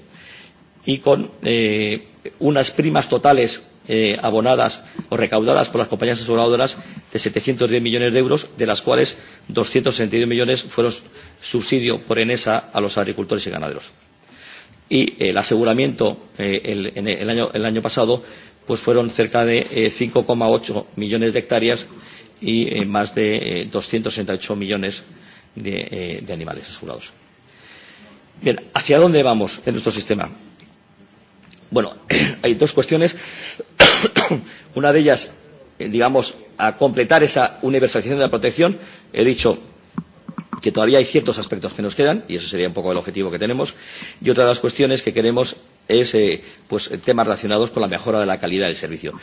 y con eh, unas primas totales eh, abonadas o recaudadas por las compañías aseguradoras de 710 millones de euros, de las cuales 262 millones fueron subsidio por Enesa a los agricultores y ganaderos. Y eh, el aseguramiento eh, el, en el año, el año pasado pues fueron cerca de eh, 5,8 millones de hectáreas y eh, más de eh, 268 millones de, eh, de animales asegurados. Bien, ¿hacia dónde vamos en nuestro sistema? Bueno, hay dos cuestiones Una de ellas, eh, digamos, a completar esa universalización de la protección, he dicho que todavía hay ciertos aspectos que nos quedan, y eso sería un poco el objetivo que tenemos, y otra de las cuestiones que queremos es eh, pues, temas relacionados con la mejora de la calidad del servicio.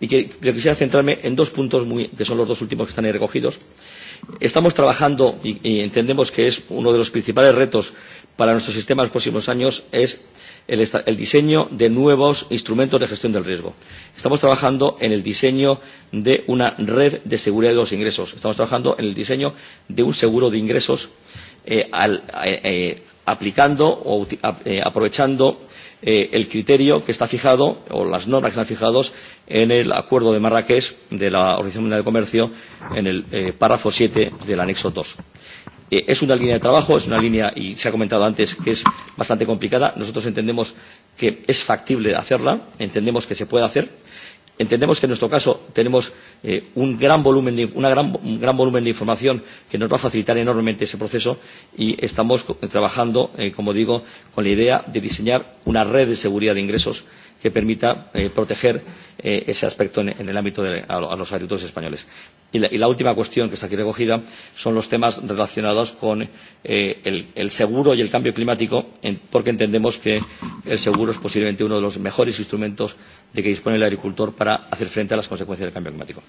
Y que, pero quisiera centrarme en dos puntos, muy, que son los dos últimos que están ahí recogidos. Estamos trabajando y, y entendemos que es uno de los principales retos para nuestros sistemas en los próximos años es el, el diseño de nuevos instrumentos de gestión del riesgo. Estamos trabajando en el diseño de una red de seguridad de los ingresos. Estamos trabajando en el diseño de un seguro de ingresos eh, al, eh, eh aplicando o eh, aprovechando eh, el criterio que está fijado o las normas que están fijadas en el acuerdo de Marrakech de la Organización Mundial de Comercio en el eh, párrafo 7 del anexo 2. Eh, es una línea de trabajo, es una línea, y se ha comentado antes, que es bastante complicada. Nosotros entendemos que es factible hacerla, entendemos que se puede hacer. Entendemos que en nuestro caso tenemos eh, un, gran volumen de, una gran, un gran volumen de información que nos va a facilitar enormemente ese proceso y estamos trabajando, eh, como digo, con la idea de diseñar una red de seguridad de ingresos que permita eh, proteger eh, ese aspecto en, en el ámbito de a, a los agricultores españoles. Y la, y la última cuestión que está aquí recogida son los temas relacionados con eh, el, el seguro y el cambio climático, en, porque entendemos que el seguro es posiblemente uno de los mejores instrumentos de que dispone el agricultor para hacer frente a las consecuencias del cambio climático.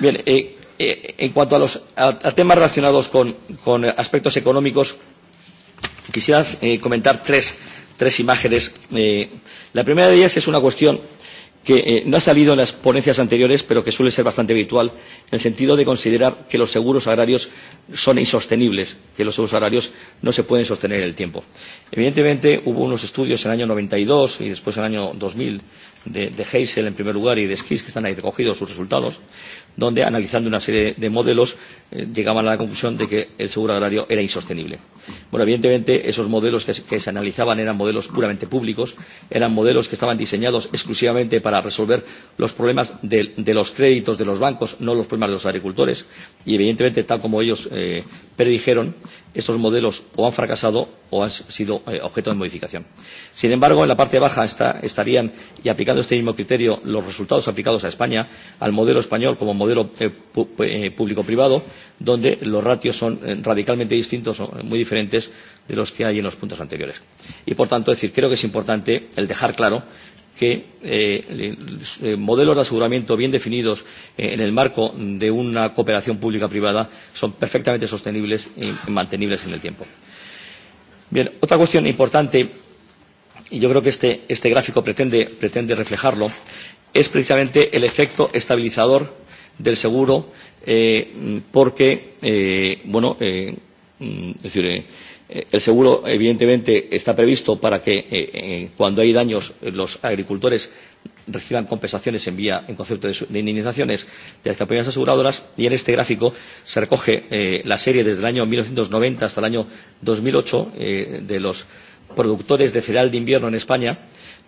Bien, eh, eh, en cuanto a, los, a, a temas relacionados con, con aspectos económicos, quisiera eh, comentar tres tres imágenes. Eh, la primera de ellas es una cuestión que eh, no ha salido en las ponencias anteriores, pero que suele ser bastante habitual, en el sentido de considerar que los seguros agrarios son insostenibles, que los seguros agrarios no se pueden sostener en el tiempo. Evidentemente, hubo unos estudios en el año 92 y después en el año 2000 de, de Heysel en primer lugar y de Skis que están ahí recogidos sus resultados, donde analizando una serie de modelos eh, llegaban a la conclusión de que el seguro agrario era insostenible. Bueno, evidentemente esos modelos que, que se analizaban eran modelos puramente públicos, eran modelos que estaban diseñados exclusivamente para resolver los problemas de, de los créditos de los bancos, no los problemas de los agricultores, y evidentemente tal como ellos eh, predijeron, estos modelos o han fracasado o han sido eh, objeto de modificación. Sin embargo, en la parte baja está, estarían y aplicando aplicando este mismo criterio los resultados aplicados a España al modelo español como modelo eh, eh público-privado, donde los ratios son eh, radicalmente distintos, o muy diferentes de los que hay en los puntos anteriores. Y, por tanto, decir, creo que es importante el dejar claro que eh, eh, modelos de aseguramiento bien definidos eh, en el marco de una cooperación pública-privada son perfectamente sostenibles y mantenibles en el tiempo. Bien, otra cuestión importante y yo creo que este, este gráfico pretende, pretende reflejarlo, es precisamente el efecto estabilizador del seguro, eh, porque, eh, bueno, eh, mm, es decir, eh, el seguro, evidentemente, está previsto para que, eh, eh, cuando hay daños, los agricultores reciban compensaciones en vía en concepto de, de indemnizaciones de las compañías aseguradoras y en este gráfico se recoge eh, la serie desde el año 1990 hasta el año 2008 eh, de los productores de cereal de invierno en España,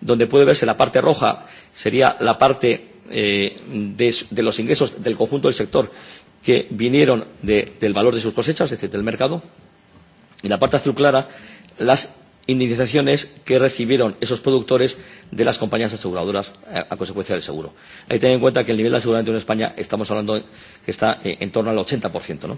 donde puede verse la parte roja, sería la parte eh, de, de los ingresos del conjunto del sector que vinieron de, del valor de sus cosechas, es decir, del mercado, y la parte azul clara, las indemnizaciones que recibieron esos productores de las compañías aseguradoras eh, a, consecuencia del seguro. Hay que tener en cuenta que el nivel de aseguramiento en España estamos hablando que está eh, en torno al 80%. ¿no?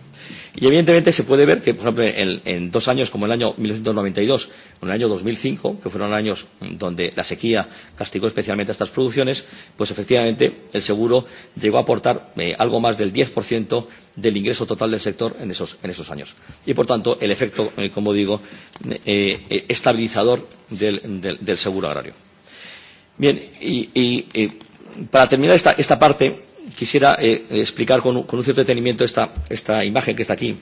Y evidentemente se puede ver que, por ejemplo, en, en dos años como el año 1992 o el año 2005, que fueron años donde la sequía castigó especialmente a estas producciones, pues efectivamente el seguro llegó a aportar eh, algo más del 10% del ingreso total del sector en esos, en esos años. Y por tanto, el efecto, eh, como digo, eh, eh estabilizador del, del, del seguro agrario. Bien, y, y, y para terminar esta, esta parte, quisiera eh, explicar con, con un cierto detenimiento esta, esta imagen que está aquí.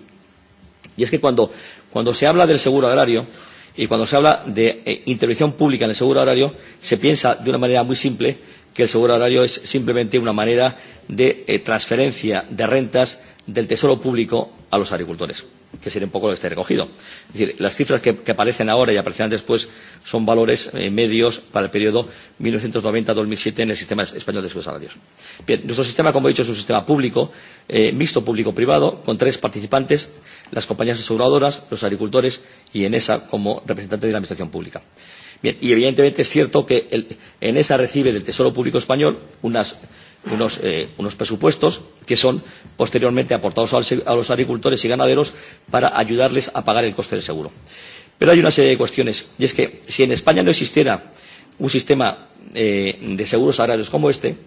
Y es que cuando, cuando se habla del seguro agrario y cuando se habla de eh, intervención pública en el seguro agrario, se piensa de una manera muy simple que el seguro agrario es simplemente una manera de eh, transferencia de rentas del tesoro público a los agricultores que sería un poco lo que está recogido. Es decir, las cifras que, que aparecen ahora y aparecerán después son valores eh, medios para el periodo 1990-2007 en el sistema español de seguros salarios. Bien, nuestro sistema, como he dicho, es un sistema público, eh, mixto público-privado, con tres participantes, las compañías aseguradoras, los agricultores y ENESA como representante de la Administración Pública. Bien, y evidentemente es cierto que el, ENESA recibe del Tesoro Público Español unas unos, eh, unos presupuestos que son posteriormente aportados a los agricultores y ganaderos para ayudarles a pagar el coste del seguro. Pero hay una serie de cuestiones, y es que si en España no existiera un sistema eh, de seguros agrarios como este,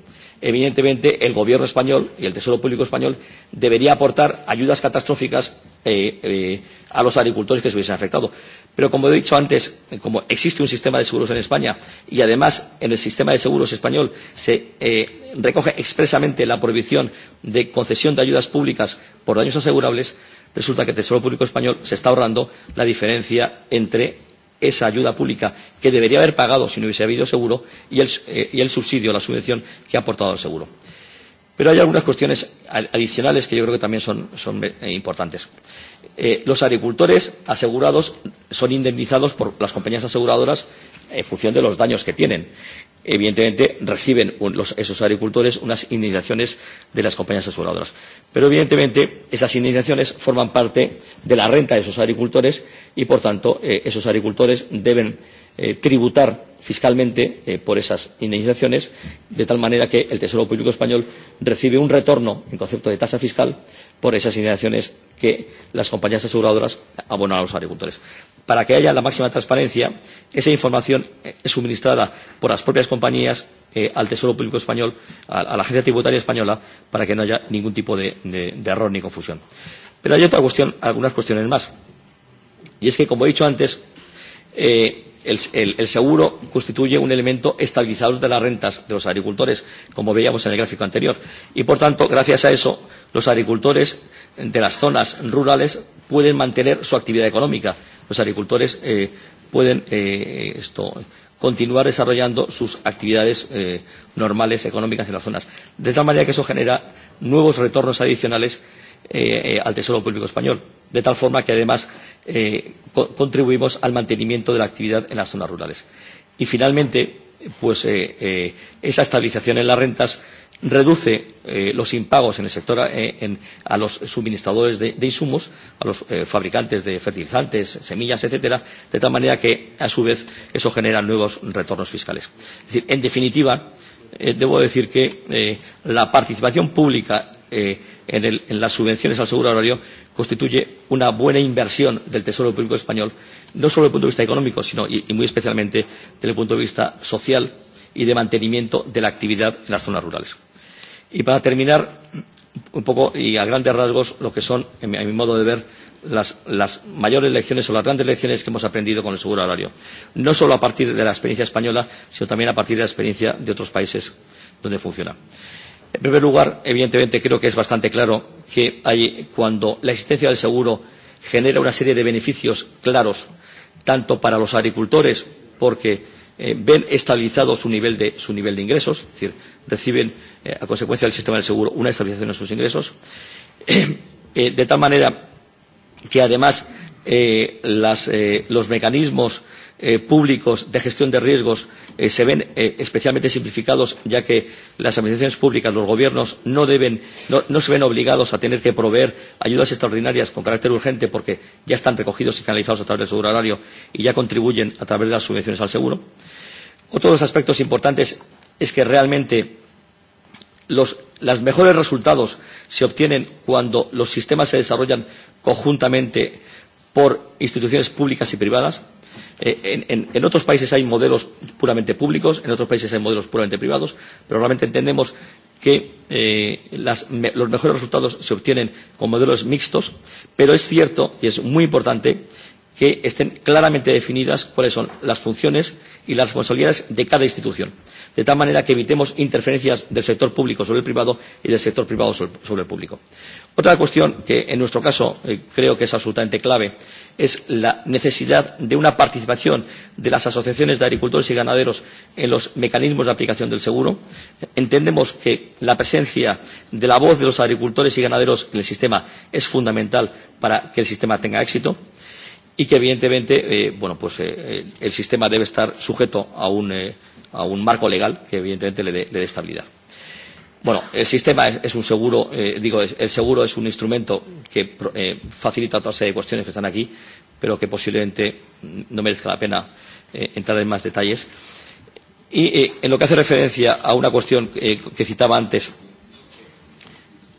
evidentemente el gobierno español y el Tesoro Público español debería aportar ayudas catastróficas eh, eh, a los agricultores que se hubiesen afectado. Pero como he dicho antes, como existe un sistema de seguros en España y además en el sistema de seguros español se eh, recoge expresamente la prohibición de concesión de ayudas públicas por daños asegurables, resulta que el Tesoro Público Español se está ahorrando la diferencia entre esa ayuda pública que debería haber pagado si no hubiese habido seguro y el, eh, y el subsidio, la subvención que ha aportado al seguro. Pero hay algunas cuestiones adicionales que yo creo que también son, son eh, importantes. Eh, los agricultores asegurados son indemnizados por las compañías aseguradoras en función de los daños que tienen. Evidentemente reciben un, los, esos agricultores unas indemnizaciones de las compañías aseguradoras. Pero evidentemente esas indemnizaciones forman parte de la renta de esos agricultores y por tanto eh, esos agricultores deben eh, tributar fiscalmente eh, por esas indemnizaciones, de tal manera que el Tesoro Público Español recibe un retorno en concepto de tasa fiscal por esas indemnizaciones que las compañías aseguradoras abonan a los agricultores. Para que haya la máxima transparencia, esa información eh, es suministrada por las propias compañías eh, al Tesoro Público Español, a, a la Agencia Tributaria Española, para que no haya ningún tipo de, de, de error ni confusión. Pero hay otra cuestión, algunas cuestiones más. Y es que, como he dicho antes, eh, el, el, el seguro constituye un elemento estabilizador de las rentas de los agricultores, como veíamos en el gráfico anterior. Y, por tanto, gracias a eso, los agricultores de las zonas rurales pueden mantener su actividad económica. Los agricultores eh, pueden eh, esto, continuar desarrollando sus actividades eh, normales económicas en las zonas. De tal manera que eso genera nuevos retornos adicionales eh, eh, al Tesoro Público Español, de tal forma que además eh, co contribuimos al mantenimiento de la actividad en las zonas rurales. Y finalmente, pues eh, eh, esa estabilización en las rentas reduce eh, los impagos en el sector eh, en, a los suministradores de, de insumos, a los eh, fabricantes de fertilizantes, semillas, etcétera, de tal manera que, a su vez, eso genera nuevos retornos fiscales. Es decir, en definitiva, eh, debo decir que eh, la participación pública eh, en, el, en las subvenciones al seguro horario constituye una buena inversión del Tesoro Público Español, no solo desde el punto de vista económico, sino y, y muy especialmente desde el punto de vista social y de mantenimiento de la actividad en las zonas rurales. Y para terminar, un poco y a grandes rasgos, lo que son, a mi, a mi modo de ver, las, las mayores lecciones o las grandes lecciones que hemos aprendido con el seguro horario. No solo a partir de la experiencia española, sino también a partir de la experiencia de otros países donde funciona. En primer lugar, evidentemente, creo que es bastante claro que hay, cuando la existencia del seguro genera una serie de beneficios claros, tanto para los agricultores, porque eh, ven estabilizado su nivel de, su nivel de ingresos, es decir, reciben eh, a consecuencia del sistema del seguro una estabilización en sus ingresos. Eh, eh, de tal manera que además eh, las, eh, los mecanismos eh, públicos de gestión de riesgos eh, se ven eh, especialmente simplificados, ya que las administraciones públicas, los gobiernos, no, deben, no, no se ven obligados a tener que proveer ayudas extraordinarias con carácter urgente porque ya están recogidos y canalizados a través del seguro horario y ya contribuyen a través de las subvenciones al seguro. Otro de los aspectos importantes es que realmente los, los mejores resultados se obtienen cuando los sistemas se desarrollan conjuntamente por instituciones públicas y privadas. Eh, en, en, en otros países hay modelos puramente públicos, en otros países hay modelos puramente privados, pero realmente entendemos que eh, las, me, los mejores resultados se obtienen con modelos mixtos, pero es cierto y es muy importante que estén claramente definidas cuáles son las funciones y las responsabilidades de cada institución, de tal manera que evitemos interferencias del sector público sobre el privado y del sector privado sobre el público. Otra cuestión que en nuestro caso eh, creo que es absolutamente clave es la necesidad de una participación de las asociaciones de agricultores y ganaderos en los mecanismos de aplicación del seguro. Entendemos que la presencia de la voz de los agricultores y ganaderos en el sistema es fundamental para que el sistema tenga éxito y que evidentemente eh, bueno, pues, eh, eh, el sistema debe estar sujeto a un, eh, a un marco legal que evidentemente le dé, le dé estabilidad. Bueno, el sistema es, es un seguro, eh, digo, es, el seguro es un instrumento que eh, facilita otra serie de cuestiones que están aquí, pero que posiblemente no merezca la pena eh, entrar en más detalles. Y eh, en lo que hace referencia a una cuestión eh, que citaba antes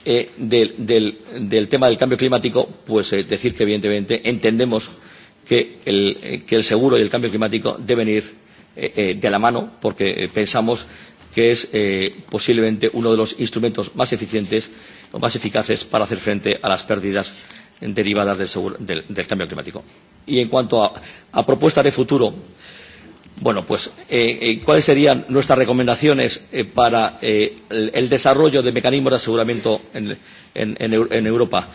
eh, del, del, del tema del cambio climático, pues eh, decir que evidentemente entendemos que el, eh, que el seguro y el cambio climático deben ir eh, eh, de la mano, porque eh, pensamos que es eh, posiblemente uno de los instrumentos más eficientes o más eficaces para hacer frente a las pérdidas derivadas del, seguro, del, del cambio climático. Y en cuanto a, a propuestas de futuro, eh, Bueno, pues, eh, eh, ¿cuáles serían nuestras recomendaciones eh, para eh, el, el desarrollo de mecanismos de aseguramiento en, en, en, en Europa?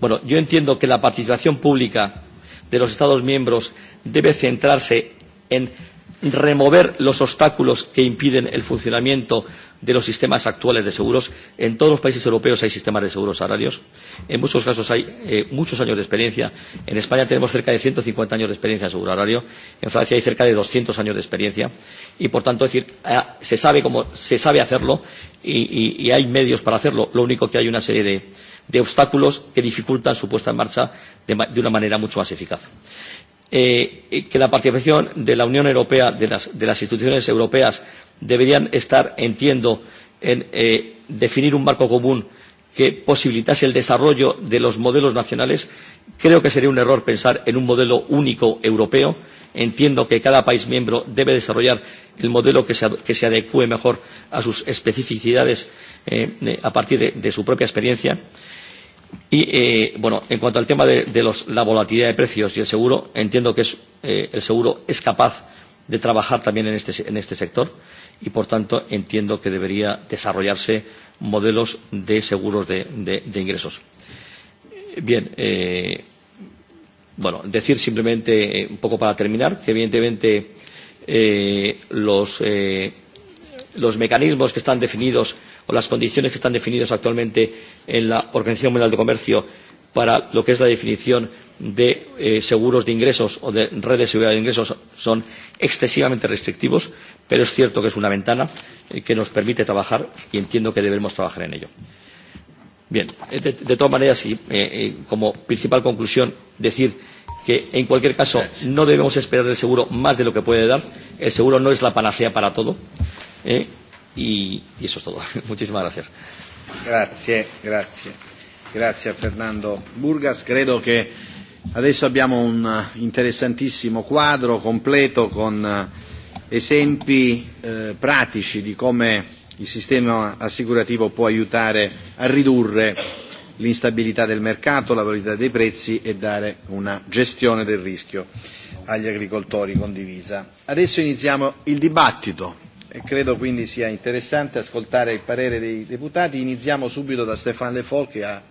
Bueno, yo entiendo que la participación pública de los Estados miembros debe centrarse en remover los obstáculos que impiden el funcionamiento de los sistemas actuales de seguros. En todos los países europeos hay sistemas de seguros agrarios. En muchos casos hay eh, muchos años de experiencia. En España tenemos cerca de 150 años de experiencia en seguro agrario. En Francia hay cerca de 200 años de experiencia. Y por tanto, es decir, eh, se sabe cómo se sabe hacerlo y, y, y hay medios para hacerlo. Lo único que hay una serie de, de obstáculos que dificultan su puesta en marcha de, de una manera mucho más eficaz eh, que la participación de la Unión Europea, de las, de las instituciones europeas, deberían estar, entiendo, en eh, definir un marco común que posibilitase el desarrollo de los modelos nacionales, creo que sería un error pensar en un modelo único europeo. Entiendo que cada país miembro debe desarrollar el modelo que se, que se adecue mejor a sus especificidades eh, a partir de, de su propia experiencia. Eh, Y, eh, bueno, en cuanto al tema de, de los, la volatilidad de precios y el seguro, entiendo que es, eh, el seguro es capaz de trabajar también en este, en este sector y, por tanto, entiendo que debería desarrollarse modelos de seguros de, de, de ingresos. Bien, eh, bueno, decir simplemente, eh, un poco para terminar, que evidentemente eh, los, eh, los mecanismos que están definidos o las condiciones que están definidas actualmente en la Organización Mundial de Comercio para lo que es la definición de eh, seguros de ingresos o de redes de seguridad de ingresos son excesivamente restrictivos, pero es cierto que es una ventana eh, que nos permite trabajar y entiendo que debemos trabajar en ello. Bien, eh, de, de todas maneras, y, eh, eh, como principal conclusión, decir que en cualquier caso no debemos esperar del seguro más de lo que puede dar. El seguro no es la panacea para todo. Eh, y, y eso es todo. Muchísimas gracias. Grazie, grazie. Grazie a Fernando Burgas. Credo che adesso abbiamo un interessantissimo quadro completo con eh, esempi eh, pratici di come il sistema assicurativo può aiutare a ridurre l'instabilità del mercato, la volatilità dei prezzi e dare una gestione del rischio agli agricoltori condivisa. Adesso iniziamo il dibattito E credo quindi sia interessante ascoltare il parere dei deputati. Iniziamo subito da Stéphane Le Foll che ha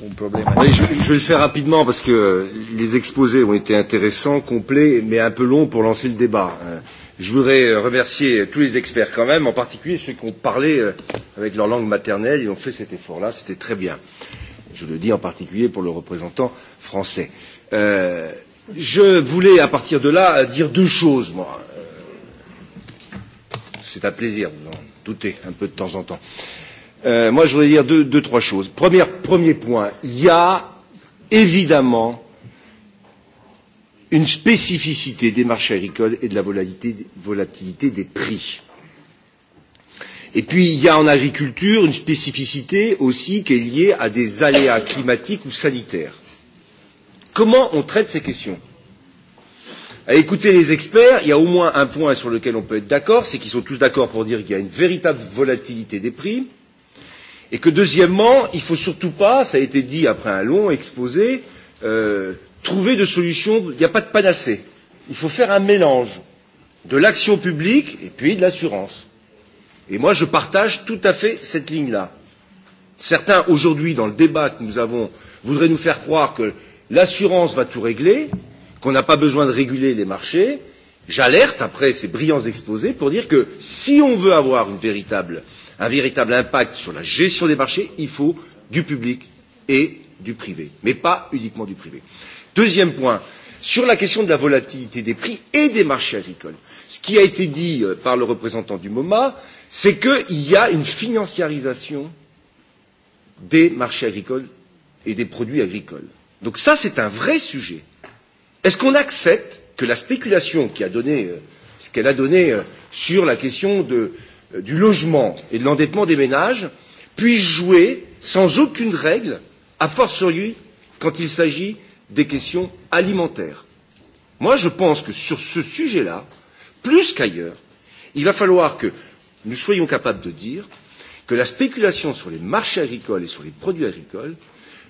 un problema. Oui, je, je vais le faire rapidement parce que les exposés ont été intéressants, complets, mais un peu longs pour lancer le débat. Euh, je voudrais remercier tous les experts quand même, en particulier ceux qui ont parlé euh, avec leur langue maternelle, et ont fait cet effort-là, c'était très bien. Je le dis en particulier pour le représentant français. Euh, je voulais à partir de là dire deux choses, moi c'est un plaisir d'en douter un peu de temps en temps. Euh, moi, je voudrais dire deux, deux trois choses. Première, premier point, il y a évidemment une spécificité des marchés agricoles et de la volatilité, volatilité des prix. Et puis, il y a en agriculture une spécificité aussi qui est liée à des aléas climatiques ou sanitaires. Comment on traite ces questions à écouter les experts, il y a au moins un point sur lequel on peut être d'accord, c'est qu'ils sont tous d'accord pour dire qu'il y a une véritable volatilité des prix, et que deuxièmement, il ne faut surtout pas, ça a été dit après un long exposé, euh, trouver de solutions, il n'y a pas de panacée. Il faut faire un mélange de l'action publique et puis de l'assurance. Et moi, je partage tout à fait cette ligne-là. Certains, aujourd'hui, dans le débat que nous avons, voudraient nous faire croire que l'assurance va tout régler, qu'on n'a pas besoin de réguler les marchés, j'alerte après ces brillants exposés pour dire que si on veut avoir une véritable, un véritable impact sur la gestion des marchés, il faut du public et du privé, mais pas uniquement du privé. Deuxième point, sur la question de la volatilité des prix et des marchés agricoles. Ce qui a été dit euh, par le représentant du MoMA, c'est qu'il y a une financiarisation des marchés agricoles et des produits agricoles. Donc ça, c'est un vrai sujet. Est-ce qu'on accepte que la spéculation qui a donné euh, ce qu'elle a donné euh, sur la question de, euh, du logement et de l'endettement des ménages puisse jouer sans aucune règle, à sur lui, quand il s'agit des questions alimentaires. Moi, je pense que sur ce sujet-là, plus qu'ailleurs, il va falloir que nous soyons capables de dire que la spéculation sur les marchés agricoles et sur les produits agricoles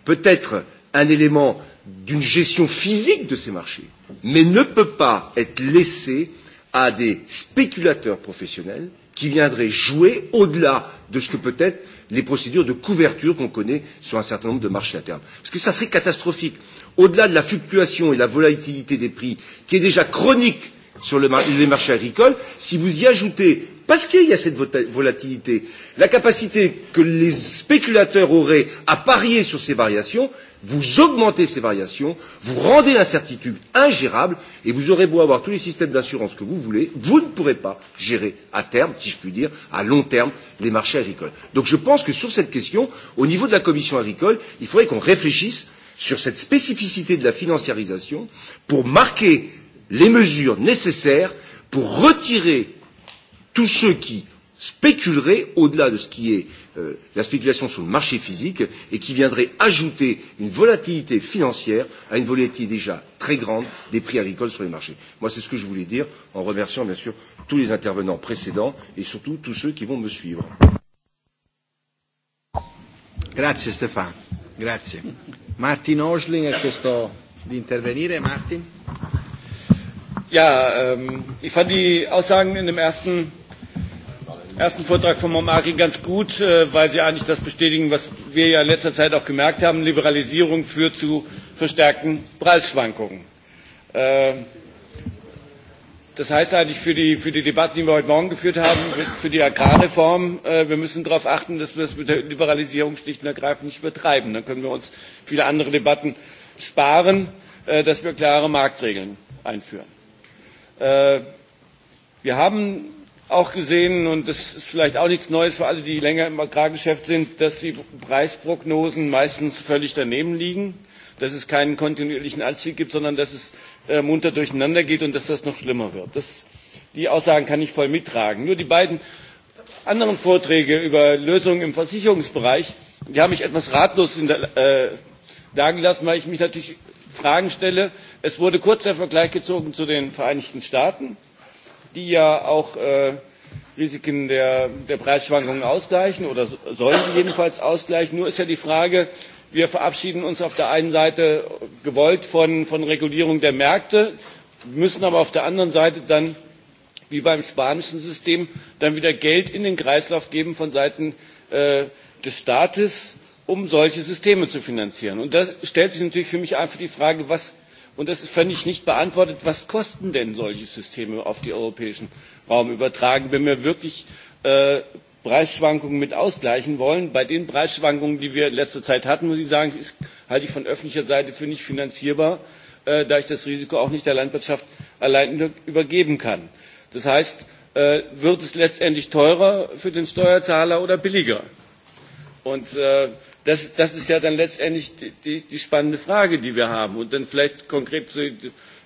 peut être un élément d'une gestion physique de ces marchés, mais ne peut pas être laissé à des spéculateurs professionnels qui viendraient jouer au-delà de ce que peut être les procédures de couverture qu'on connaît sur un certain nombre de marchés à terme. Parce que ça serait catastrophique. Au-delà de la fluctuation et la volatilité des prix, qui est déjà chronique sur le mar les marchés agricoles, si vous y ajoutez Parce qu'il y a cette volatilité. La capacité que les spéculateurs auraient à parier sur ces variations, vous augmentez ces variations, vous rendez l'incertitude ingérable, et vous aurez beau avoir tous les systèmes d'assurance que vous voulez, vous ne pourrez pas gérer à terme, si je puis dire, à long terme, les marchés agricoles. Donc je pense que sur cette question, au niveau de la commission agricole, il faudrait qu'on réfléchisse sur cette spécificité de la financiarisation pour marquer les mesures nécessaires pour retirer tous ceux qui spéculeraient au-delà de ce qui est euh, la spéculation sur le marché physique et qui viendraient ajouter une volatilité financière à une volatilité déjà très grande des prix agricoles sur les marchés. Moi, c'est ce que je voulais dire en remerciant bien sûr tous les intervenants précédents et surtout tous ceux qui vont me suivre. Grazie Stéphane. Grazie. Martin Osling ha chiesto di intervenire. Martin. Ja, ähm, ich fand die Aussagen in dem ersten ersten Vortrag von Momari ganz gut, äh, weil Sie eigentlich das bestätigen, was wir ja in letzter Zeit auch gemerkt haben. Liberalisierung führt zu verstärkten Preisschwankungen. Ähm, das heißt eigentlich für die, für die Debatten, die wir heute Morgen geführt haben, für die Agrarreform, äh, wir müssen darauf achten, dass wir es mit der Liberalisierung schlicht und ergreifend nicht übertreiben. Dann können wir uns viele andere Debatten sparen, äh, dass wir klare Marktregeln einführen. Wir haben auch gesehen, und das ist vielleicht auch nichts Neues für alle, die länger im Agrargeschäft sind, dass die Preisprognosen meistens völlig daneben liegen, dass es keinen kontinuierlichen Anstieg gibt, sondern dass es äh, munter durcheinander geht und dass das noch schlimmer wird. Das, die Aussagen kann ich voll mittragen. Nur die beiden anderen Vorträge über Lösungen im Versicherungsbereich, die haben mich etwas ratlos in der, äh, dagelassen, weil ich mich natürlich Fragen stelle. Es wurde kurz der Vergleich gezogen zu den Vereinigten Staaten die ja auch äh, Risiken der, Preisschwankungen ausgleichen oder sollen sie jedenfalls ausgleichen. Nur ist ja die Frage, wir verabschieden uns auf der einen Seite gewollt von, Regulierung der Märkte, müssen aber auf der anderen Seite dann wie beim spanischen System dann wieder Geld in den Kreislauf geben von Seiten äh, des Staates, um solche Systeme zu finanzieren. Und da stellt sich natürlich für mich einfach die Frage, was und es ist völlig nicht beantwortet was kosten denn solche systeme auf den europäischen raum übertragen wenn wir wirklich äh, preisschwankungen mit ausgleichen wollen. bei den preisschwankungen die wir in letzter zeit hatten muss ich sagen das halte ich von öffentlicher seite für nicht finanzierbar äh, da ich das risiko auch nicht der landwirtschaft allein übergeben kann. das heißt äh, wird es letztendlich teurer für den steuerzahler oder billiger? und Das, das ist ja dann letztendlich die, die, die spannende Frage, die wir haben. Und dann vielleicht konkret zu,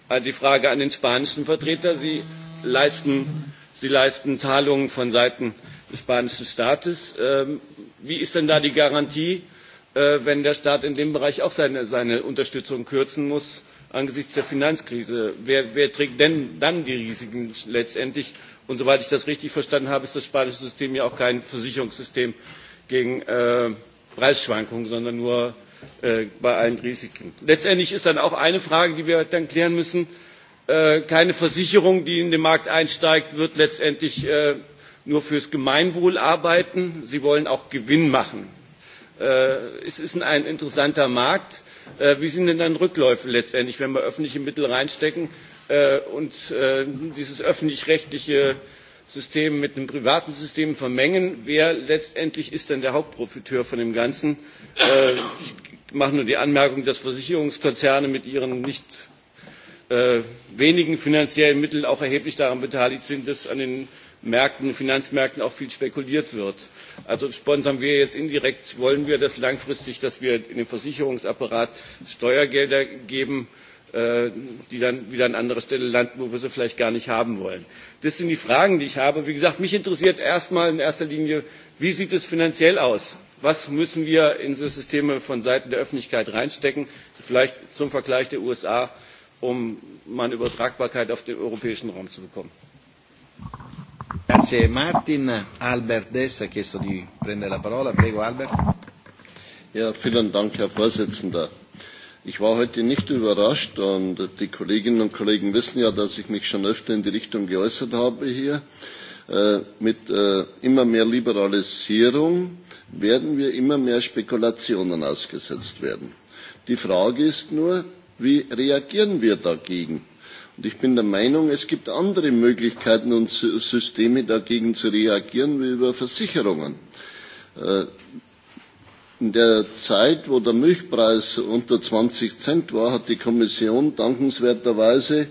äh, die Frage an den spanischen Vertreter. Sie leisten, Sie leisten Zahlungen von Seiten des spanischen Staates. Ähm, wie ist denn da die Garantie, äh, wenn der Staat in dem Bereich auch seine, seine Unterstützung kürzen muss angesichts der Finanzkrise? Wer, wer trägt denn dann die Risiken letztendlich? Und soweit ich das richtig verstanden habe, ist das spanische System ja auch kein Versicherungssystem gegen äh, Preisschwankungen, sondern nur äh, bei allen Risiken. Letztendlich ist dann auch eine Frage, die wir dann klären müssen. Äh, keine Versicherung, die in den Markt einsteigt, wird letztendlich äh, nur fürs Gemeinwohl arbeiten. Sie wollen auch Gewinn machen. Äh, es ist ein interessanter Markt. Äh, wie sind denn dann Rückläufe letztendlich, wenn wir öffentliche Mittel reinstecken äh, und dieses öffentlich-rechtliche System mit einem privaten System vermengen. Wer letztendlich ist denn der Hauptprofiteur von dem Ganzen? Äh, ich mache nur die Anmerkung, dass Versicherungskonzerne mit ihren nicht äh, wenigen finanziellen Mitteln auch erheblich daran beteiligt sind, dass an den Märkten, Finanzmärkten auch viel spekuliert wird. Also sponsern wir jetzt indirekt, wollen wir das langfristig, dass wir in den Versicherungsapparat Steuergelder geben, äh, Äh, die dann wieder an andere Stelle landen, wo wir sie vielleicht gar nicht haben wollen. Das sind die Fragen, die ich habe. Wie gesagt, mich interessiert erstmal in erster Linie, wie sieht es finanziell aus? Was müssen wir in so Systeme von Seiten der Öffentlichkeit reinstecken? Vielleicht zum Vergleich der USA, um mal eine Übertragbarkeit auf den europäischen Raum zu bekommen. Grazie Martin. Albert Dess ha chiesto di prendere la parola. Prego Albert. Ja, vielen Dank, Herr Vorsitzender. Ich war heute nicht überrascht und die Kolleginnen und Kollegen wissen ja, dass ich mich schon öfter in die Richtung geäußert habe hier. Äh, mit äh, immer mehr Liberalisierung werden wir immer mehr Spekulationen ausgesetzt werden. Die Frage ist nur, wie reagieren wir dagegen? Und ich bin der Meinung, es gibt andere Möglichkeiten und Systeme dagegen zu reagieren, wie über Versicherungen. Äh, In der Zeit, wo der Milchpreis unter 20 Cent war, hat die Kommission dankenswerterweise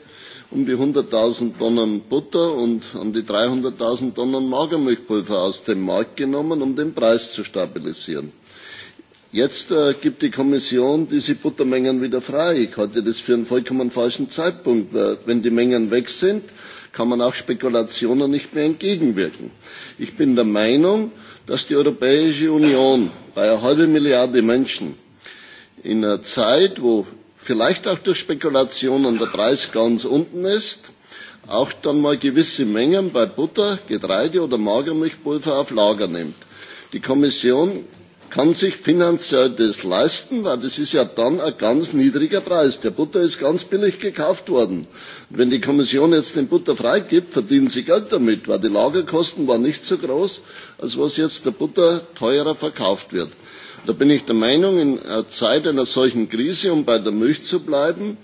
um die 100.000 Tonnen Butter und um die 300.000 Tonnen Magermilchpulver aus dem Markt genommen, um den Preis zu stabilisieren. Jetzt äh, gibt die Kommission diese Buttermengen wieder frei. Ich halte das für einen vollkommen falschen Zeitpunkt. Weil wenn die Mengen weg sind, kann man auch Spekulationen nicht mehr entgegenwirken. Ich bin der Meinung, dass die Europäische Union bei einer halben Milliarde Menschen in einer Zeit, wo vielleicht auch durch Spekulationen der Preis ganz unten ist, auch dann mal gewisse Mengen bei Butter, Getreide oder Magermilchpulver auf Lager nimmt. Die Kommission kann sich finanziell das leisten? Weil das ist ja dann ein ganz niedriger Preis. Der Butter ist ganz billig gekauft worden. Und wenn die Kommission jetzt den Butter freigibt, verdienen sie Geld damit, weil die Lagerkosten waren nicht so groß, als was jetzt der Butter teurer verkauft wird. Da bin ich der Meinung, in einer Zeit einer solchen Krise, um bei der Milch zu bleiben,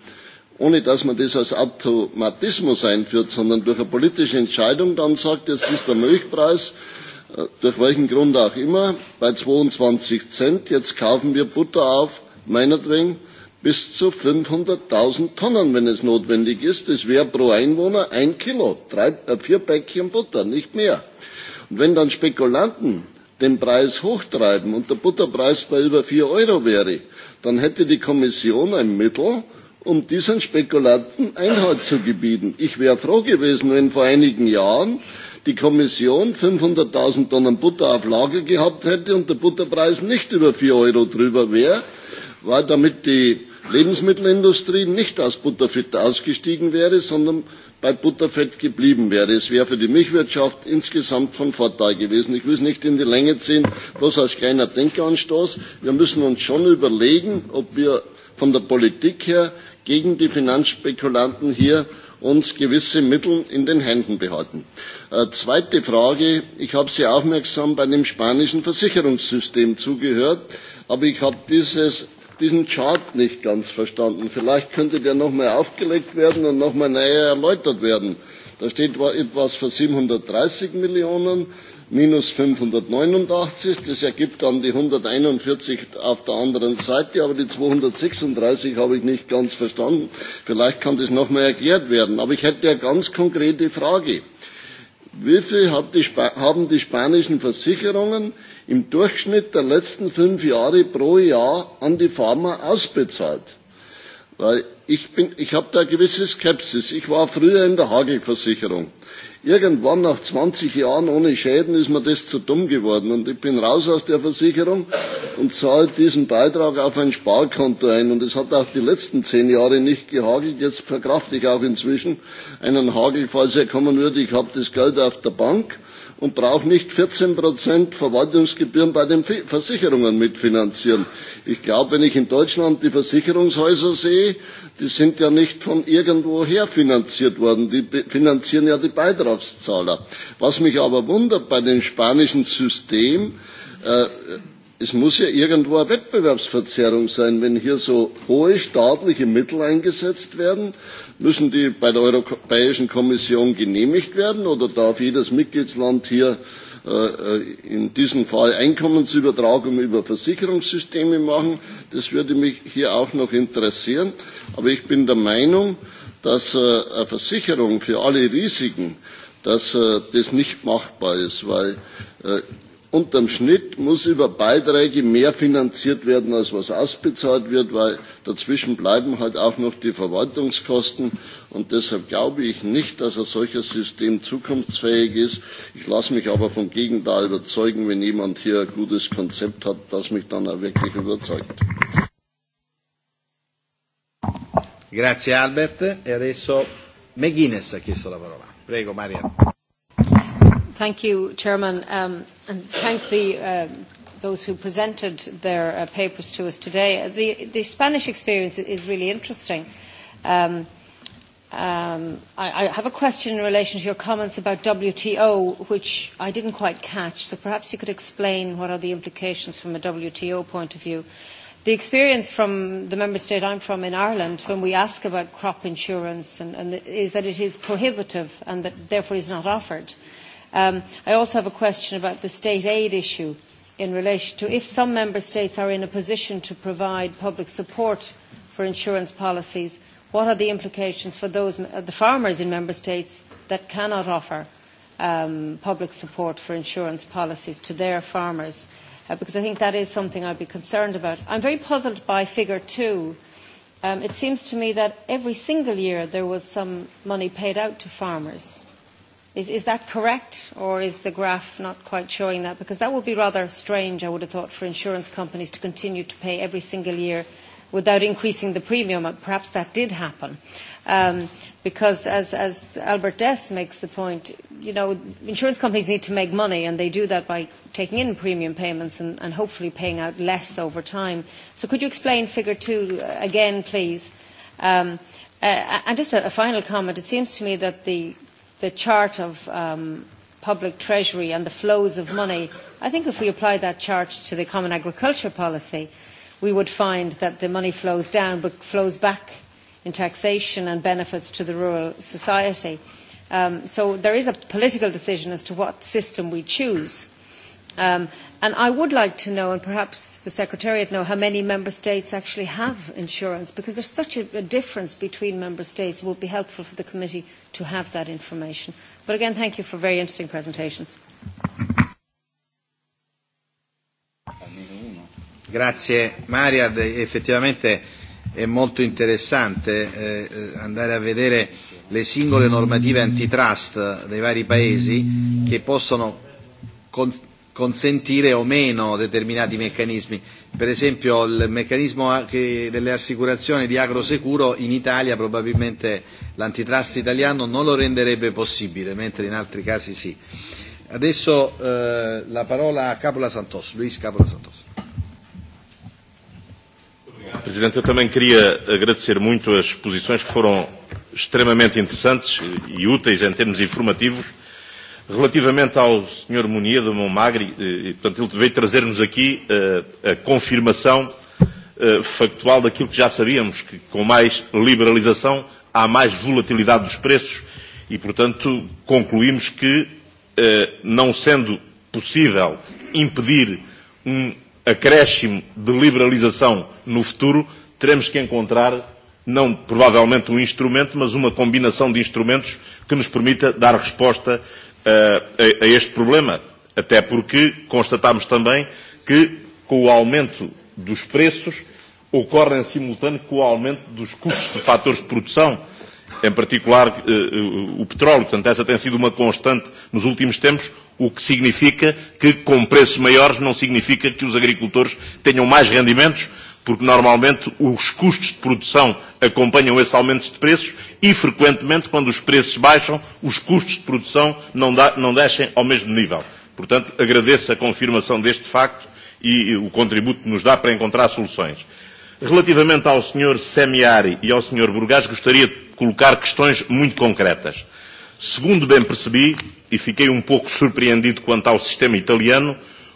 ohne dass man das als Automatismus einführt, sondern durch eine politische Entscheidung dann sagt, jetzt ist der Milchpreis durch welchen Grund auch immer, bei 22 Cent. Jetzt kaufen wir Butter auf, meinetwegen, bis zu 500.000 Tonnen, wenn es notwendig ist. Das wäre pro Einwohner ein Kilo, drei, äh, vier Päckchen Butter, nicht mehr. Und wenn dann Spekulanten den Preis hochtreiben und der Butterpreis bei über 4 Euro wäre, dann hätte die Kommission ein Mittel, um diesen Spekulanten Einhalt zu gebieten. Ich wäre froh gewesen, wenn vor einigen Jahren die Kommission 500.000 Tonnen Butter auf Lager gehabt hätte und der Butterpreis nicht über 4 Euro drüber wäre, weil damit die Lebensmittelindustrie nicht aus Butterfett ausgestiegen wäre, sondern bei Butterfett geblieben wäre. Es wäre für die Milchwirtschaft insgesamt von Vorteil gewesen. Ich will es nicht in die Länge ziehen, bloß als kleiner Denkanstoß. Wir müssen uns schon überlegen, ob wir von der Politik her gegen die Finanzspekulanten hier uns gewisse Mittel in den Händen behalten. Äh, zweite Frage. Ich habe Sie aufmerksam bei dem spanischen Versicherungssystem zugehört, aber ich habe dieses diesen Chart nicht ganz verstanden. Vielleicht könnte der nochmal aufgelegt werden und nochmal näher erläutert werden. Da steht etwas für 730 Millionen, minus 589. Das ergibt dann die 141 auf der anderen Seite, aber die 236 habe ich nicht ganz verstanden. Vielleicht kann das nochmal erklärt werden. Aber ich hätte eine ganz konkrete Frage. Wie viel hat die, haben die spanischen Versicherungen im Durchschnitt der letzten fünf Jahre pro Jahr an die Pharma ausbezahlt? Weil ich, bin, ich habe da gewisse Skepsis. Ich war früher in der Hagelversicherung. Irgendwann nach zwanzig Jahren ohne Schäden ist mir das zu dumm geworden und ich bin raus aus der Versicherung und zahle diesen Beitrag auf ein Sparkonto ein. Und es hat auch die letzten zehn Jahre nicht gehagelt. Jetzt verkrafte ich auch inzwischen einen Hagel, falls er kommen würde. Ich habe das Geld auf der Bank und braucht nicht 14 Verwaltungsgebühren bei den Versicherungen mitfinanzieren. Ich glaube, wenn ich in Deutschland die Versicherungshäuser sehe, die sind ja nicht von irgendwoher finanziert worden, die finanzieren ja die Beitragszahler. Was mich aber wundert bei dem spanischen System, äh, es muss ja irgendwo eine Wettbewerbsverzerrung sein. Wenn hier so hohe staatliche Mittel eingesetzt werden, müssen die bei der Europäischen Kommission genehmigt werden oder darf jedes Mitgliedsland hier äh, äh, in diesem Fall Einkommensübertragung über Versicherungssysteme machen. Das würde mich hier auch noch interessieren. Aber ich bin der Meinung, dass äh, eine Versicherung für alle Risiken, dass das nicht machbar ist, weil unterm Schnitt muss über Beiträge mehr finanziert werden, als was ausbezahlt wird, weil dazwischen bleiben halt auch noch die Verwaltungskosten. Und deshalb glaube ich nicht, dass ein solches System zukunftsfähig ist. Ich lasse mich aber vom Gegenteil überzeugen, wenn jemand hier ein gutes Konzept hat, das mich dann auch wirklich überzeugt. Grazie Albert. E adesso McGuinness ha chiesto la parola. Prego Maria. Thank you, Chairman, um, and thank the, uh, those who presented their uh, papers to us today. The, the Spanish experience is really interesting. Um, um, I, I have a question in relation to your comments about WTO, which I didn't quite catch, so perhaps you could explain what are the implications from a WTO point of view. The experience from the member state I'm from in Ireland, when we ask about crop insurance, and, and is that it is prohibitive and that therefore is not offered. Uh, Um, I also have a question about the state aid issue in relation to if some member states are in a position to provide public support for insurance policies, what are the implications for those, uh, the farmers in member states that cannot offer um, public support for insurance policies to their farmers? Uh, because I think that is something I'd be concerned about. I'm very puzzled by figure two. Um, it seems to me that every single year there was some money paid out to farmers Is, is that correct, or is the graph not quite showing that? Because that would be rather strange, I would have thought, for insurance companies to continue to pay every single year without increasing the premium. Uh, perhaps that did happen. Um, because as, as Albert Dess makes the point, you know, insurance companies need to make money, and they do that by taking in premium payments and, and hopefully paying out less over time. So could you explain figure two uh, again, please? Um, uh, and just a, a final comment. It seems to me that the the chart of um, public treasury and the flows of money, I think if we apply that chart to the common agriculture policy, we would find that the money flows down but flows back in taxation and benefits to the rural society. Um, so there is a political decision as to what system we choose. Um, And I would like to know, and perhaps the Secretariat know, how many member states actually have insurance, because there's such a, a difference between member states. It would be helpful for the committee to have that information. But again, thank you for very interesting presentations. Grazie Mariad, effettivamente è molto interessante eh, andare a vedere le singole normative antitrust dei vari paesi che possono con, consentire o meno determinati meccanismi. Per esempio il meccanismo delle assicurazioni di agrosecuro in Italia probabilmente l'antitrust italiano non lo renderebbe possibile, mentre in altri casi sì. Adesso eh, la parola a Capola Santos, Luis Capola Santos. Presidente, eu também queria agradecer muito as exposições que foram extremamente interessantes e úteis em termos informativos Relativamente ao Sr. Monia do Montmagri, eh, e, portanto, ele veio trazer-nos aqui uh, a confirmação uh, factual daquilo que já sabíamos, que com mais liberalização há mais volatilidade dos preços e, portanto, concluímos que, uh, não sendo possível impedir um acréscimo de liberalização no futuro, teremos que encontrar não provavelmente um instrumento, mas uma combinação de instrumentos que nos permita dar resposta Eh, a, a este problema. Até porque constatámos também que, com o aumento dos preços, ocorre em simultâneo com o aumento dos custos de fatores de produção, em particular eh, eh, o petróleo. Portanto, essa tem sido uma constante nos últimos tempos, o que significa que, com preços maiores, não significa que os agricultores tenham mais rendimentos, porque normalmente os custos de produção acompanham esses aumentos de preços e, frequentemente, quando os preços baixam, os custos de produção não, dá, não descem ao mesmo nível. Portanto, agradeço a confirmação deste facto e, e o contributo que nos dá para encontrar soluções. Relativamente ao Sr. Semiari e ao Sr. Burgás, gostaria de colocar questões muito concretas. Segundo bem percebi, e fiquei um pouco surpreendido quanto ao sistema italiano,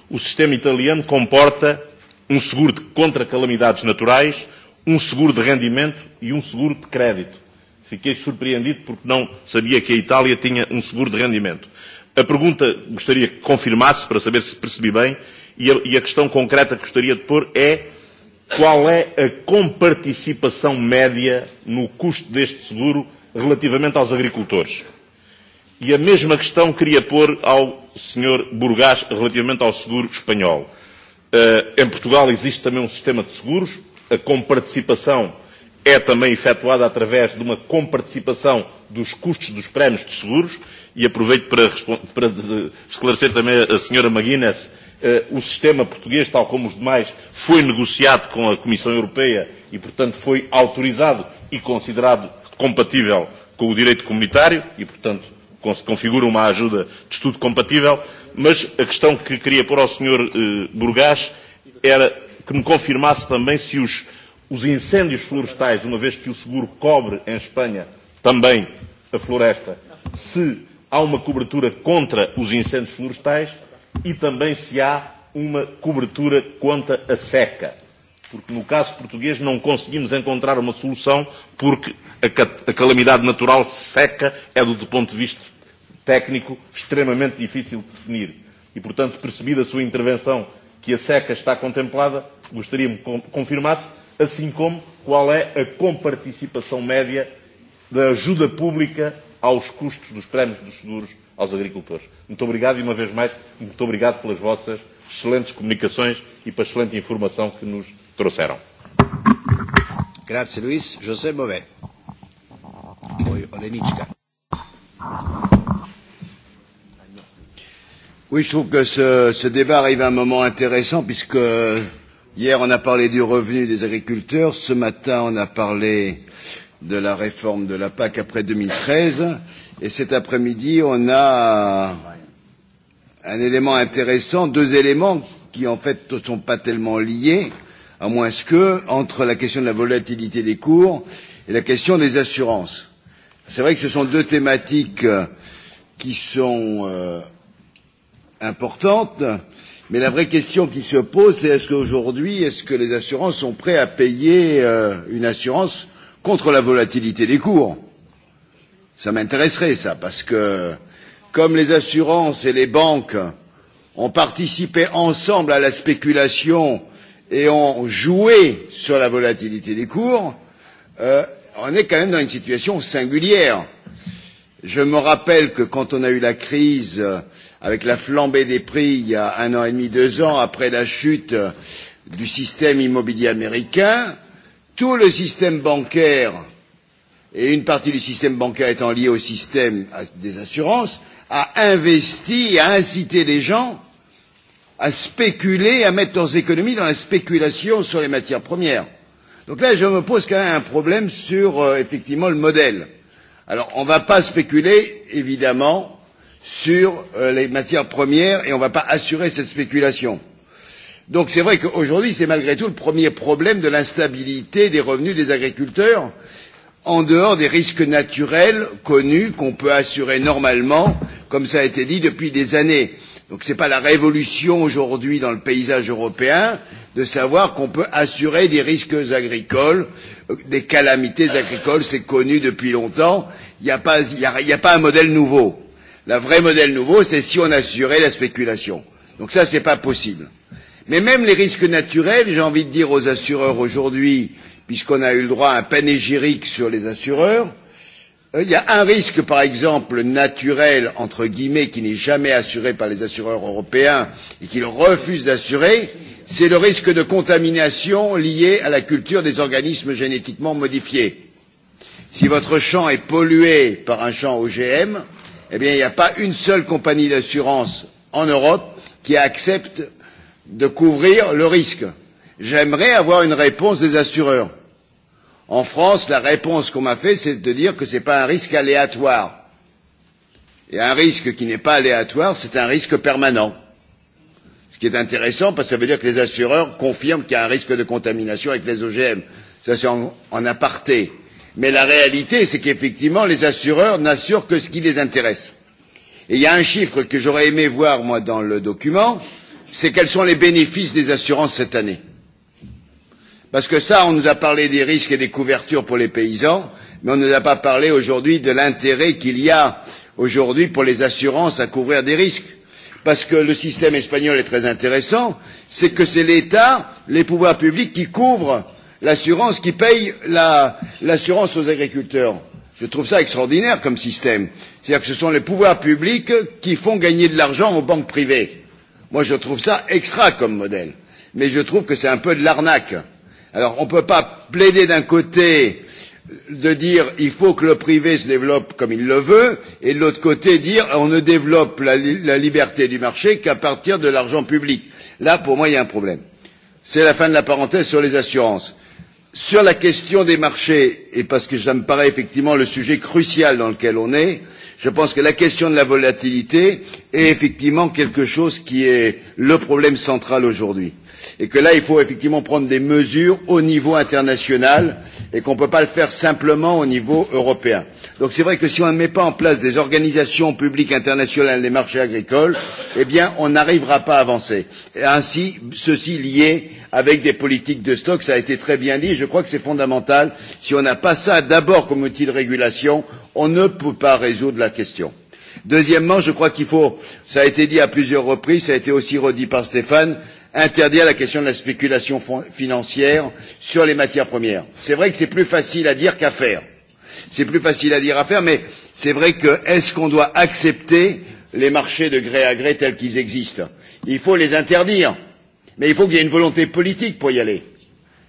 o sistema italiano comporta um seguro de contra calamidades naturais um seguro de rendimento e um seguro de crédito. Fiquei surpreendido porque não sabia que a Itália tinha um seguro de rendimento. A pergunta gostaria que confirmasse para saber se percebi bem e a, e a questão concreta que gostaria de pôr é qual é a comparticipação média no custo deste seguro relativamente aos agricultores. E a mesma questão queria pôr ao Sr. Burgás relativamente ao seguro espanhol. Uh, em Portugal existe também um sistema de seguros, a comparticipação é também efetuada através de uma comparticipação dos custos dos prémios de seguros, e aproveito para, para esclarecer também a senhora Maguinness, eh, o sistema português, tal como os demais, foi negociado com a Comissão Europeia e, portanto, foi autorizado e considerado compatível com o direito comunitário e, portanto, configura uma ajuda de estudo compatível. Mas a questão que queria pôr ao Sr. Eh, Burgás era que me confirmasse também se os, os incêndios florestais, uma vez que o seguro cobre em Espanha também a floresta, se há uma cobertura contra os incêndios florestais e também se há uma cobertura contra a seca. Porque no caso português não conseguimos encontrar uma solução porque a, a calamidade natural seca é, do, do ponto de vista técnico, extremamente difícil de definir. E, portanto, percebida a sua intervenção que a seca está contemplada, gostaria-me que confirmasse, assim como qual é a comparticipação média da ajuda pública aos custos dos prémios dos seguros aos agricultores. Muito obrigado e, uma vez mais, muito obrigado pelas vossas excelentes comunicações e pela excelente informação que nos trouxeram. Grazie Luís. José Bové. Oi, Olenichka. Oui, je trouve que ce, ce débat arrive à un moment intéressant puisque hier on a parlé du revenu des agriculteurs, ce matin on a parlé de la réforme de la PAC après 2013 et cet après-midi on a un élément intéressant, deux éléments qui en fait ne sont pas tellement liés, à moins que entre la question de la volatilité des cours et la question des assurances. C'est vrai que ce sont deux thématiques euh, qui sont euh, importante, mais la vraie question qui se pose, c'est est-ce qu'aujourd'hui, est-ce que les assurances sont prêtes à payer euh, une assurance contre la volatilité des cours Ça m'intéresserait, ça, parce que comme les assurances et les banques ont participé ensemble à la spéculation et ont joué sur la volatilité des cours, euh, on est quand même dans une situation singulière. Je me rappelle que quand on a eu la crise euh, avec la flambée des prix il y a un an et demi, deux ans, après la chute du système immobilier américain, tout le système bancaire et une partie du système bancaire étant liée au système des assurances, a investi, et a incité les gens à spéculer, à mettre leurs économies dans la spéculation sur les matières premières. Donc là, je me pose quand même un problème sur euh, effectivement le modèle. Alors, on ne va pas spéculer, évidemment, sur euh, les matières premières et on ne va pas assurer cette spéculation. Donc c'est vrai qu'aujourd'hui, c'est malgré tout le premier problème de l'instabilité des revenus des agriculteurs, en dehors des risques naturels connus qu'on peut assurer normalement, comme ça a été dit depuis des années. Donc ce n'est pas la révolution aujourd'hui dans le paysage européen de savoir qu'on peut assurer des risques agricoles, euh, des calamités agricoles, c'est connu depuis longtemps, il n'y a, a, a pas un modèle nouveau. Le vrai modèle nouveau, c'est si on assurait la spéculation. Donc ça, ce n'est pas possible. Mais même les risques naturels, j'ai envie de dire aux assureurs aujourd'hui, puisqu'on a eu le droit à un panégyrique sur les assureurs, euh, il euh, y a un risque, par exemple, naturel, entre guillemets, qui n'est jamais assuré par les assureurs européens et qu'ils refusent d'assurer, c'est le risque de contamination lié à la culture des organismes génétiquement modifiés. Si votre champ est pollué par un champ OGM, eh bien, il n'y a pas une seule compagnie d'assurance en Europe qui accepte de couvrir le risque. J'aimerais avoir une réponse des assureurs. En France, la réponse qu'on m'a faite, c'est de dire que ce n'est pas un risque aléatoire. Et un risque qui n'est pas aléatoire, c'est un risque permanent. Ce qui est intéressant, parce que ça veut dire que les assureurs confirment qu'il y a un risque de contamination avec les OGM. Ça, c'est en, en aparté. Mais la réalité, c'est qu'effectivement, les assureurs n'assurent que ce qui les intéresse. Et il y a un chiffre que j'aurais aimé voir, moi, dans le document, c'est quels sont les bénéfices des assurances cette année. Parce que ça, on nous a parlé des risques et des couvertures pour les paysans, mais on ne nous a pas parlé aujourd'hui de l'intérêt qu'il y a aujourd'hui pour les assurances à couvrir des risques. Parce que le système espagnol est très intéressant, c'est que c'est l'État, les pouvoirs publics qui couvrent l'assurance qui paye l'assurance la, aux agriculteurs. Je trouve ça extraordinaire comme système. C'est-à-dire que ce sont les pouvoirs publics qui font gagner de l'argent aux banques privées. Moi, je trouve ça extra comme modèle. Mais je trouve que c'est un peu de l'arnaque. Alors, on ne peut pas plaider d'un côté de dire il faut que le privé se développe comme il le veut, et de l'autre côté dire on ne développe la, la liberté du marché qu'à partir de l'argent public. Là, pour moi, il y a un problème. C'est la fin de la parenthèse sur les assurances. Sur la question des marchés, et parce que ça me paraît effectivement le sujet crucial dans lequel on est, je pense que la question de la volatilité est effectivement quelque chose qui est le problème central aujourd'hui et que là, il faut effectivement prendre des mesures au niveau international et qu'on ne peut pas le faire simplement au niveau européen. Donc c'est vrai que si on ne met pas en place des organisations publiques internationales des marchés agricoles, eh bien, on n'arrivera pas à avancer. Et ainsi, ceci lié avec des politiques de stock, ça a été très bien dit, je crois que c'est fondamental. Si on n'a pas ça d'abord comme outil de régulation, on ne peut pas résoudre la question. Deuxièmement, je crois qu'il faut, ça a été dit à plusieurs reprises, ça a été aussi redit par Stéphane, interdire la question de la spéculation financière sur les matières premières. C'est vrai que c'est plus facile à dire qu'à faire. C'est plus facile à dire à faire, mais c'est vrai que est-ce qu'on doit accepter les marchés de gré à gré tels qu'ils existent Il faut les interdire, mais il faut qu'il y ait une volonté politique pour y aller.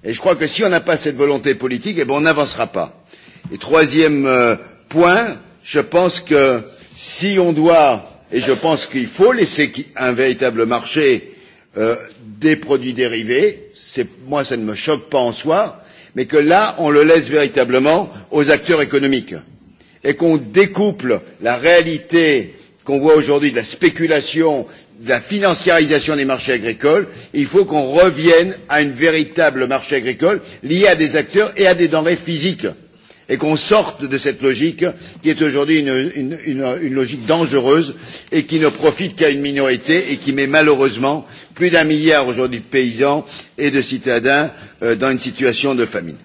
Et je crois que si on n'a pas cette volonté politique, eh ben on n'avancera pas. Et troisième euh, point, je pense que si on doit, et je pense qu'il faut laisser un véritable marché Euh, des produits dérivés, c'est moi ça ne me choque pas en soi, mais que là on le laisse véritablement aux acteurs économiques et qu'on découple la réalité qu'on voit aujourd'hui de la spéculation, de la financiarisation des marchés agricoles, il faut qu'on revienne à un véritable marché agricole lié à des acteurs et à des denrées physiques et qu'on sorte de cette logique qui est aujourd'hui une, une, une, une logique dangereuse et qui ne profite qu'à une minorité et qui met malheureusement plus d'un milliard aujourd'hui de paysans et de citadins euh, dans une situation de famine.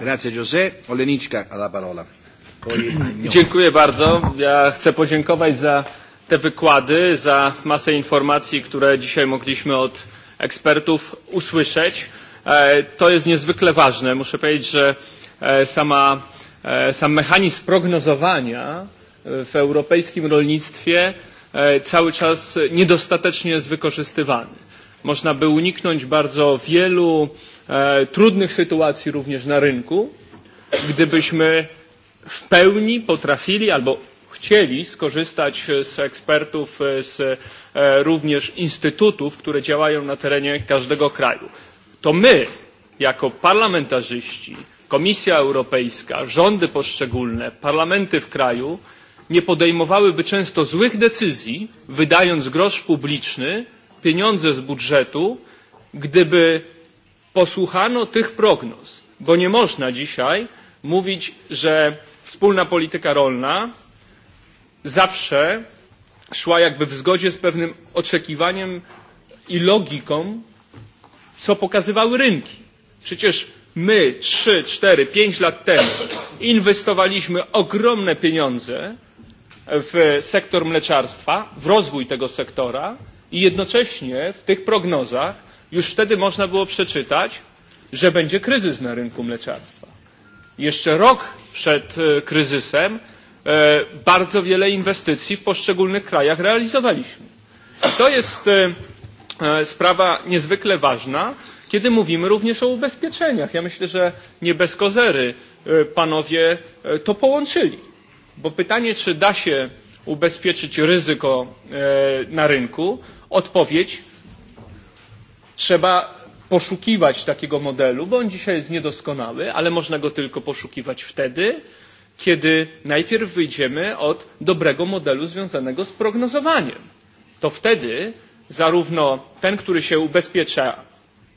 Grazie José. Oleniczka ha la parola. Dziękuję bardzo. Ja chcę podziękować za te wykłady, za masę informacji, które dzisiaj mogliśmy od ekspertów usłyszeć. E, to jest niezwykle ważne. Muszę powiedzieć, że e, sama, e, sam mechanizm prognozowania w europejskim rolnictwie cały czas niedostatecznie jest wykorzystywany. Można by uniknąć bardzo wielu trudnych sytuacji również na rynku, gdybyśmy w pełni potrafili albo chcieli skorzystać z ekspertów, z również instytutów, które działają na terenie każdego kraju to my, jako parlamentarzyści, Komisja Europejska, rządy poszczególne, parlamenty w kraju nie podejmowałyby często złych decyzji, wydając grosz publiczny, pieniądze z budżetu, gdyby posłuchano tych prognoz. Bo nie można dzisiaj mówić, że wspólna polityka rolna zawsze szła jakby w zgodzie z pewnym oczekiwaniem i logiką co pokazywały rynki. Przecież my 3, 4, 5 lat temu inwestowaliśmy ogromne pieniądze w sektor mleczarstwa, w rozwój tego sektora i jednocześnie w tych prognozach już wtedy można było przeczytać, że będzie kryzys na rynku mleczarstwa. Jeszcze rok przed e, kryzysem e, bardzo wiele inwestycji w poszczególnych krajach realizowaliśmy. I to jest e, E, sprawa niezwykle ważna, kiedy mówimy również o ubezpieczeniach. Ja myślę, że nie bez kozery e, panowie e, to połączyli, bo pytanie, czy da się ubezpieczyć ryzyko na rynku, odpowiedź trzeba poszukiwać takiego modelu, bo on dzisiaj jest niedoskonały, ale można go tylko poszukiwać wtedy, kiedy najpierw wyjdziemy od dobrego modelu związanego z prognozowaniem. To wtedy zarówno ten, który się ubezpiecza,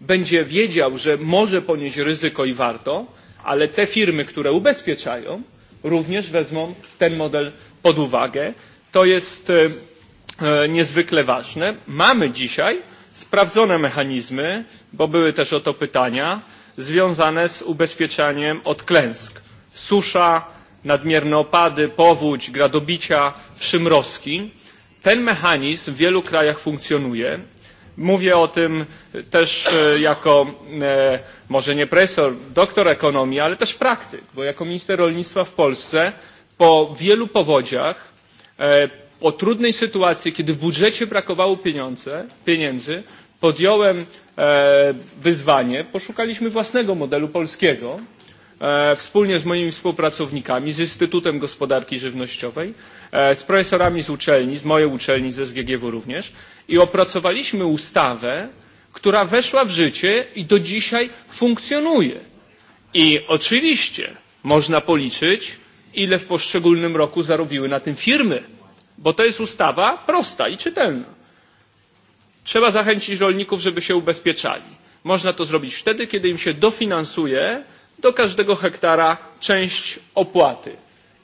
będzie wiedział, że może ponieść ryzyko i warto, ale te firmy, które ubezpieczają, również wezmą ten model pod uwagę. To jest e, e niezwykle ważne. Mamy dzisiaj sprawdzone mechanizmy, bo były też o to pytania, związane z ubezpieczaniem od klęsk. Susza, nadmierne opady, powódź, gradobicia, przymrozki ten mechanizm w wielu krajach funkcjonuje. Mówię o tym też e, jako, e, może nie profesor, doktor ekonomii, ale też praktyk, bo jako minister rolnictwa w Polsce po wielu powodziach, e, po trudnej sytuacji, kiedy w budżecie brakowało pieniądze, pieniędzy, podjąłem wyzwanie, poszukaliśmy własnego modelu polskiego, Eh, wspólnie z moimi współpracownikami, z Instytutem Gospodarki Żywnościowej, e, z profesorami z uczelni, z mojej uczelni, ze SGGW również i opracowaliśmy ustawę, która weszła w życie i do dzisiaj funkcjonuje. I oczywiście można policzyć, ile w poszczególnym roku zarobiły na tym firmy, bo to jest ustawa prosta i czytelna. Trzeba zachęcić rolników, żeby się ubezpieczali. Można to zrobić wtedy, kiedy im się dofinansuje do każdego hektara część opłaty.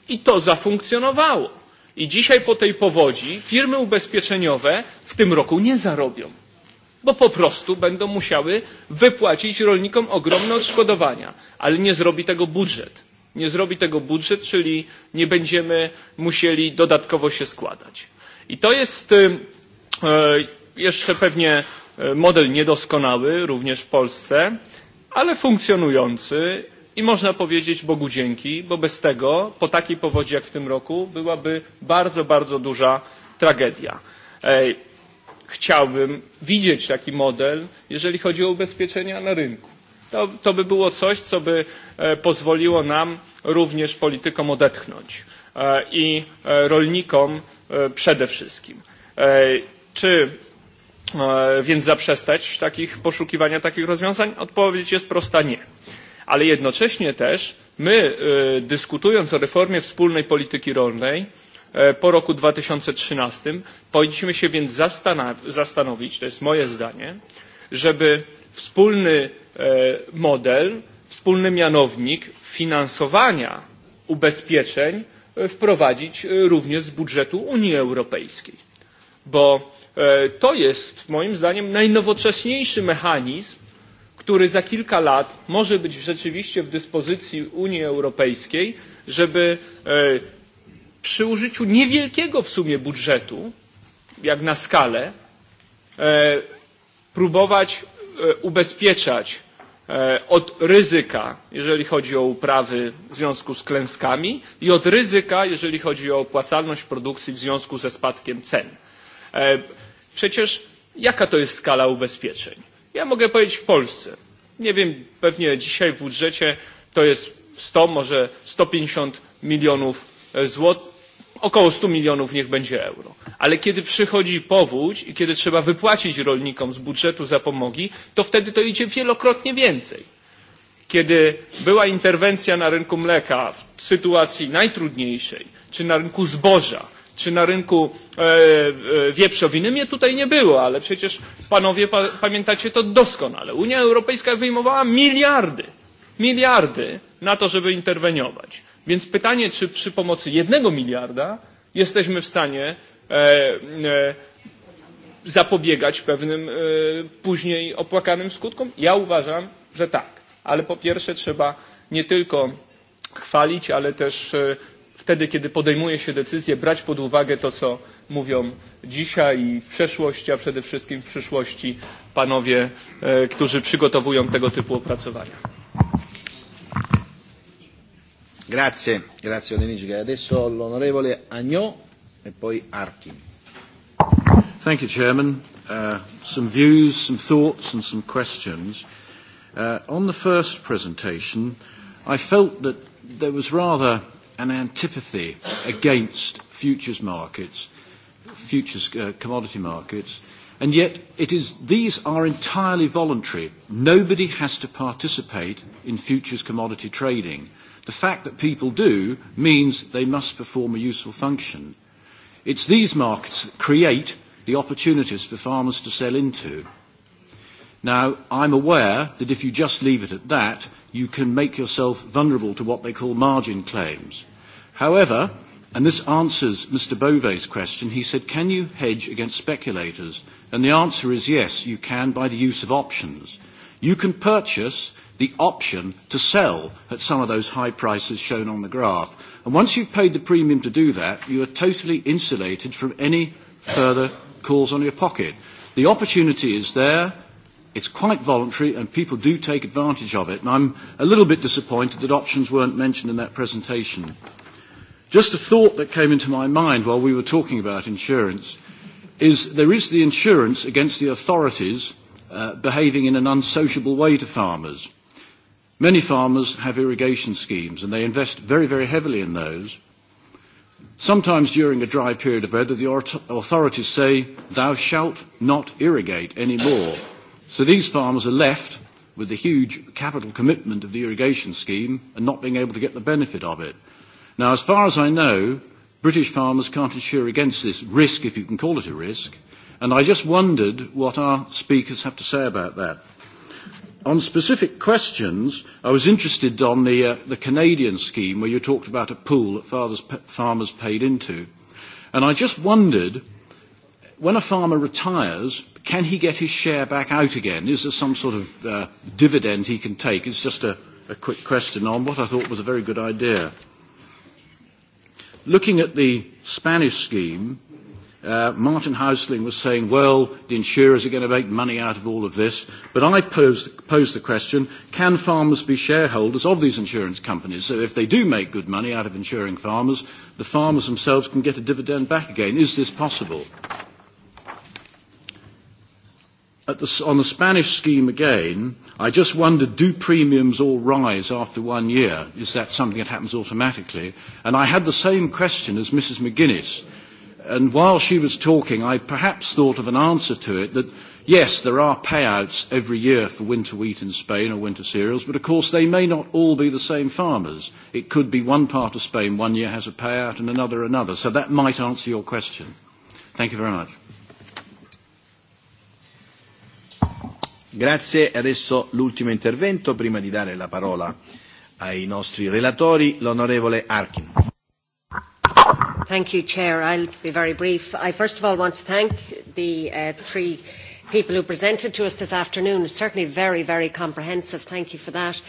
I to zafunkcjonowało. I dzisiaj po tej powodzi firmy ubezpieczeniowe w tym roku nie zarobią, bo po prostu będą musiały wypłacić rolnikom ogromne odszkodowania, ale nie zrobi tego budżet. Nie zrobi tego budżet, czyli nie będziemy musieli dodatkowo się składać. I to jest e, jeszcze pewnie model niedoskonały również w Polsce, ale funkcjonujący i można powiedzieć Bogu dzięki, bo bez tego po takiej powodzi jak w tym roku byłaby bardzo, bardzo duża tragedia. chciałbym widzieć taki model, jeżeli chodzi o ubezpieczenia na rynku. To, to by było coś, co by e, pozwoliło nam również politykom odetchnąć e, i e, rolnikom przede wszystkim. Czy E, więc zaprzestać takich poszukiwania takich rozwiązań? Odpowiedź jest prosta nie. Ale jednocześnie też my, e, dyskutując o reformie wspólnej polityki rolnej, e, po roku 2013 powinniśmy się więc zastanowić, to jest moje zdanie, żeby wspólny model, wspólny mianownik finansowania ubezpieczeń wprowadzić również z budżetu Unii Europejskiej bo e, to jest moim zdaniem najnowocześniejszy mechanizm, który za kilka lat może być rzeczywiście w dyspozycji Unii Europejskiej, żeby e, przy użyciu niewielkiego w sumie budżetu, jak na skalę, e, próbować ubezpieczać od ryzyka, jeżeli chodzi o uprawy w związku z klęskami i od ryzyka, jeżeli chodzi o opłacalność produkcji w związku ze spadkiem cen. E, przecież jaka to jest skala ubezpieczeń? Ja mogę powiedzieć w Polsce. Nie wiem, pewnie dzisiaj w budżecie to jest 100, może 150 milionów e, złotych, około 100 milionów niech będzie euro. Ale kiedy przychodzi powódź i kiedy trzeba wypłacić rolnikom z budżetu zapomogi, to wtedy to idzie wielokrotnie więcej. Kiedy była interwencja na rynku mleka w sytuacji najtrudniejszej, czy na rynku zboża, czy na rynku e, e, wieprzowiny. Mnie tutaj nie było, ale przecież panowie pa, pamiętacie to doskonale. Unia Europejska wyjmowała miliardy, miliardy na to, żeby interweniować. Więc pytanie, czy przy pomocy jednego miliarda jesteśmy w stanie e, e, zapobiegać pewnym e, później opłakanym skutkom? Ja uważam, że tak. Ale po pierwsze trzeba nie tylko chwalić, ale też e, wtedy, kiedy podejmuje się decyzję, brać pod uwagę to, co mówią dzisiaj i w przeszłości, a przede wszystkim w przyszłości panowie, e, którzy przygotowują tego typu opracowania. Grazie, grazie Odenigge. Adesso l'onorevole Agnò e poi Arkin. Thank you, Chairman. Uh, some views, some thoughts and some questions. Uh, on the first presentation, I felt that there was rather an antipathy against futures markets, futures uh, commodity markets, and yet it is, these are entirely voluntary. Nobody has to participate in futures commodity trading. The fact that people do means they must perform a useful function. It's these markets that create the opportunities for farmers to sell into. Now, I'm aware that if you just leave it at that, you can make yourself vulnerable to what they call margin claims. However, and this answers Mr. Bove's question, he said, can you hedge against speculators? And the answer is yes, you can by the use of options. You can purchase the option to sell at some of those high prices shown on the graph. And once you've paid the premium to do that, you are totally insulated from any further calls on your pocket. The opportunity is there. It's quite voluntary, and people do take advantage of it. And I'm a little bit disappointed that options weren't mentioned in that presentation. Just a thought that came into my mind while we were talking about insurance is there is the insurance against the authorities uh, behaving in an unsociable way to farmers. Many farmers have irrigation schemes and they invest very, very heavily in those. Sometimes during a dry period of weather, the authorities say, thou shalt not irrigate anymore. So these farmers are left with the huge capital commitment of the irrigation scheme and not being able to get the benefit of it. Now, as far as I know, British farmers can't insure against this risk, if you can call it a risk, and I just wondered what our speakers have to say about that. On specific questions, I was interested on the, uh, the Canadian scheme where you talked about a pool that fathers, farmers paid into. And I just wondered, when a farmer retires, can he get his share back out again? Is there some sort of uh, dividend he can take? It's just a, a quick question on what I thought was a very good idea. Looking at the Spanish scheme, uh, Martin Hausling was saying, well, the insurers are going to make money out of all of this. But I posed, posed the question, can farmers be shareholders of these insurance companies? So if they do make good money out of insuring farmers, the farmers themselves can get a dividend back again. Is this possible? at the, on the Spanish scheme again, I just wonder, do premiums all rise after one year? Is that something that happens automatically? And I had the same question as Mrs. McGuinness. And while she was talking, I perhaps thought of an answer to it that, yes, there are payouts every year for winter wheat in Spain or winter cereals, but of course they may not all be the same farmers. It could be one part of Spain one year has a payout and another another. So that might answer your question. Thank you very much. Grazie. Adesso l'ultimo intervento prima di dare la parola ai nostri relatori, l'onorevole Arkin. Thank you, Chair. I'll be very brief. I first of all want to thank the uh, three people who presented to us this afternoon. It's certainly very, very comprehensive. Thank you for that.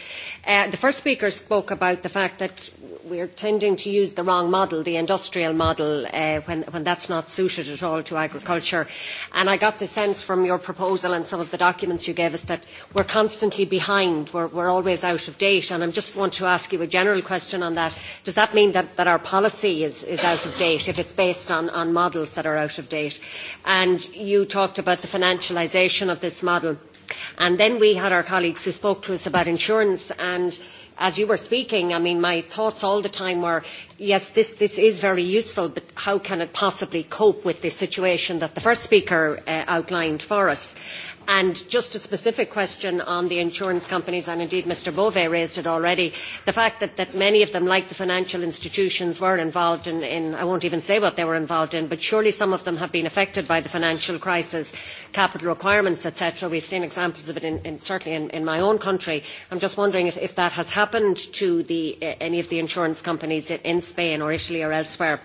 Uh, the first speaker spoke about the fact that we are tending to use the wrong model, the industrial model, uh, when, that that's not suited at all to agriculture. And I got the sense from your proposal and some of the documents you gave us that we're constantly behind, we're, are always out of date. And I just want to ask you a general question on that. Does that mean that, that our policy is, is out of date if it's based on, on models that are out of date? And you talked about the financialisation of this model And then we had our colleagues who spoke to us about insurance and as you were speaking, I mean, my thoughts all the time were, yes, this, this is very useful, but how can it possibly cope with the situation that the first speaker uh, outlined for us? And just a specific question on the insurance companies, and indeed Mr. Bove raised it already, the fact that, many of them, like the financial institutions, were involved in, I won't even say what they were involved in, but surely some of them have been affected by the financial crisis, capital requirements, etc. We've seen examples of it, certainly in, my own country. I'm just wondering if, that has happened to eh, any of the insurance companies in, Spain or Italy or elsewhere.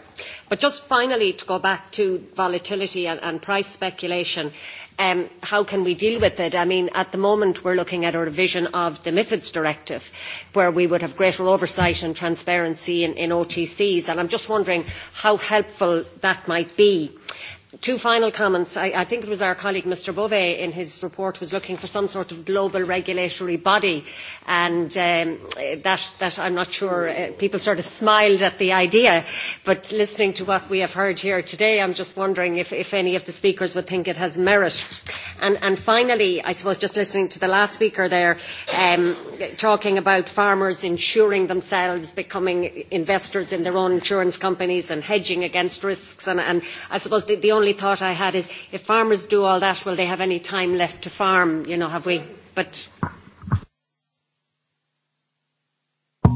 But just finally, to go back to volatility and price speculation, um, how can we deal with it? I mean, at the moment we're looking at a revision of the MIFIDs directive, where we would have greater oversight and transparency in, in OTCs, and I'm just wondering how helpful that might be two final comments. I, I think it was our colleague Mr Bove in his report was looking for some sort of global regulatory body and um, that, that I'm not sure, uh, people sort of smiled at the idea but listening to what we have heard here today I'm just wondering if, if any of the speakers would think it has merit. And, and finally, I suppose just listening to the last speaker there um, talking about farmers insuring themselves, becoming investors in their own insurance companies and hedging against risks and, and I suppose the, the only thought I had is if farmers do all that, will they have any time left to farm? You know, have we? But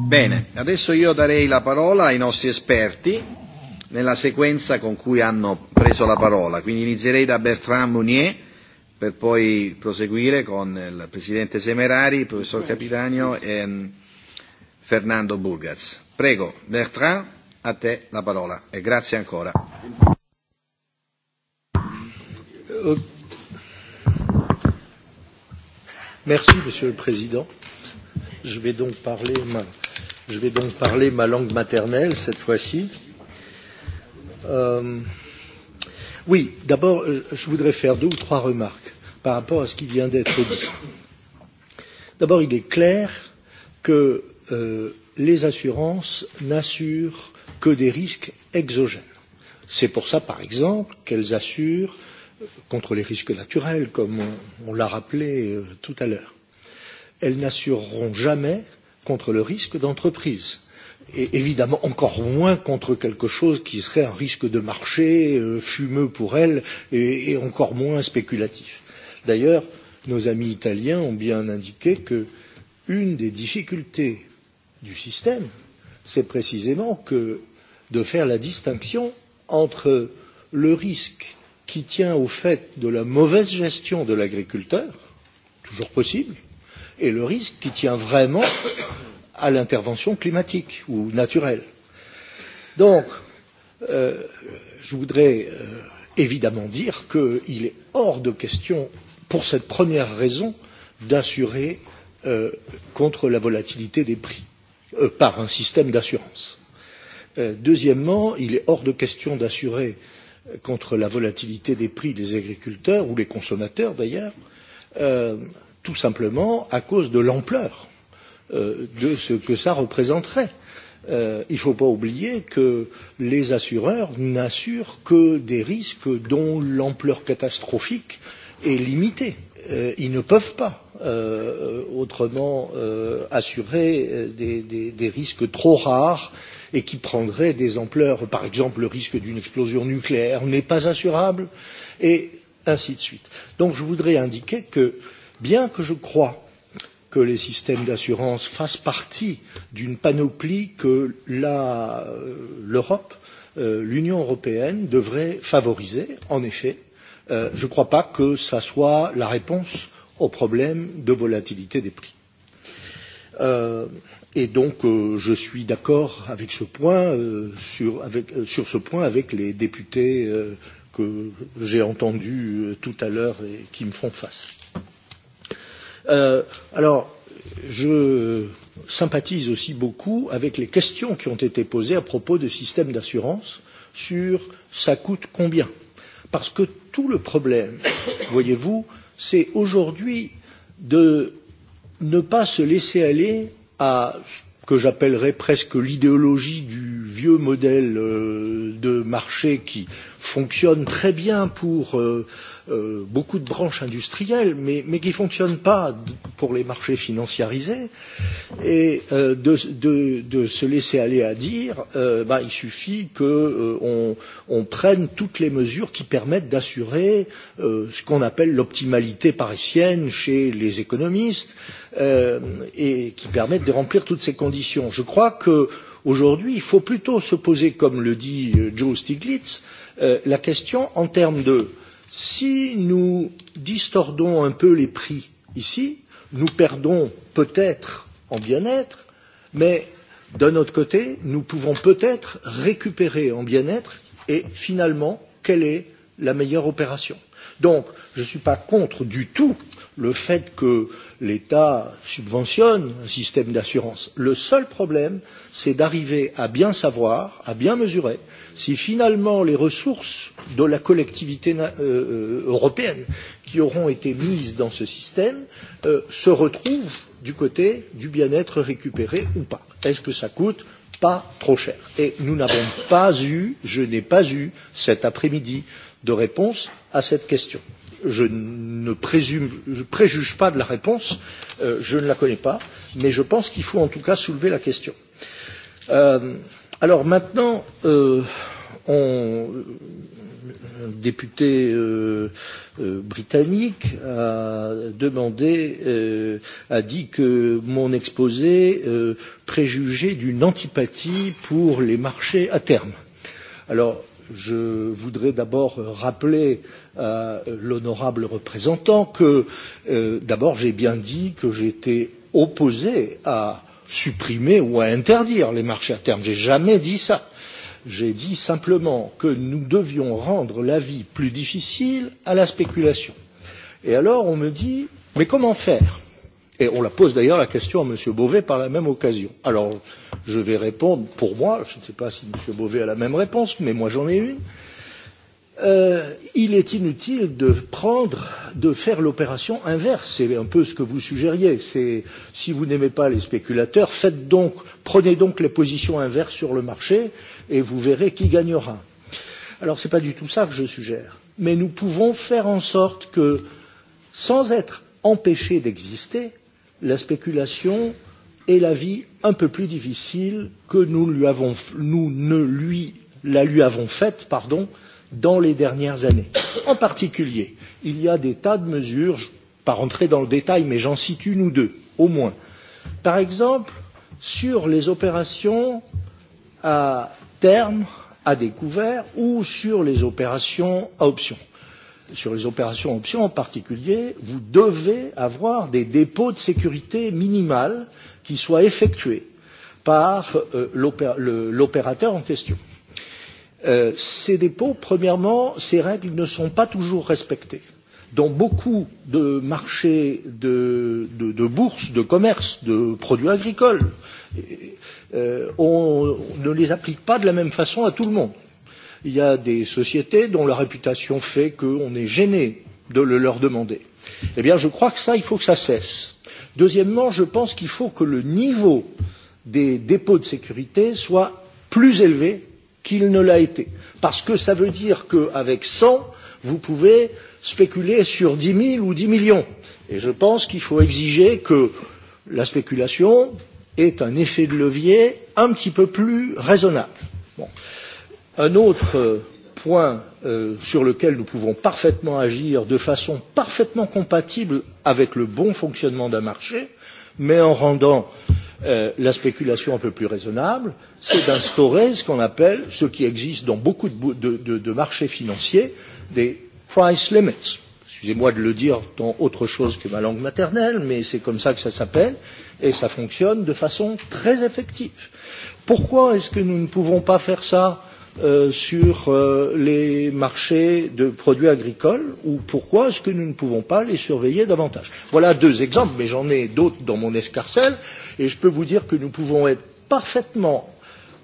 Bene, adesso io darei la parola ai nostri esperti nella sequenza con cui hanno preso la parola, quindi inizierei da Bertrand Mounier per poi proseguire con il Presidente Semerari, il Professor Capitanio e mm, Fernando Burgaz. Prego, Bertrand, a te la parola e grazie ancora. Euh, merci, Monsieur le Président. Je vais donc parler ma, je vais donc parler ma langue maternelle cette fois-ci. Euh... Oui, d'abord, euh, je voudrais faire deux ou trois remarques par rapport à ce qui vient d'être dit. D'abord, il est clair que euh, les assurances n'assurent que des risques exogènes. C'est pour ça, par exemple, qu'elles assurent contre les risques naturels, comme on, on l'a rappelé euh, tout à l'heure. Elles n'assureront jamais contre le risque d'entreprise et évidemment encore moins contre quelque chose qui serait un risque de marché euh, fumeux pour elles et, et encore moins spéculatif. D'ailleurs, nos amis italiens ont bien indiqué que une des difficultés du système, c'est précisément que de faire la distinction entre le risque qui tient au fait de la mauvaise gestion de l'agriculteur, toujours possible, et le risque qui tient vraiment à l'intervention climatique ou naturelle. Donc, euh, je voudrais euh, évidemment dire qu'il est hors de question, pour cette première raison, d'assurer euh, contre la volatilité des prix euh, par un système d'assurance. Euh, deuxièmement, il est hors de question d'assurer euh, contre la volatilité des prix des agriculteurs ou les consommateurs d'ailleurs, euh, tout simplement à cause de l'ampleur euh, de ce que ça représenterait. Euh, il ne faut pas oublier que les assureurs n'assurent que des risques dont l'ampleur catastrophique est limitée. Euh, ils ne peuvent pas euh, autrement euh, assurer euh, des, des, des risques trop rares euh, et qui prendrait des ampleurs. Par exemple, le risque d'une explosion nucléaire n'est pas assurable et ainsi de suite. Donc je voudrais indiquer que bien que je crois que les systèmes d'assurance fassent partie d'une panoplie que euh, l'Europe, euh, l'Union européenne devrait favoriser, en effet, euh, je ne crois pas que ça soit la réponse au problème de volatilité des prix. Euh, et donc, euh, je suis d'accord avec ce point, euh, sur, avec, euh, sur ce point avec les députés euh, que j'ai entendus euh, tout à l'heure et qui me font face. Euh, alors, je sympathise aussi beaucoup avec les questions qui ont été posées à propos de systèmes d'assurance sur ça coûte combien. Parce que tout le problème, voyez-vous, c'est aujourd'hui de ne pas se laisser aller à ce que j'appellerais presque l'idéologie du vieux modèle euh, de marché qui, fonctionne très bien pour euh, euh, beaucoup de branches industrielles, mais, mais qui ne fonctionne pas pour les marchés financiarisés, et euh, de, de, de se laisser aller à dire euh, bah, il suffit qu'on euh, on, prenne toutes les mesures qui permettent d'assurer euh, ce qu'on appelle l'optimalité parisienne chez les économistes, euh, et qui permettent de remplir toutes ces conditions. Je crois que Aujourd'hui, il faut plutôt se poser, comme le dit euh, Joe Stiglitz, euh, Euh, la question en termes de si nous distordons un peu les prix ici, nous perdons peut-être en bien-être, mais d'un autre côté, nous pouvons peut-être récupérer en bien-être et finalement, quelle est la meilleure opération Donc, je ne suis pas contre du tout le fait que l'État subventionne un système d'assurance. Le seul problème, c'est d'arriver à bien savoir, à bien mesurer c'est finalement les ressources de la collectivité euh, euh, européenne qui auront été mises dans ce système euh, se retrouvent du côté du bien-être récupéré ou pas. Est-ce que ça coûte pas trop cher Et nous n'avons pas eu, je n'ai pas eu cet après-midi de réponse à cette question. Je ne présume, je préjuge pas de la réponse, euh, je ne la connais pas, mais je pense qu'il faut en tout cas soulever la question. Euh, Alors maintenant, euh, on, un député euh, euh, britannique a demandé, euh, a dit que mon exposé euh, préjugeait d'une antipathie pour les marchés à terme. Alors, je voudrais d'abord rappeler à l'honorable représentant que, euh, d'abord, j'ai bien dit que j'étais opposé à supprimer ou à interdire les marchés à terme. J'ai jamais dit ça. J'ai dit simplement que nous devions rendre la vie plus difficile à la spéculation. Et alors on me dit mais comment faire Et on la pose d'ailleurs la question à M. Beauvais par la même occasion. Alors je vais répondre pour moi, je ne sais pas si M. Beauvais a la même réponse, mais moi j'en ai une. Euh, euh, il est inutile de prendre, de faire l'opération inverse. C'est un peu ce que vous suggériez. C'est si vous n'aimez pas les spéculateurs, faites donc, prenez donc les positions inverses sur le marché et vous verrez qui gagnera. Alors ce n'est pas du tout ça que je suggère. Mais nous pouvons faire en sorte que, sans être empêchés d'exister, la spéculation ait la vie un peu plus difficile que nous, lui avons, nous ne lui, la lui avons faite, pardon, euh, dans les dernières années. En particulier, il y a des tas de mesures, je ne vais pas rentrer dans le détail, mais j'en cite une ou deux, au moins. Par exemple, sur les opérations à terme, à découvert, ou sur les opérations à option. Sur les opérations à option en particulier, vous devez avoir des dépôts de sécurité minimales qui soient effectués par euh, l'opérateur en question. Euh, ces dépôts, premièrement, ces règles ne sont pas toujours respectées. Dans beaucoup de marchés de, de, de bourses, de commerce, de produits agricoles, euh, on, on ne les applique pas de la même façon à tout le monde. Il y a des sociétés dont la réputation fait qu'on est gêné de le leur demander. Eh bien, je crois que ça, il faut que ça cesse. Deuxièmement, je pense qu'il faut que le niveau des dépôts de sécurité soit plus élevé qu'il ne l'a été. Parce que ça veut dire qu'avec 100, vous pouvez spéculer sur 10 000 ou 10 millions. Et je pense qu'il faut exiger que la spéculation ait un effet de levier un petit peu plus raisonnable. Bon. Un autre euh, point euh, sur lequel nous pouvons parfaitement agir de façon parfaitement compatible avec le bon fonctionnement d'un marché, mais en rendant euh, Euh, la spéculation un peu plus raisonnable, c'est d'instaurer ce qu'on appelle, ce qui existe dans beaucoup de, de, de, de marchés financiers, des price limits. Excusez-moi de le dire dans autre chose que ma langue maternelle, mais c'est comme ça que ça s'appelle et ça fonctionne de façon très effective. Pourquoi est-ce que nous ne pouvons pas faire ça Euh, sur euh, les marchés de produits agricoles ou pourquoi est-ce que nous ne pouvons pas les surveiller davantage Voilà deux exemples, mais j'en ai d'autres dans mon escarcelle et je peux vous dire que nous pouvons être parfaitement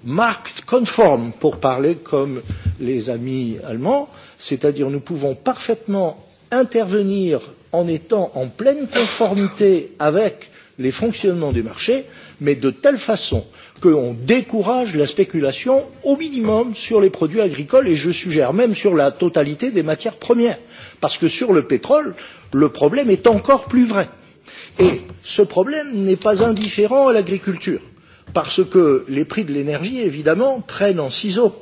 market conforme pour parler comme les amis allemands, c'est-à-dire nous pouvons parfaitement intervenir en étant en pleine conformité avec les fonctionnements du marché, mais de telle façon qu'on décourage la spéculation au minimum sur les produits agricoles et je suggère même sur la totalité des matières premières parce que sur le pétrole le problème est encore plus vrai et ce problème n'est pas indifférent à l'agriculture parce que les prix de l'énergie évidemment prennent en ciseaux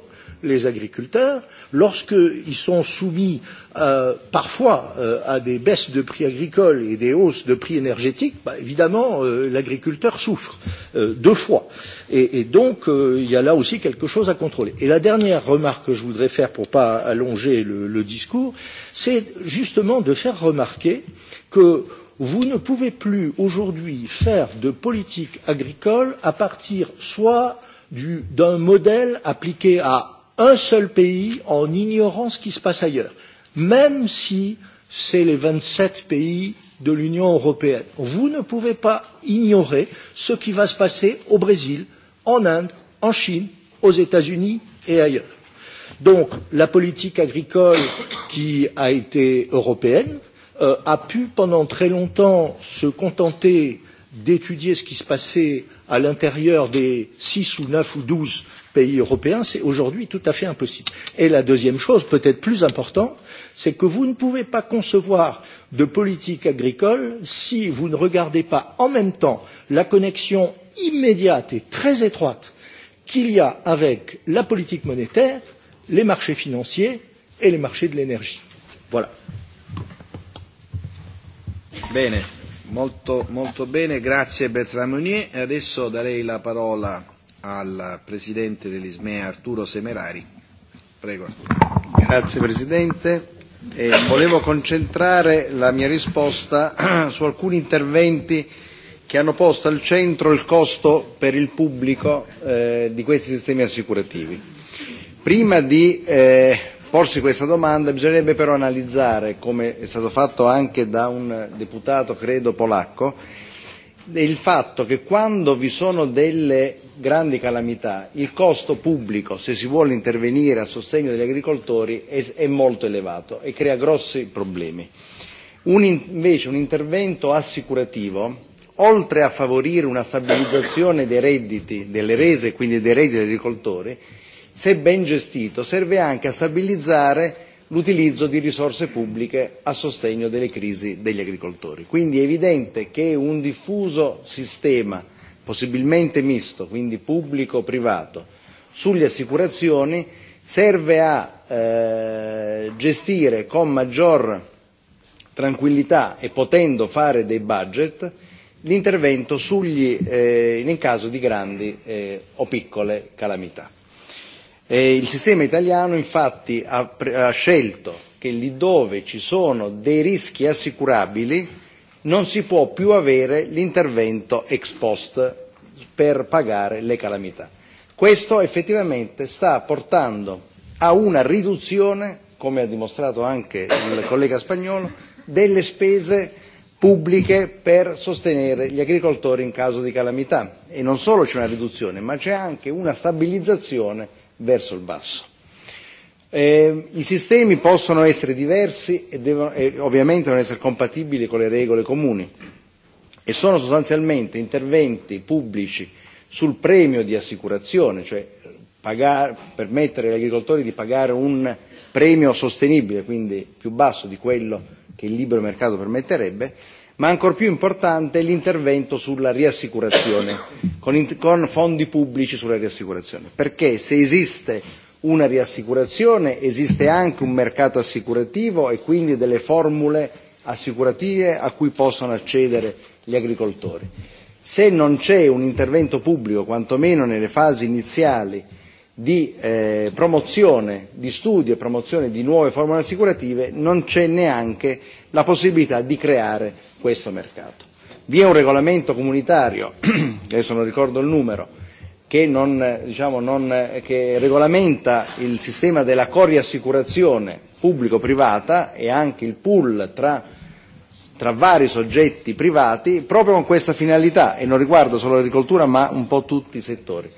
les agriculteurs lorsqu'ils sont soumis euh, parfois euh, à des baisses de prix agricoles et des hausses de prix énergétiques, bah, évidemment euh, l'agriculteur souffre euh, deux fois. Et, et donc euh, il y a là aussi quelque chose à contrôler. Et la dernière remarque que je voudrais faire pour ne pas allonger le, le discours, c'est justement de faire remarquer que vous ne pouvez plus aujourd'hui faire de politique agricole à partir soit d'un du, modèle appliqué à un seul pays en ignorant ce qui se passe ailleurs, même si c'est les 27 pays de l'Union européenne. Vous ne pouvez pas ignorer ce qui va se passer au Brésil, en Inde, en Chine, aux États-Unis et ailleurs. Donc la politique agricole qui a été européenne euh, a pu pendant très longtemps se contenter d'étudier ce qui se passait à l'intérieur des six ou neuf ou douze pays européens, c'est aujourd'hui tout à fait impossible. Et la deuxième chose, peut-être plus importante, c'est que vous ne pouvez pas concevoir de politique agricole si vous ne regardez pas en même temps la connexion immédiate et très étroite qu'il y a avec la politique monétaire, les marchés financiers et les marchés de l'énergie. Voilà. Bene Molto, molto bene, grazie Bertrand Meunier. E adesso darei la parola al Presidente dell'ISMEA Arturo Semerari. Prego. Grazie Presidente. Eh, volevo concentrare la mia risposta su alcuni interventi che hanno posto al centro il costo per il pubblico eh, di questi sistemi assicurativi. Prima di eh, porsi questa domanda, bisognerebbe però analizzare, come è stato fatto anche da un deputato, credo, polacco, il fatto che quando vi sono delle grandi calamità il costo pubblico, se si vuole intervenire a sostegno degli agricoltori, è, è molto elevato e crea grossi problemi. Un, invece un intervento assicurativo, oltre a favorire una stabilizzazione dei redditi, delle rese e quindi dei redditi degli agricoltori, se ben gestito, serve anche a stabilizzare l'utilizzo di risorse pubbliche a sostegno delle crisi degli agricoltori. Quindi è evidente che un diffuso sistema, possibilmente misto, quindi pubblico-privato, sulle assicurazioni serve a eh, gestire con maggior tranquillità e potendo fare dei budget l'intervento sugli, eh, in caso di grandi eh, o piccole calamità. Eh, il sistema italiano infatti ha, ha scelto che lì dove ci sono dei rischi assicurabili non si può più avere l'intervento ex post per pagare le calamità. Questo effettivamente sta portando a una riduzione, come ha dimostrato anche il collega spagnolo, delle spese pubbliche per sostenere gli agricoltori in caso di calamità. E non solo c'è una riduzione, ma c'è anche una stabilizzazione verso il basso. Eh, I sistemi possono essere diversi e, devono, eh, ovviamente devono essere compatibili con le regole comuni e sono sostanzialmente interventi pubblici sul premio di assicurazione, cioè pagare, permettere agli agricoltori di pagare un premio sostenibile, quindi più basso di quello che il libero mercato permetterebbe, ma ancor più importante è l'intervento sulla riassicurazione, con, in, con fondi pubblici sulla riassicurazione, perché se esiste una riassicurazione esiste anche un mercato assicurativo e quindi delle formule assicurative a cui possono accedere gli agricoltori. Se non c'è un intervento pubblico, quantomeno nelle fasi iniziali, di eh, promozione, di studio e promozione di nuove formule assicurative non c'è neanche la possibilità di creare questo mercato. Vi è un regolamento comunitario, adesso non ricordo il numero, che, non, diciamo, non, che regolamenta il sistema della coriassicurazione pubblico-privata e anche il pool tra, tra vari soggetti privati proprio con questa finalità e non riguarda solo l'agricoltura ma un po' tutti i settori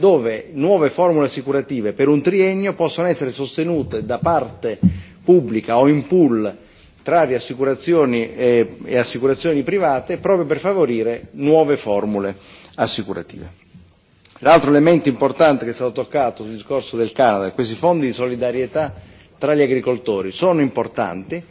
dove nuove formule assicurative per un triennio possono essere sostenute da parte pubblica o in pool tra riassicurazioni e, eh, e assicurazioni private proprio per favorire nuove formule assicurative. L'altro elemento importante che è stato toccato sul discorso del Canada, questi fondi di solidarietà tra gli agricoltori sono importanti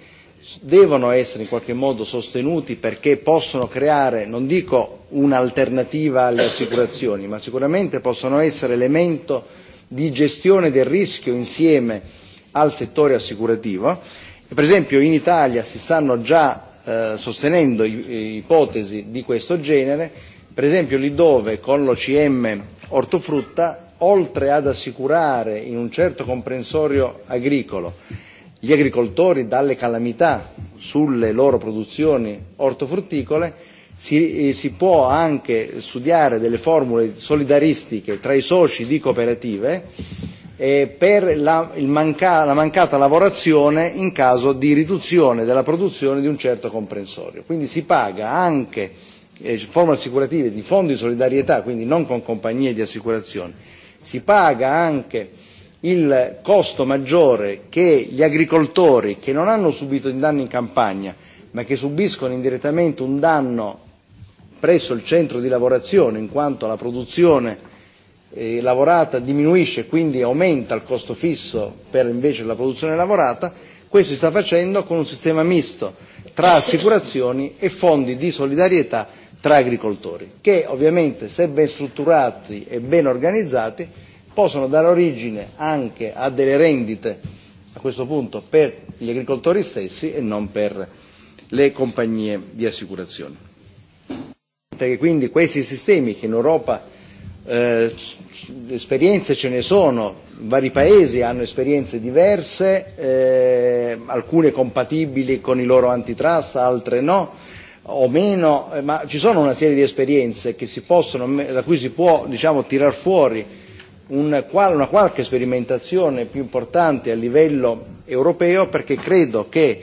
devono essere in qualche modo sostenuti perché possono creare, non dico un'alternativa alle assicurazioni, ma sicuramente possono essere elemento di gestione del rischio insieme al settore assicurativo. Per esempio in Italia si stanno già eh, sostenendo eh, ipotesi di questo genere, per esempio lì dove con l'OCM ortofrutta, oltre ad assicurare in un certo comprensorio agricolo gli agricoltori dalle calamità sulle loro produzioni ortofrutticole, si, eh, si può anche studiare delle formule solidaristiche tra i soci di cooperative eh, per la, il manca, la mancata lavorazione in caso di riduzione della produzione di un certo comprensorio. Quindi si paga anche eh, forme assicurative di fondi di solidarietà, quindi non con compagnie di assicurazione, si paga anche il costo maggiore che gli agricoltori che non hanno subito un danno in campagna ma che subiscono indirettamente un danno presso il centro di lavorazione in quanto la produzione eh, lavorata diminuisce e quindi aumenta il costo fisso per invece la produzione lavorata, questo si sta facendo con un sistema misto tra assicurazioni e fondi di solidarietà tra agricoltori, che ovviamente se ben strutturati e ben organizzati possono dare origine anche a delle rendite a questo punto per gli agricoltori stessi e non per le compagnie di assicurazione. quindi questi sistemi che in Europa eh, esperienze ce ne sono, vari paesi hanno esperienze diverse, eh, alcune compatibili con i loro antitrust, altre no o meno, eh, ma ci sono una serie di esperienze che si possono, da cui si può diciamo, tirar fuori un, una qualche sperimentazione più importante a livello europeo perché credo che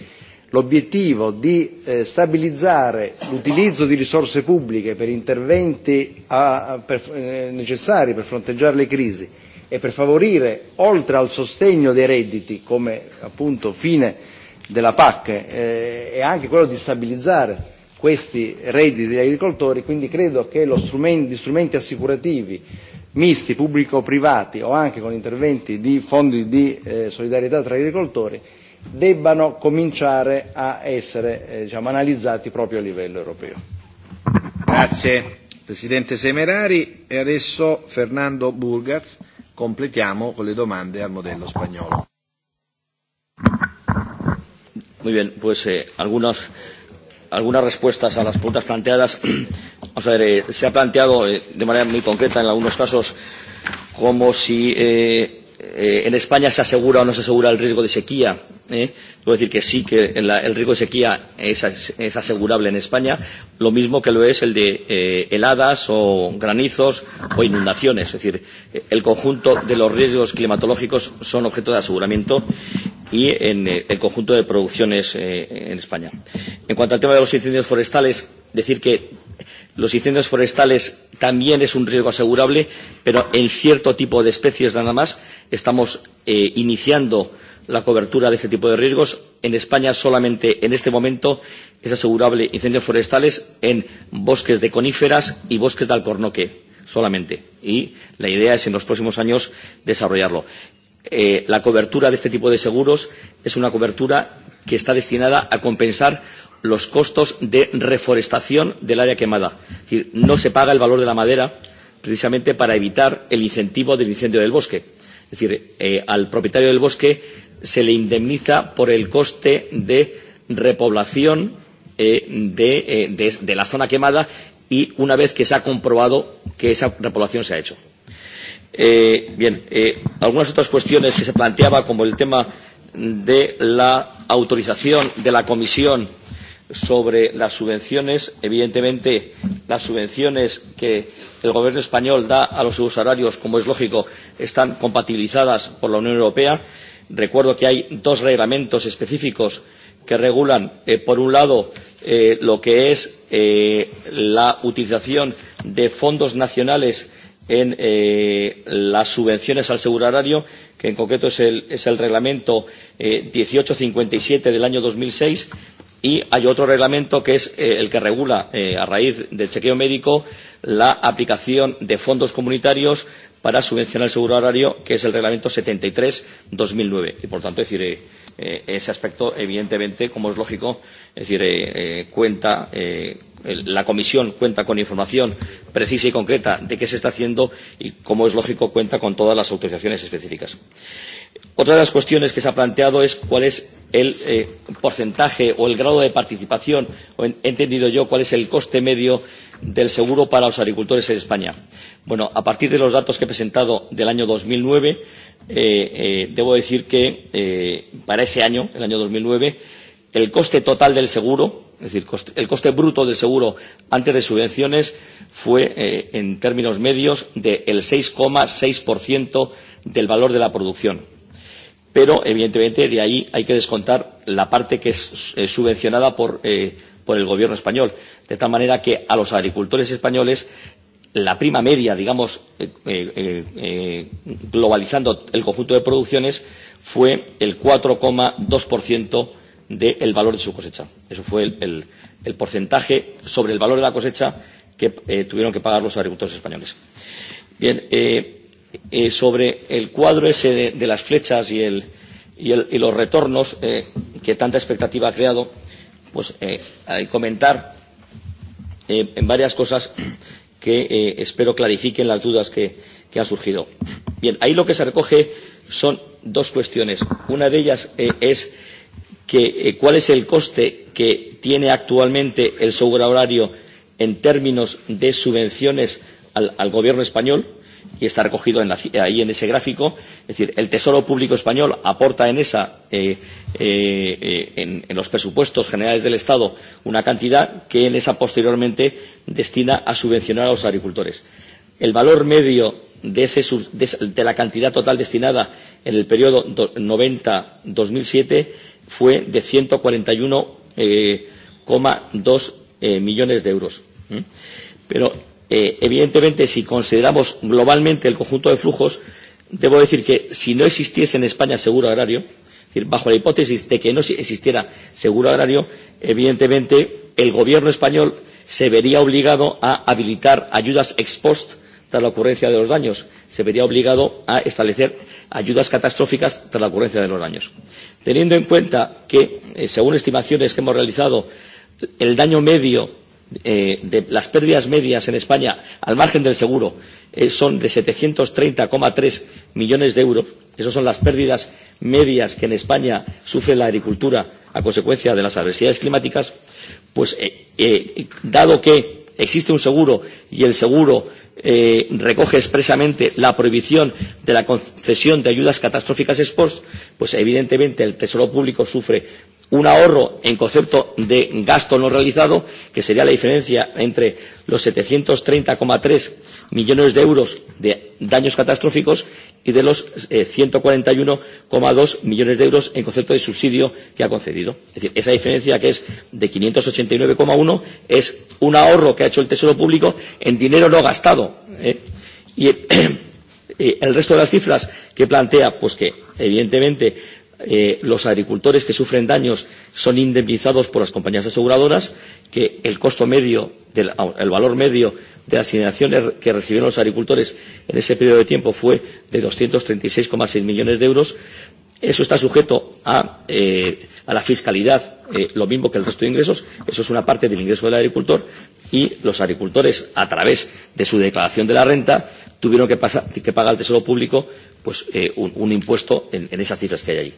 l'obiettivo di eh, stabilizzare l'utilizzo di risorse pubbliche per interventi a, per, eh, necessari per fronteggiare le crisi e per favorire, oltre al sostegno dei redditi come appunto fine della PAC, eh, è e anche quello di stabilizzare questi redditi degli agricoltori, quindi credo che lo strumento, gli strumenti assicurativi misti pubblico-privati o anche con interventi di fondi di eh, solidarietà tra gli agricoltori debbano cominciare a essere eh, diciamo, analizzati proprio a livello europeo. Grazie Presidente Semerari e adesso Fernando Burgaz. Completiamo con le domande al modello spagnolo. Muy bien, pues eh, algunas, algunas respuestas a las preguntas planteadas. Vamos a ver, eh, se ha planteado eh, de manera muy concreta en algunos casos como si eh, eh, en España se asegura o no se asegura el riesgo de sequía. ¿eh? Debo decir que sí, que el, el riesgo de sequía es, es asegurable en España, lo mismo que lo es el de eh, heladas o granizos o inundaciones. Es decir, el conjunto de los riesgos climatológicos son objeto de aseguramiento y en eh, el conjunto de producciones eh, en España. En cuanto al tema de los incendios forestales, decir que Los incendios forestales también es un riesgo asegurable, pero en cierto tipo de especies nada más estamos eh, iniciando la cobertura de este tipo de riesgos. En España solamente en este momento es asegurable incendios forestales en bosques de coníferas y bosques de alcornoque solamente. Y la idea es en los próximos años desarrollarlo. Eh, la cobertura de este tipo de seguros es una cobertura que está destinada a compensar los costos de reforestación del área quemada. Es decir, no se paga el valor de la madera precisamente para evitar el incentivo del incendio del bosque. Es decir, eh, al propietario del bosque se le indemniza por el coste de repoblación eh, de, eh, de, de la zona quemada y una vez que se ha comprobado que esa repoblación se ha hecho. Eh, bien, eh, algunas otras cuestiones que se planteaba, como el tema de la autorización de la Comisión sobre las subvenciones. Evidentemente, las subvenciones que el Gobierno español da a los subsaharios, como es lógico, están compatibilizadas por la Unión Europea. Recuerdo que hay dos reglamentos específicos que regulan, eh, por un lado, eh, lo que es eh, la utilización de fondos nacionales en eh, las subvenciones al seguro agrario que en concreto es el, es el reglamento eh, 1857 del año 2006, y hay otro reglamento que es eh, el que regula, eh, a raíz del chequeo médico, la aplicación de fondos comunitarios para subvencionar el seguro agrario, que es el reglamento 73-2009. Y por tanto, es decir, eh, eh, ese aspecto, evidentemente, como es lógico, es decir, eh, eh cuenta, eh, la comisión cuenta con información precisa y concreta de qué se está haciendo y, como es lógico, cuenta con todas las autorizaciones específicas. Otra de las cuestiones que se ha planteado es cuál es el eh, porcentaje o el grado de participación, o en, he entendido yo, cuál es el coste medio del seguro para los agricultores en España. Bueno, a partir de los datos que he presentado del año 2009, eh, eh, debo decir que eh, para ese año, el año 2009, el coste total del seguro, es decir, coste, el coste bruto del seguro antes de subvenciones fue, eh, en términos medios, del de 6,6% del valor de la producción. Pero, evidentemente, de ahí hay que descontar la parte que es, eh, subvencionada por eh, por el gobierno español. De tal manera que a los agricultores españoles la prima media, digamos, eh, eh, eh, globalizando el conjunto de producciones, fue el 4,2% del valor de su cosecha. Eso fue el, el, el porcentaje sobre el valor de la cosecha que eh, tuvieron que pagar los agricultores españoles. Bien, eh, eh, sobre el cuadro ese de, de las flechas y, el, y, el, y los retornos eh, que tanta expectativa ha creado, pues eh, comentar eh, en varias cosas que eh, espero clarifiquen las dudas que, que han surgido. Bien, ahí lo que se recoge son dos cuestiones. Una de ellas eh, es que, eh, cuál es el coste que tiene actualmente el seguro horario en términos de subvenciones al, al gobierno español y está recogido en la, ahí en ese gráfico. Es decir, el Tesoro Público Español aporta en, esa, eh, eh, eh, en, en los presupuestos generales del Estado una cantidad que en esa posteriormente destina a subvencionar a los agricultores. El valor medio de, ese, de, de la cantidad total destinada en el periodo 90-2007 fue de 141,2 eh, eh, millones de euros. ¿Mm? Pero eh, evidentemente, si consideramos globalmente el conjunto de flujos, debo decir que si no existiese en España seguro agrario, es decir, bajo la hipótesis de que no existiera seguro agrario, evidentemente el gobierno español se vería obligado a habilitar ayudas ex post tras la ocurrencia de los daños. Se vería obligado a establecer ayudas catastróficas tras la ocurrencia de los daños. Teniendo en cuenta que, eh, según estimaciones que hemos realizado, el daño medio eh, de las pérdidas medias en España, al margen del seguro, eh, son de 730,3 millones de euros. Esas son las pérdidas medias que en España sufre la agricultura a consecuencia de las adversidades climáticas. Pues, eh, eh, dado que existe un seguro y el seguro eh, recoge expresamente la prohibición de la concesión de ayudas catastróficas ex post, pues evidentemente el Tesoro Público sufre un ahorro en concepto de gasto no realizado, que sería la diferencia entre los 730,3 millones de euros de daños catastróficos y de los eh, 141,2 millones de euros en concepto de subsidio que ha concedido. Es decir, esa diferencia que es de 589,1 es un ahorro que ha hecho el Tesoro Público en dinero no gastado. ¿eh? Y eh, el resto de las cifras que plantea, pues que evidentemente eh, los agricultores que sufren daños son indemnizados por las compañías aseguradoras, que el costo medio, del, el valor medio de las indemnizaciones que recibieron los agricultores en ese periodo de tiempo fue de 236,6 millones de euros. Eso está sujeto a, eh, a la fiscalidad, eh, lo mismo que el resto de ingresos. Eso es una parte del ingreso del agricultor, y los agricultores, a través de su declaración de la renta, tuvieron que, pasar, que pagar al Tesoro Público pues, eh, un, un impuesto en, en esas cifras que hay allí.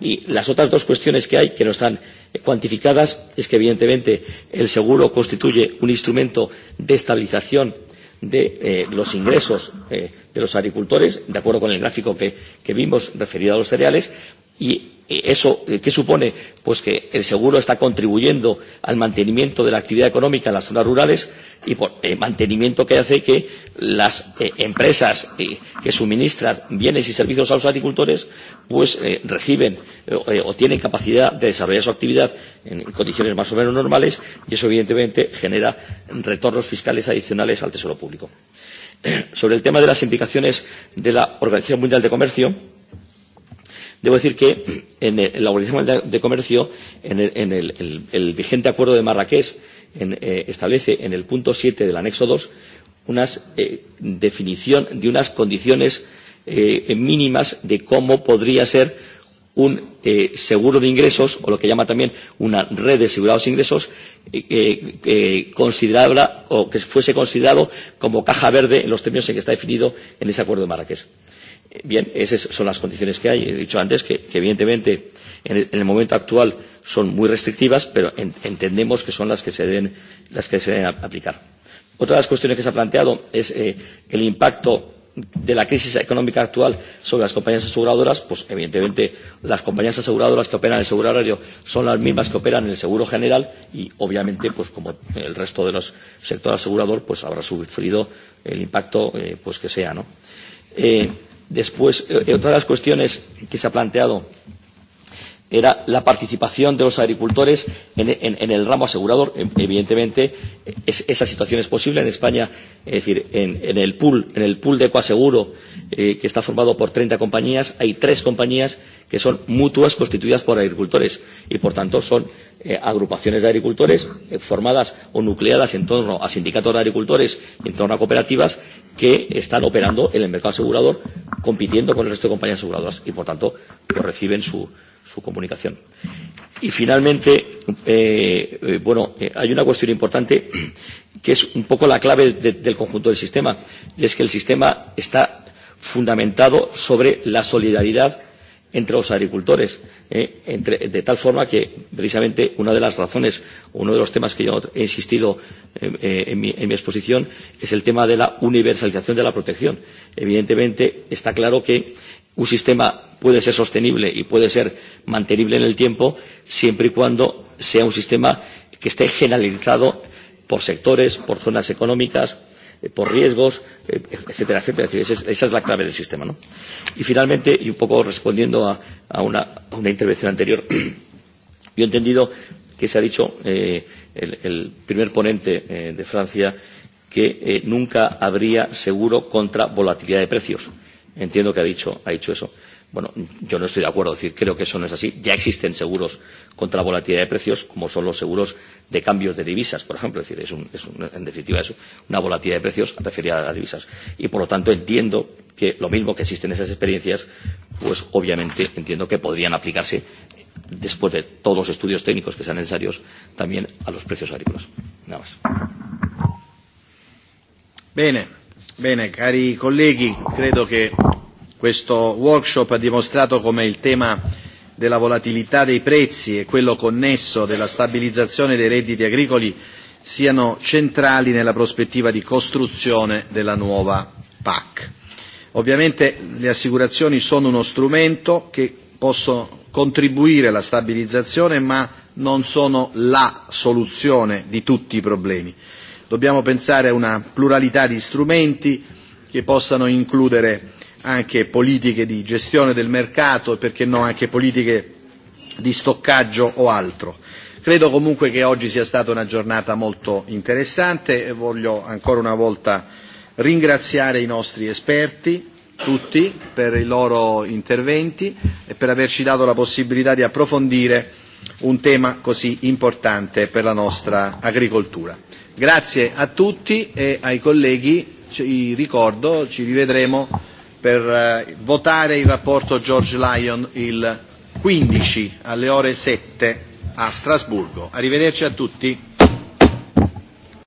Y las otras dos cuestiones que hay, que no están eh, cuantificadas, es que evidentemente el seguro constituye un instrumento de estabilización de eh, los ingresos eh, de los agricultores, de acuerdo con el gráfico que, que vimos referido a los cereales, y eso qué supone pues que el seguro está contribuyendo al mantenimiento de la actividad económica en las zonas rurales y por eh, mantenimiento que hace que las eh, empresas eh, que suministran bienes y servicios a los agricultores pues eh, reciben eh, o tienen capacidad de desarrollar su actividad en condiciones más o menos normales y eso evidentemente genera retornos fiscales adicionales al tesoro público. Sobre el tema de las implicaciones de la Organización Mundial de Comercio, Debo decir que en, el, en la Organización Mundial de Comercio, en el, en el, el, el vigente acuerdo de Marrakech, en, eh, establece en el punto 7 del anexo 2 una eh, definición de unas condiciones eh, mínimas de cómo podría ser un eh, seguro de ingresos, o lo que llama también una red de asegurados de ingresos, eh, eh, considerable o que fuese considerado como caja verde en los términos en que está definido en ese acuerdo de Marrakech. Bien, esas son las condiciones que hay. He dicho antes que, que evidentemente, en el, en el momento actual son muy restrictivas, pero en, entendemos que son las que se deben, las que se deben aplicar. Otra de las cuestiones que se ha planteado es eh, el impacto de la crisis económica actual sobre las compañías aseguradoras, pues evidentemente las compañías aseguradoras que operan en el seguro agrario son las mismas que operan en el seguro general y obviamente, pues como el resto del sector asegurador, pues habrá sufrido el impacto eh, pues que sea, ¿no? Eh, Después, eh, eh, otra de las cuestiones que se ha planteado era la participación de los agricultores en, en, en el ramo asegurador. Evidentemente, es, esa situación es posible en España, es decir, en, en el pool, en el pool de Ecoaseguro, eh, que está formado por 30 compañías, hay tres compañías que son mutuas constituidas por agricultores y, por tanto, son eh, agrupaciones de agricultores eh, formadas o nucleadas en torno a sindicatos de agricultores y en torno a cooperativas que están operando en el mercado asegurador, compitiendo con el resto de compañías aseguradoras y, por tanto, pues reciben su, su comunicación. Y finalmente, eh, eh, bueno, eh, hay una cuestión importante que es un poco la clave de, del conjunto del sistema, y es que el sistema está fundamentado sobre la solidaridad entre los agricultores, eh, entre, de tal forma que precisamente una de las razones, uno de los temas que yo he insistido eh, eh, en, mi, en mi exposición es el tema de la universalización de la protección. Evidentemente está claro que un sistema puede ser sostenible y puede ser mantenible en el tiempo siempre y cuando sea un sistema que esté generalizado por sectores, por zonas económicas, eh, eh, por riesgos, eh, etcétera, etcétera. Es decir, esa, es, esa es la clave del sistema. ¿no? Y finalmente, y un poco respondiendo a, a, una, a una intervención anterior, yo he entendido que se ha dicho eh, el, el primer ponente eh, de Francia que eh, nunca habría seguro contra volatilidad de precios. Entiendo que ha dicho, ha dicho eso. Eh, Bueno, yo no estoy de acuerdo, es decir, creo que eso no es así. Ya existen seguros contra la volatilidad de precios, como son los seguros de cambios de divisas, por ejemplo. Es decir, es un, es un, en definitiva es una volatilidad de precios referida a las divisas. Y por lo tanto entiendo que lo mismo que existen esas experiencias, pues obviamente entiendo que podrían aplicarse después de todos los estudios técnicos que sean necesarios también a los precios agrícolas. Nada más. Bene, bene, cari colleghi, credo che Questo workshop ha dimostrato come il tema della volatilità dei prezzi e quello connesso della stabilizzazione dei redditi agricoli siano centrali nella prospettiva di costruzione della nuova PAC. Ovviamente le assicurazioni sono uno strumento che possono contribuire alla stabilizzazione ma non sono la soluzione di tutti i problemi. Dobbiamo pensare a una pluralità di strumenti che possano includere anche politiche di gestione del mercato e perché no anche politiche di stoccaggio o altro. Credo comunque che oggi sia stata una giornata molto interessante e voglio ancora una volta ringraziare i nostri esperti, tutti, per i loro interventi e per averci dato la possibilità di approfondire un tema così importante per la nostra agricoltura. Grazie a tutti e ai colleghi, ci ricordo, ci rivedremo per eh, votare il rapporto George Lyon il 15 alle ore 7 a Strasburgo. Arrivederci a tutti.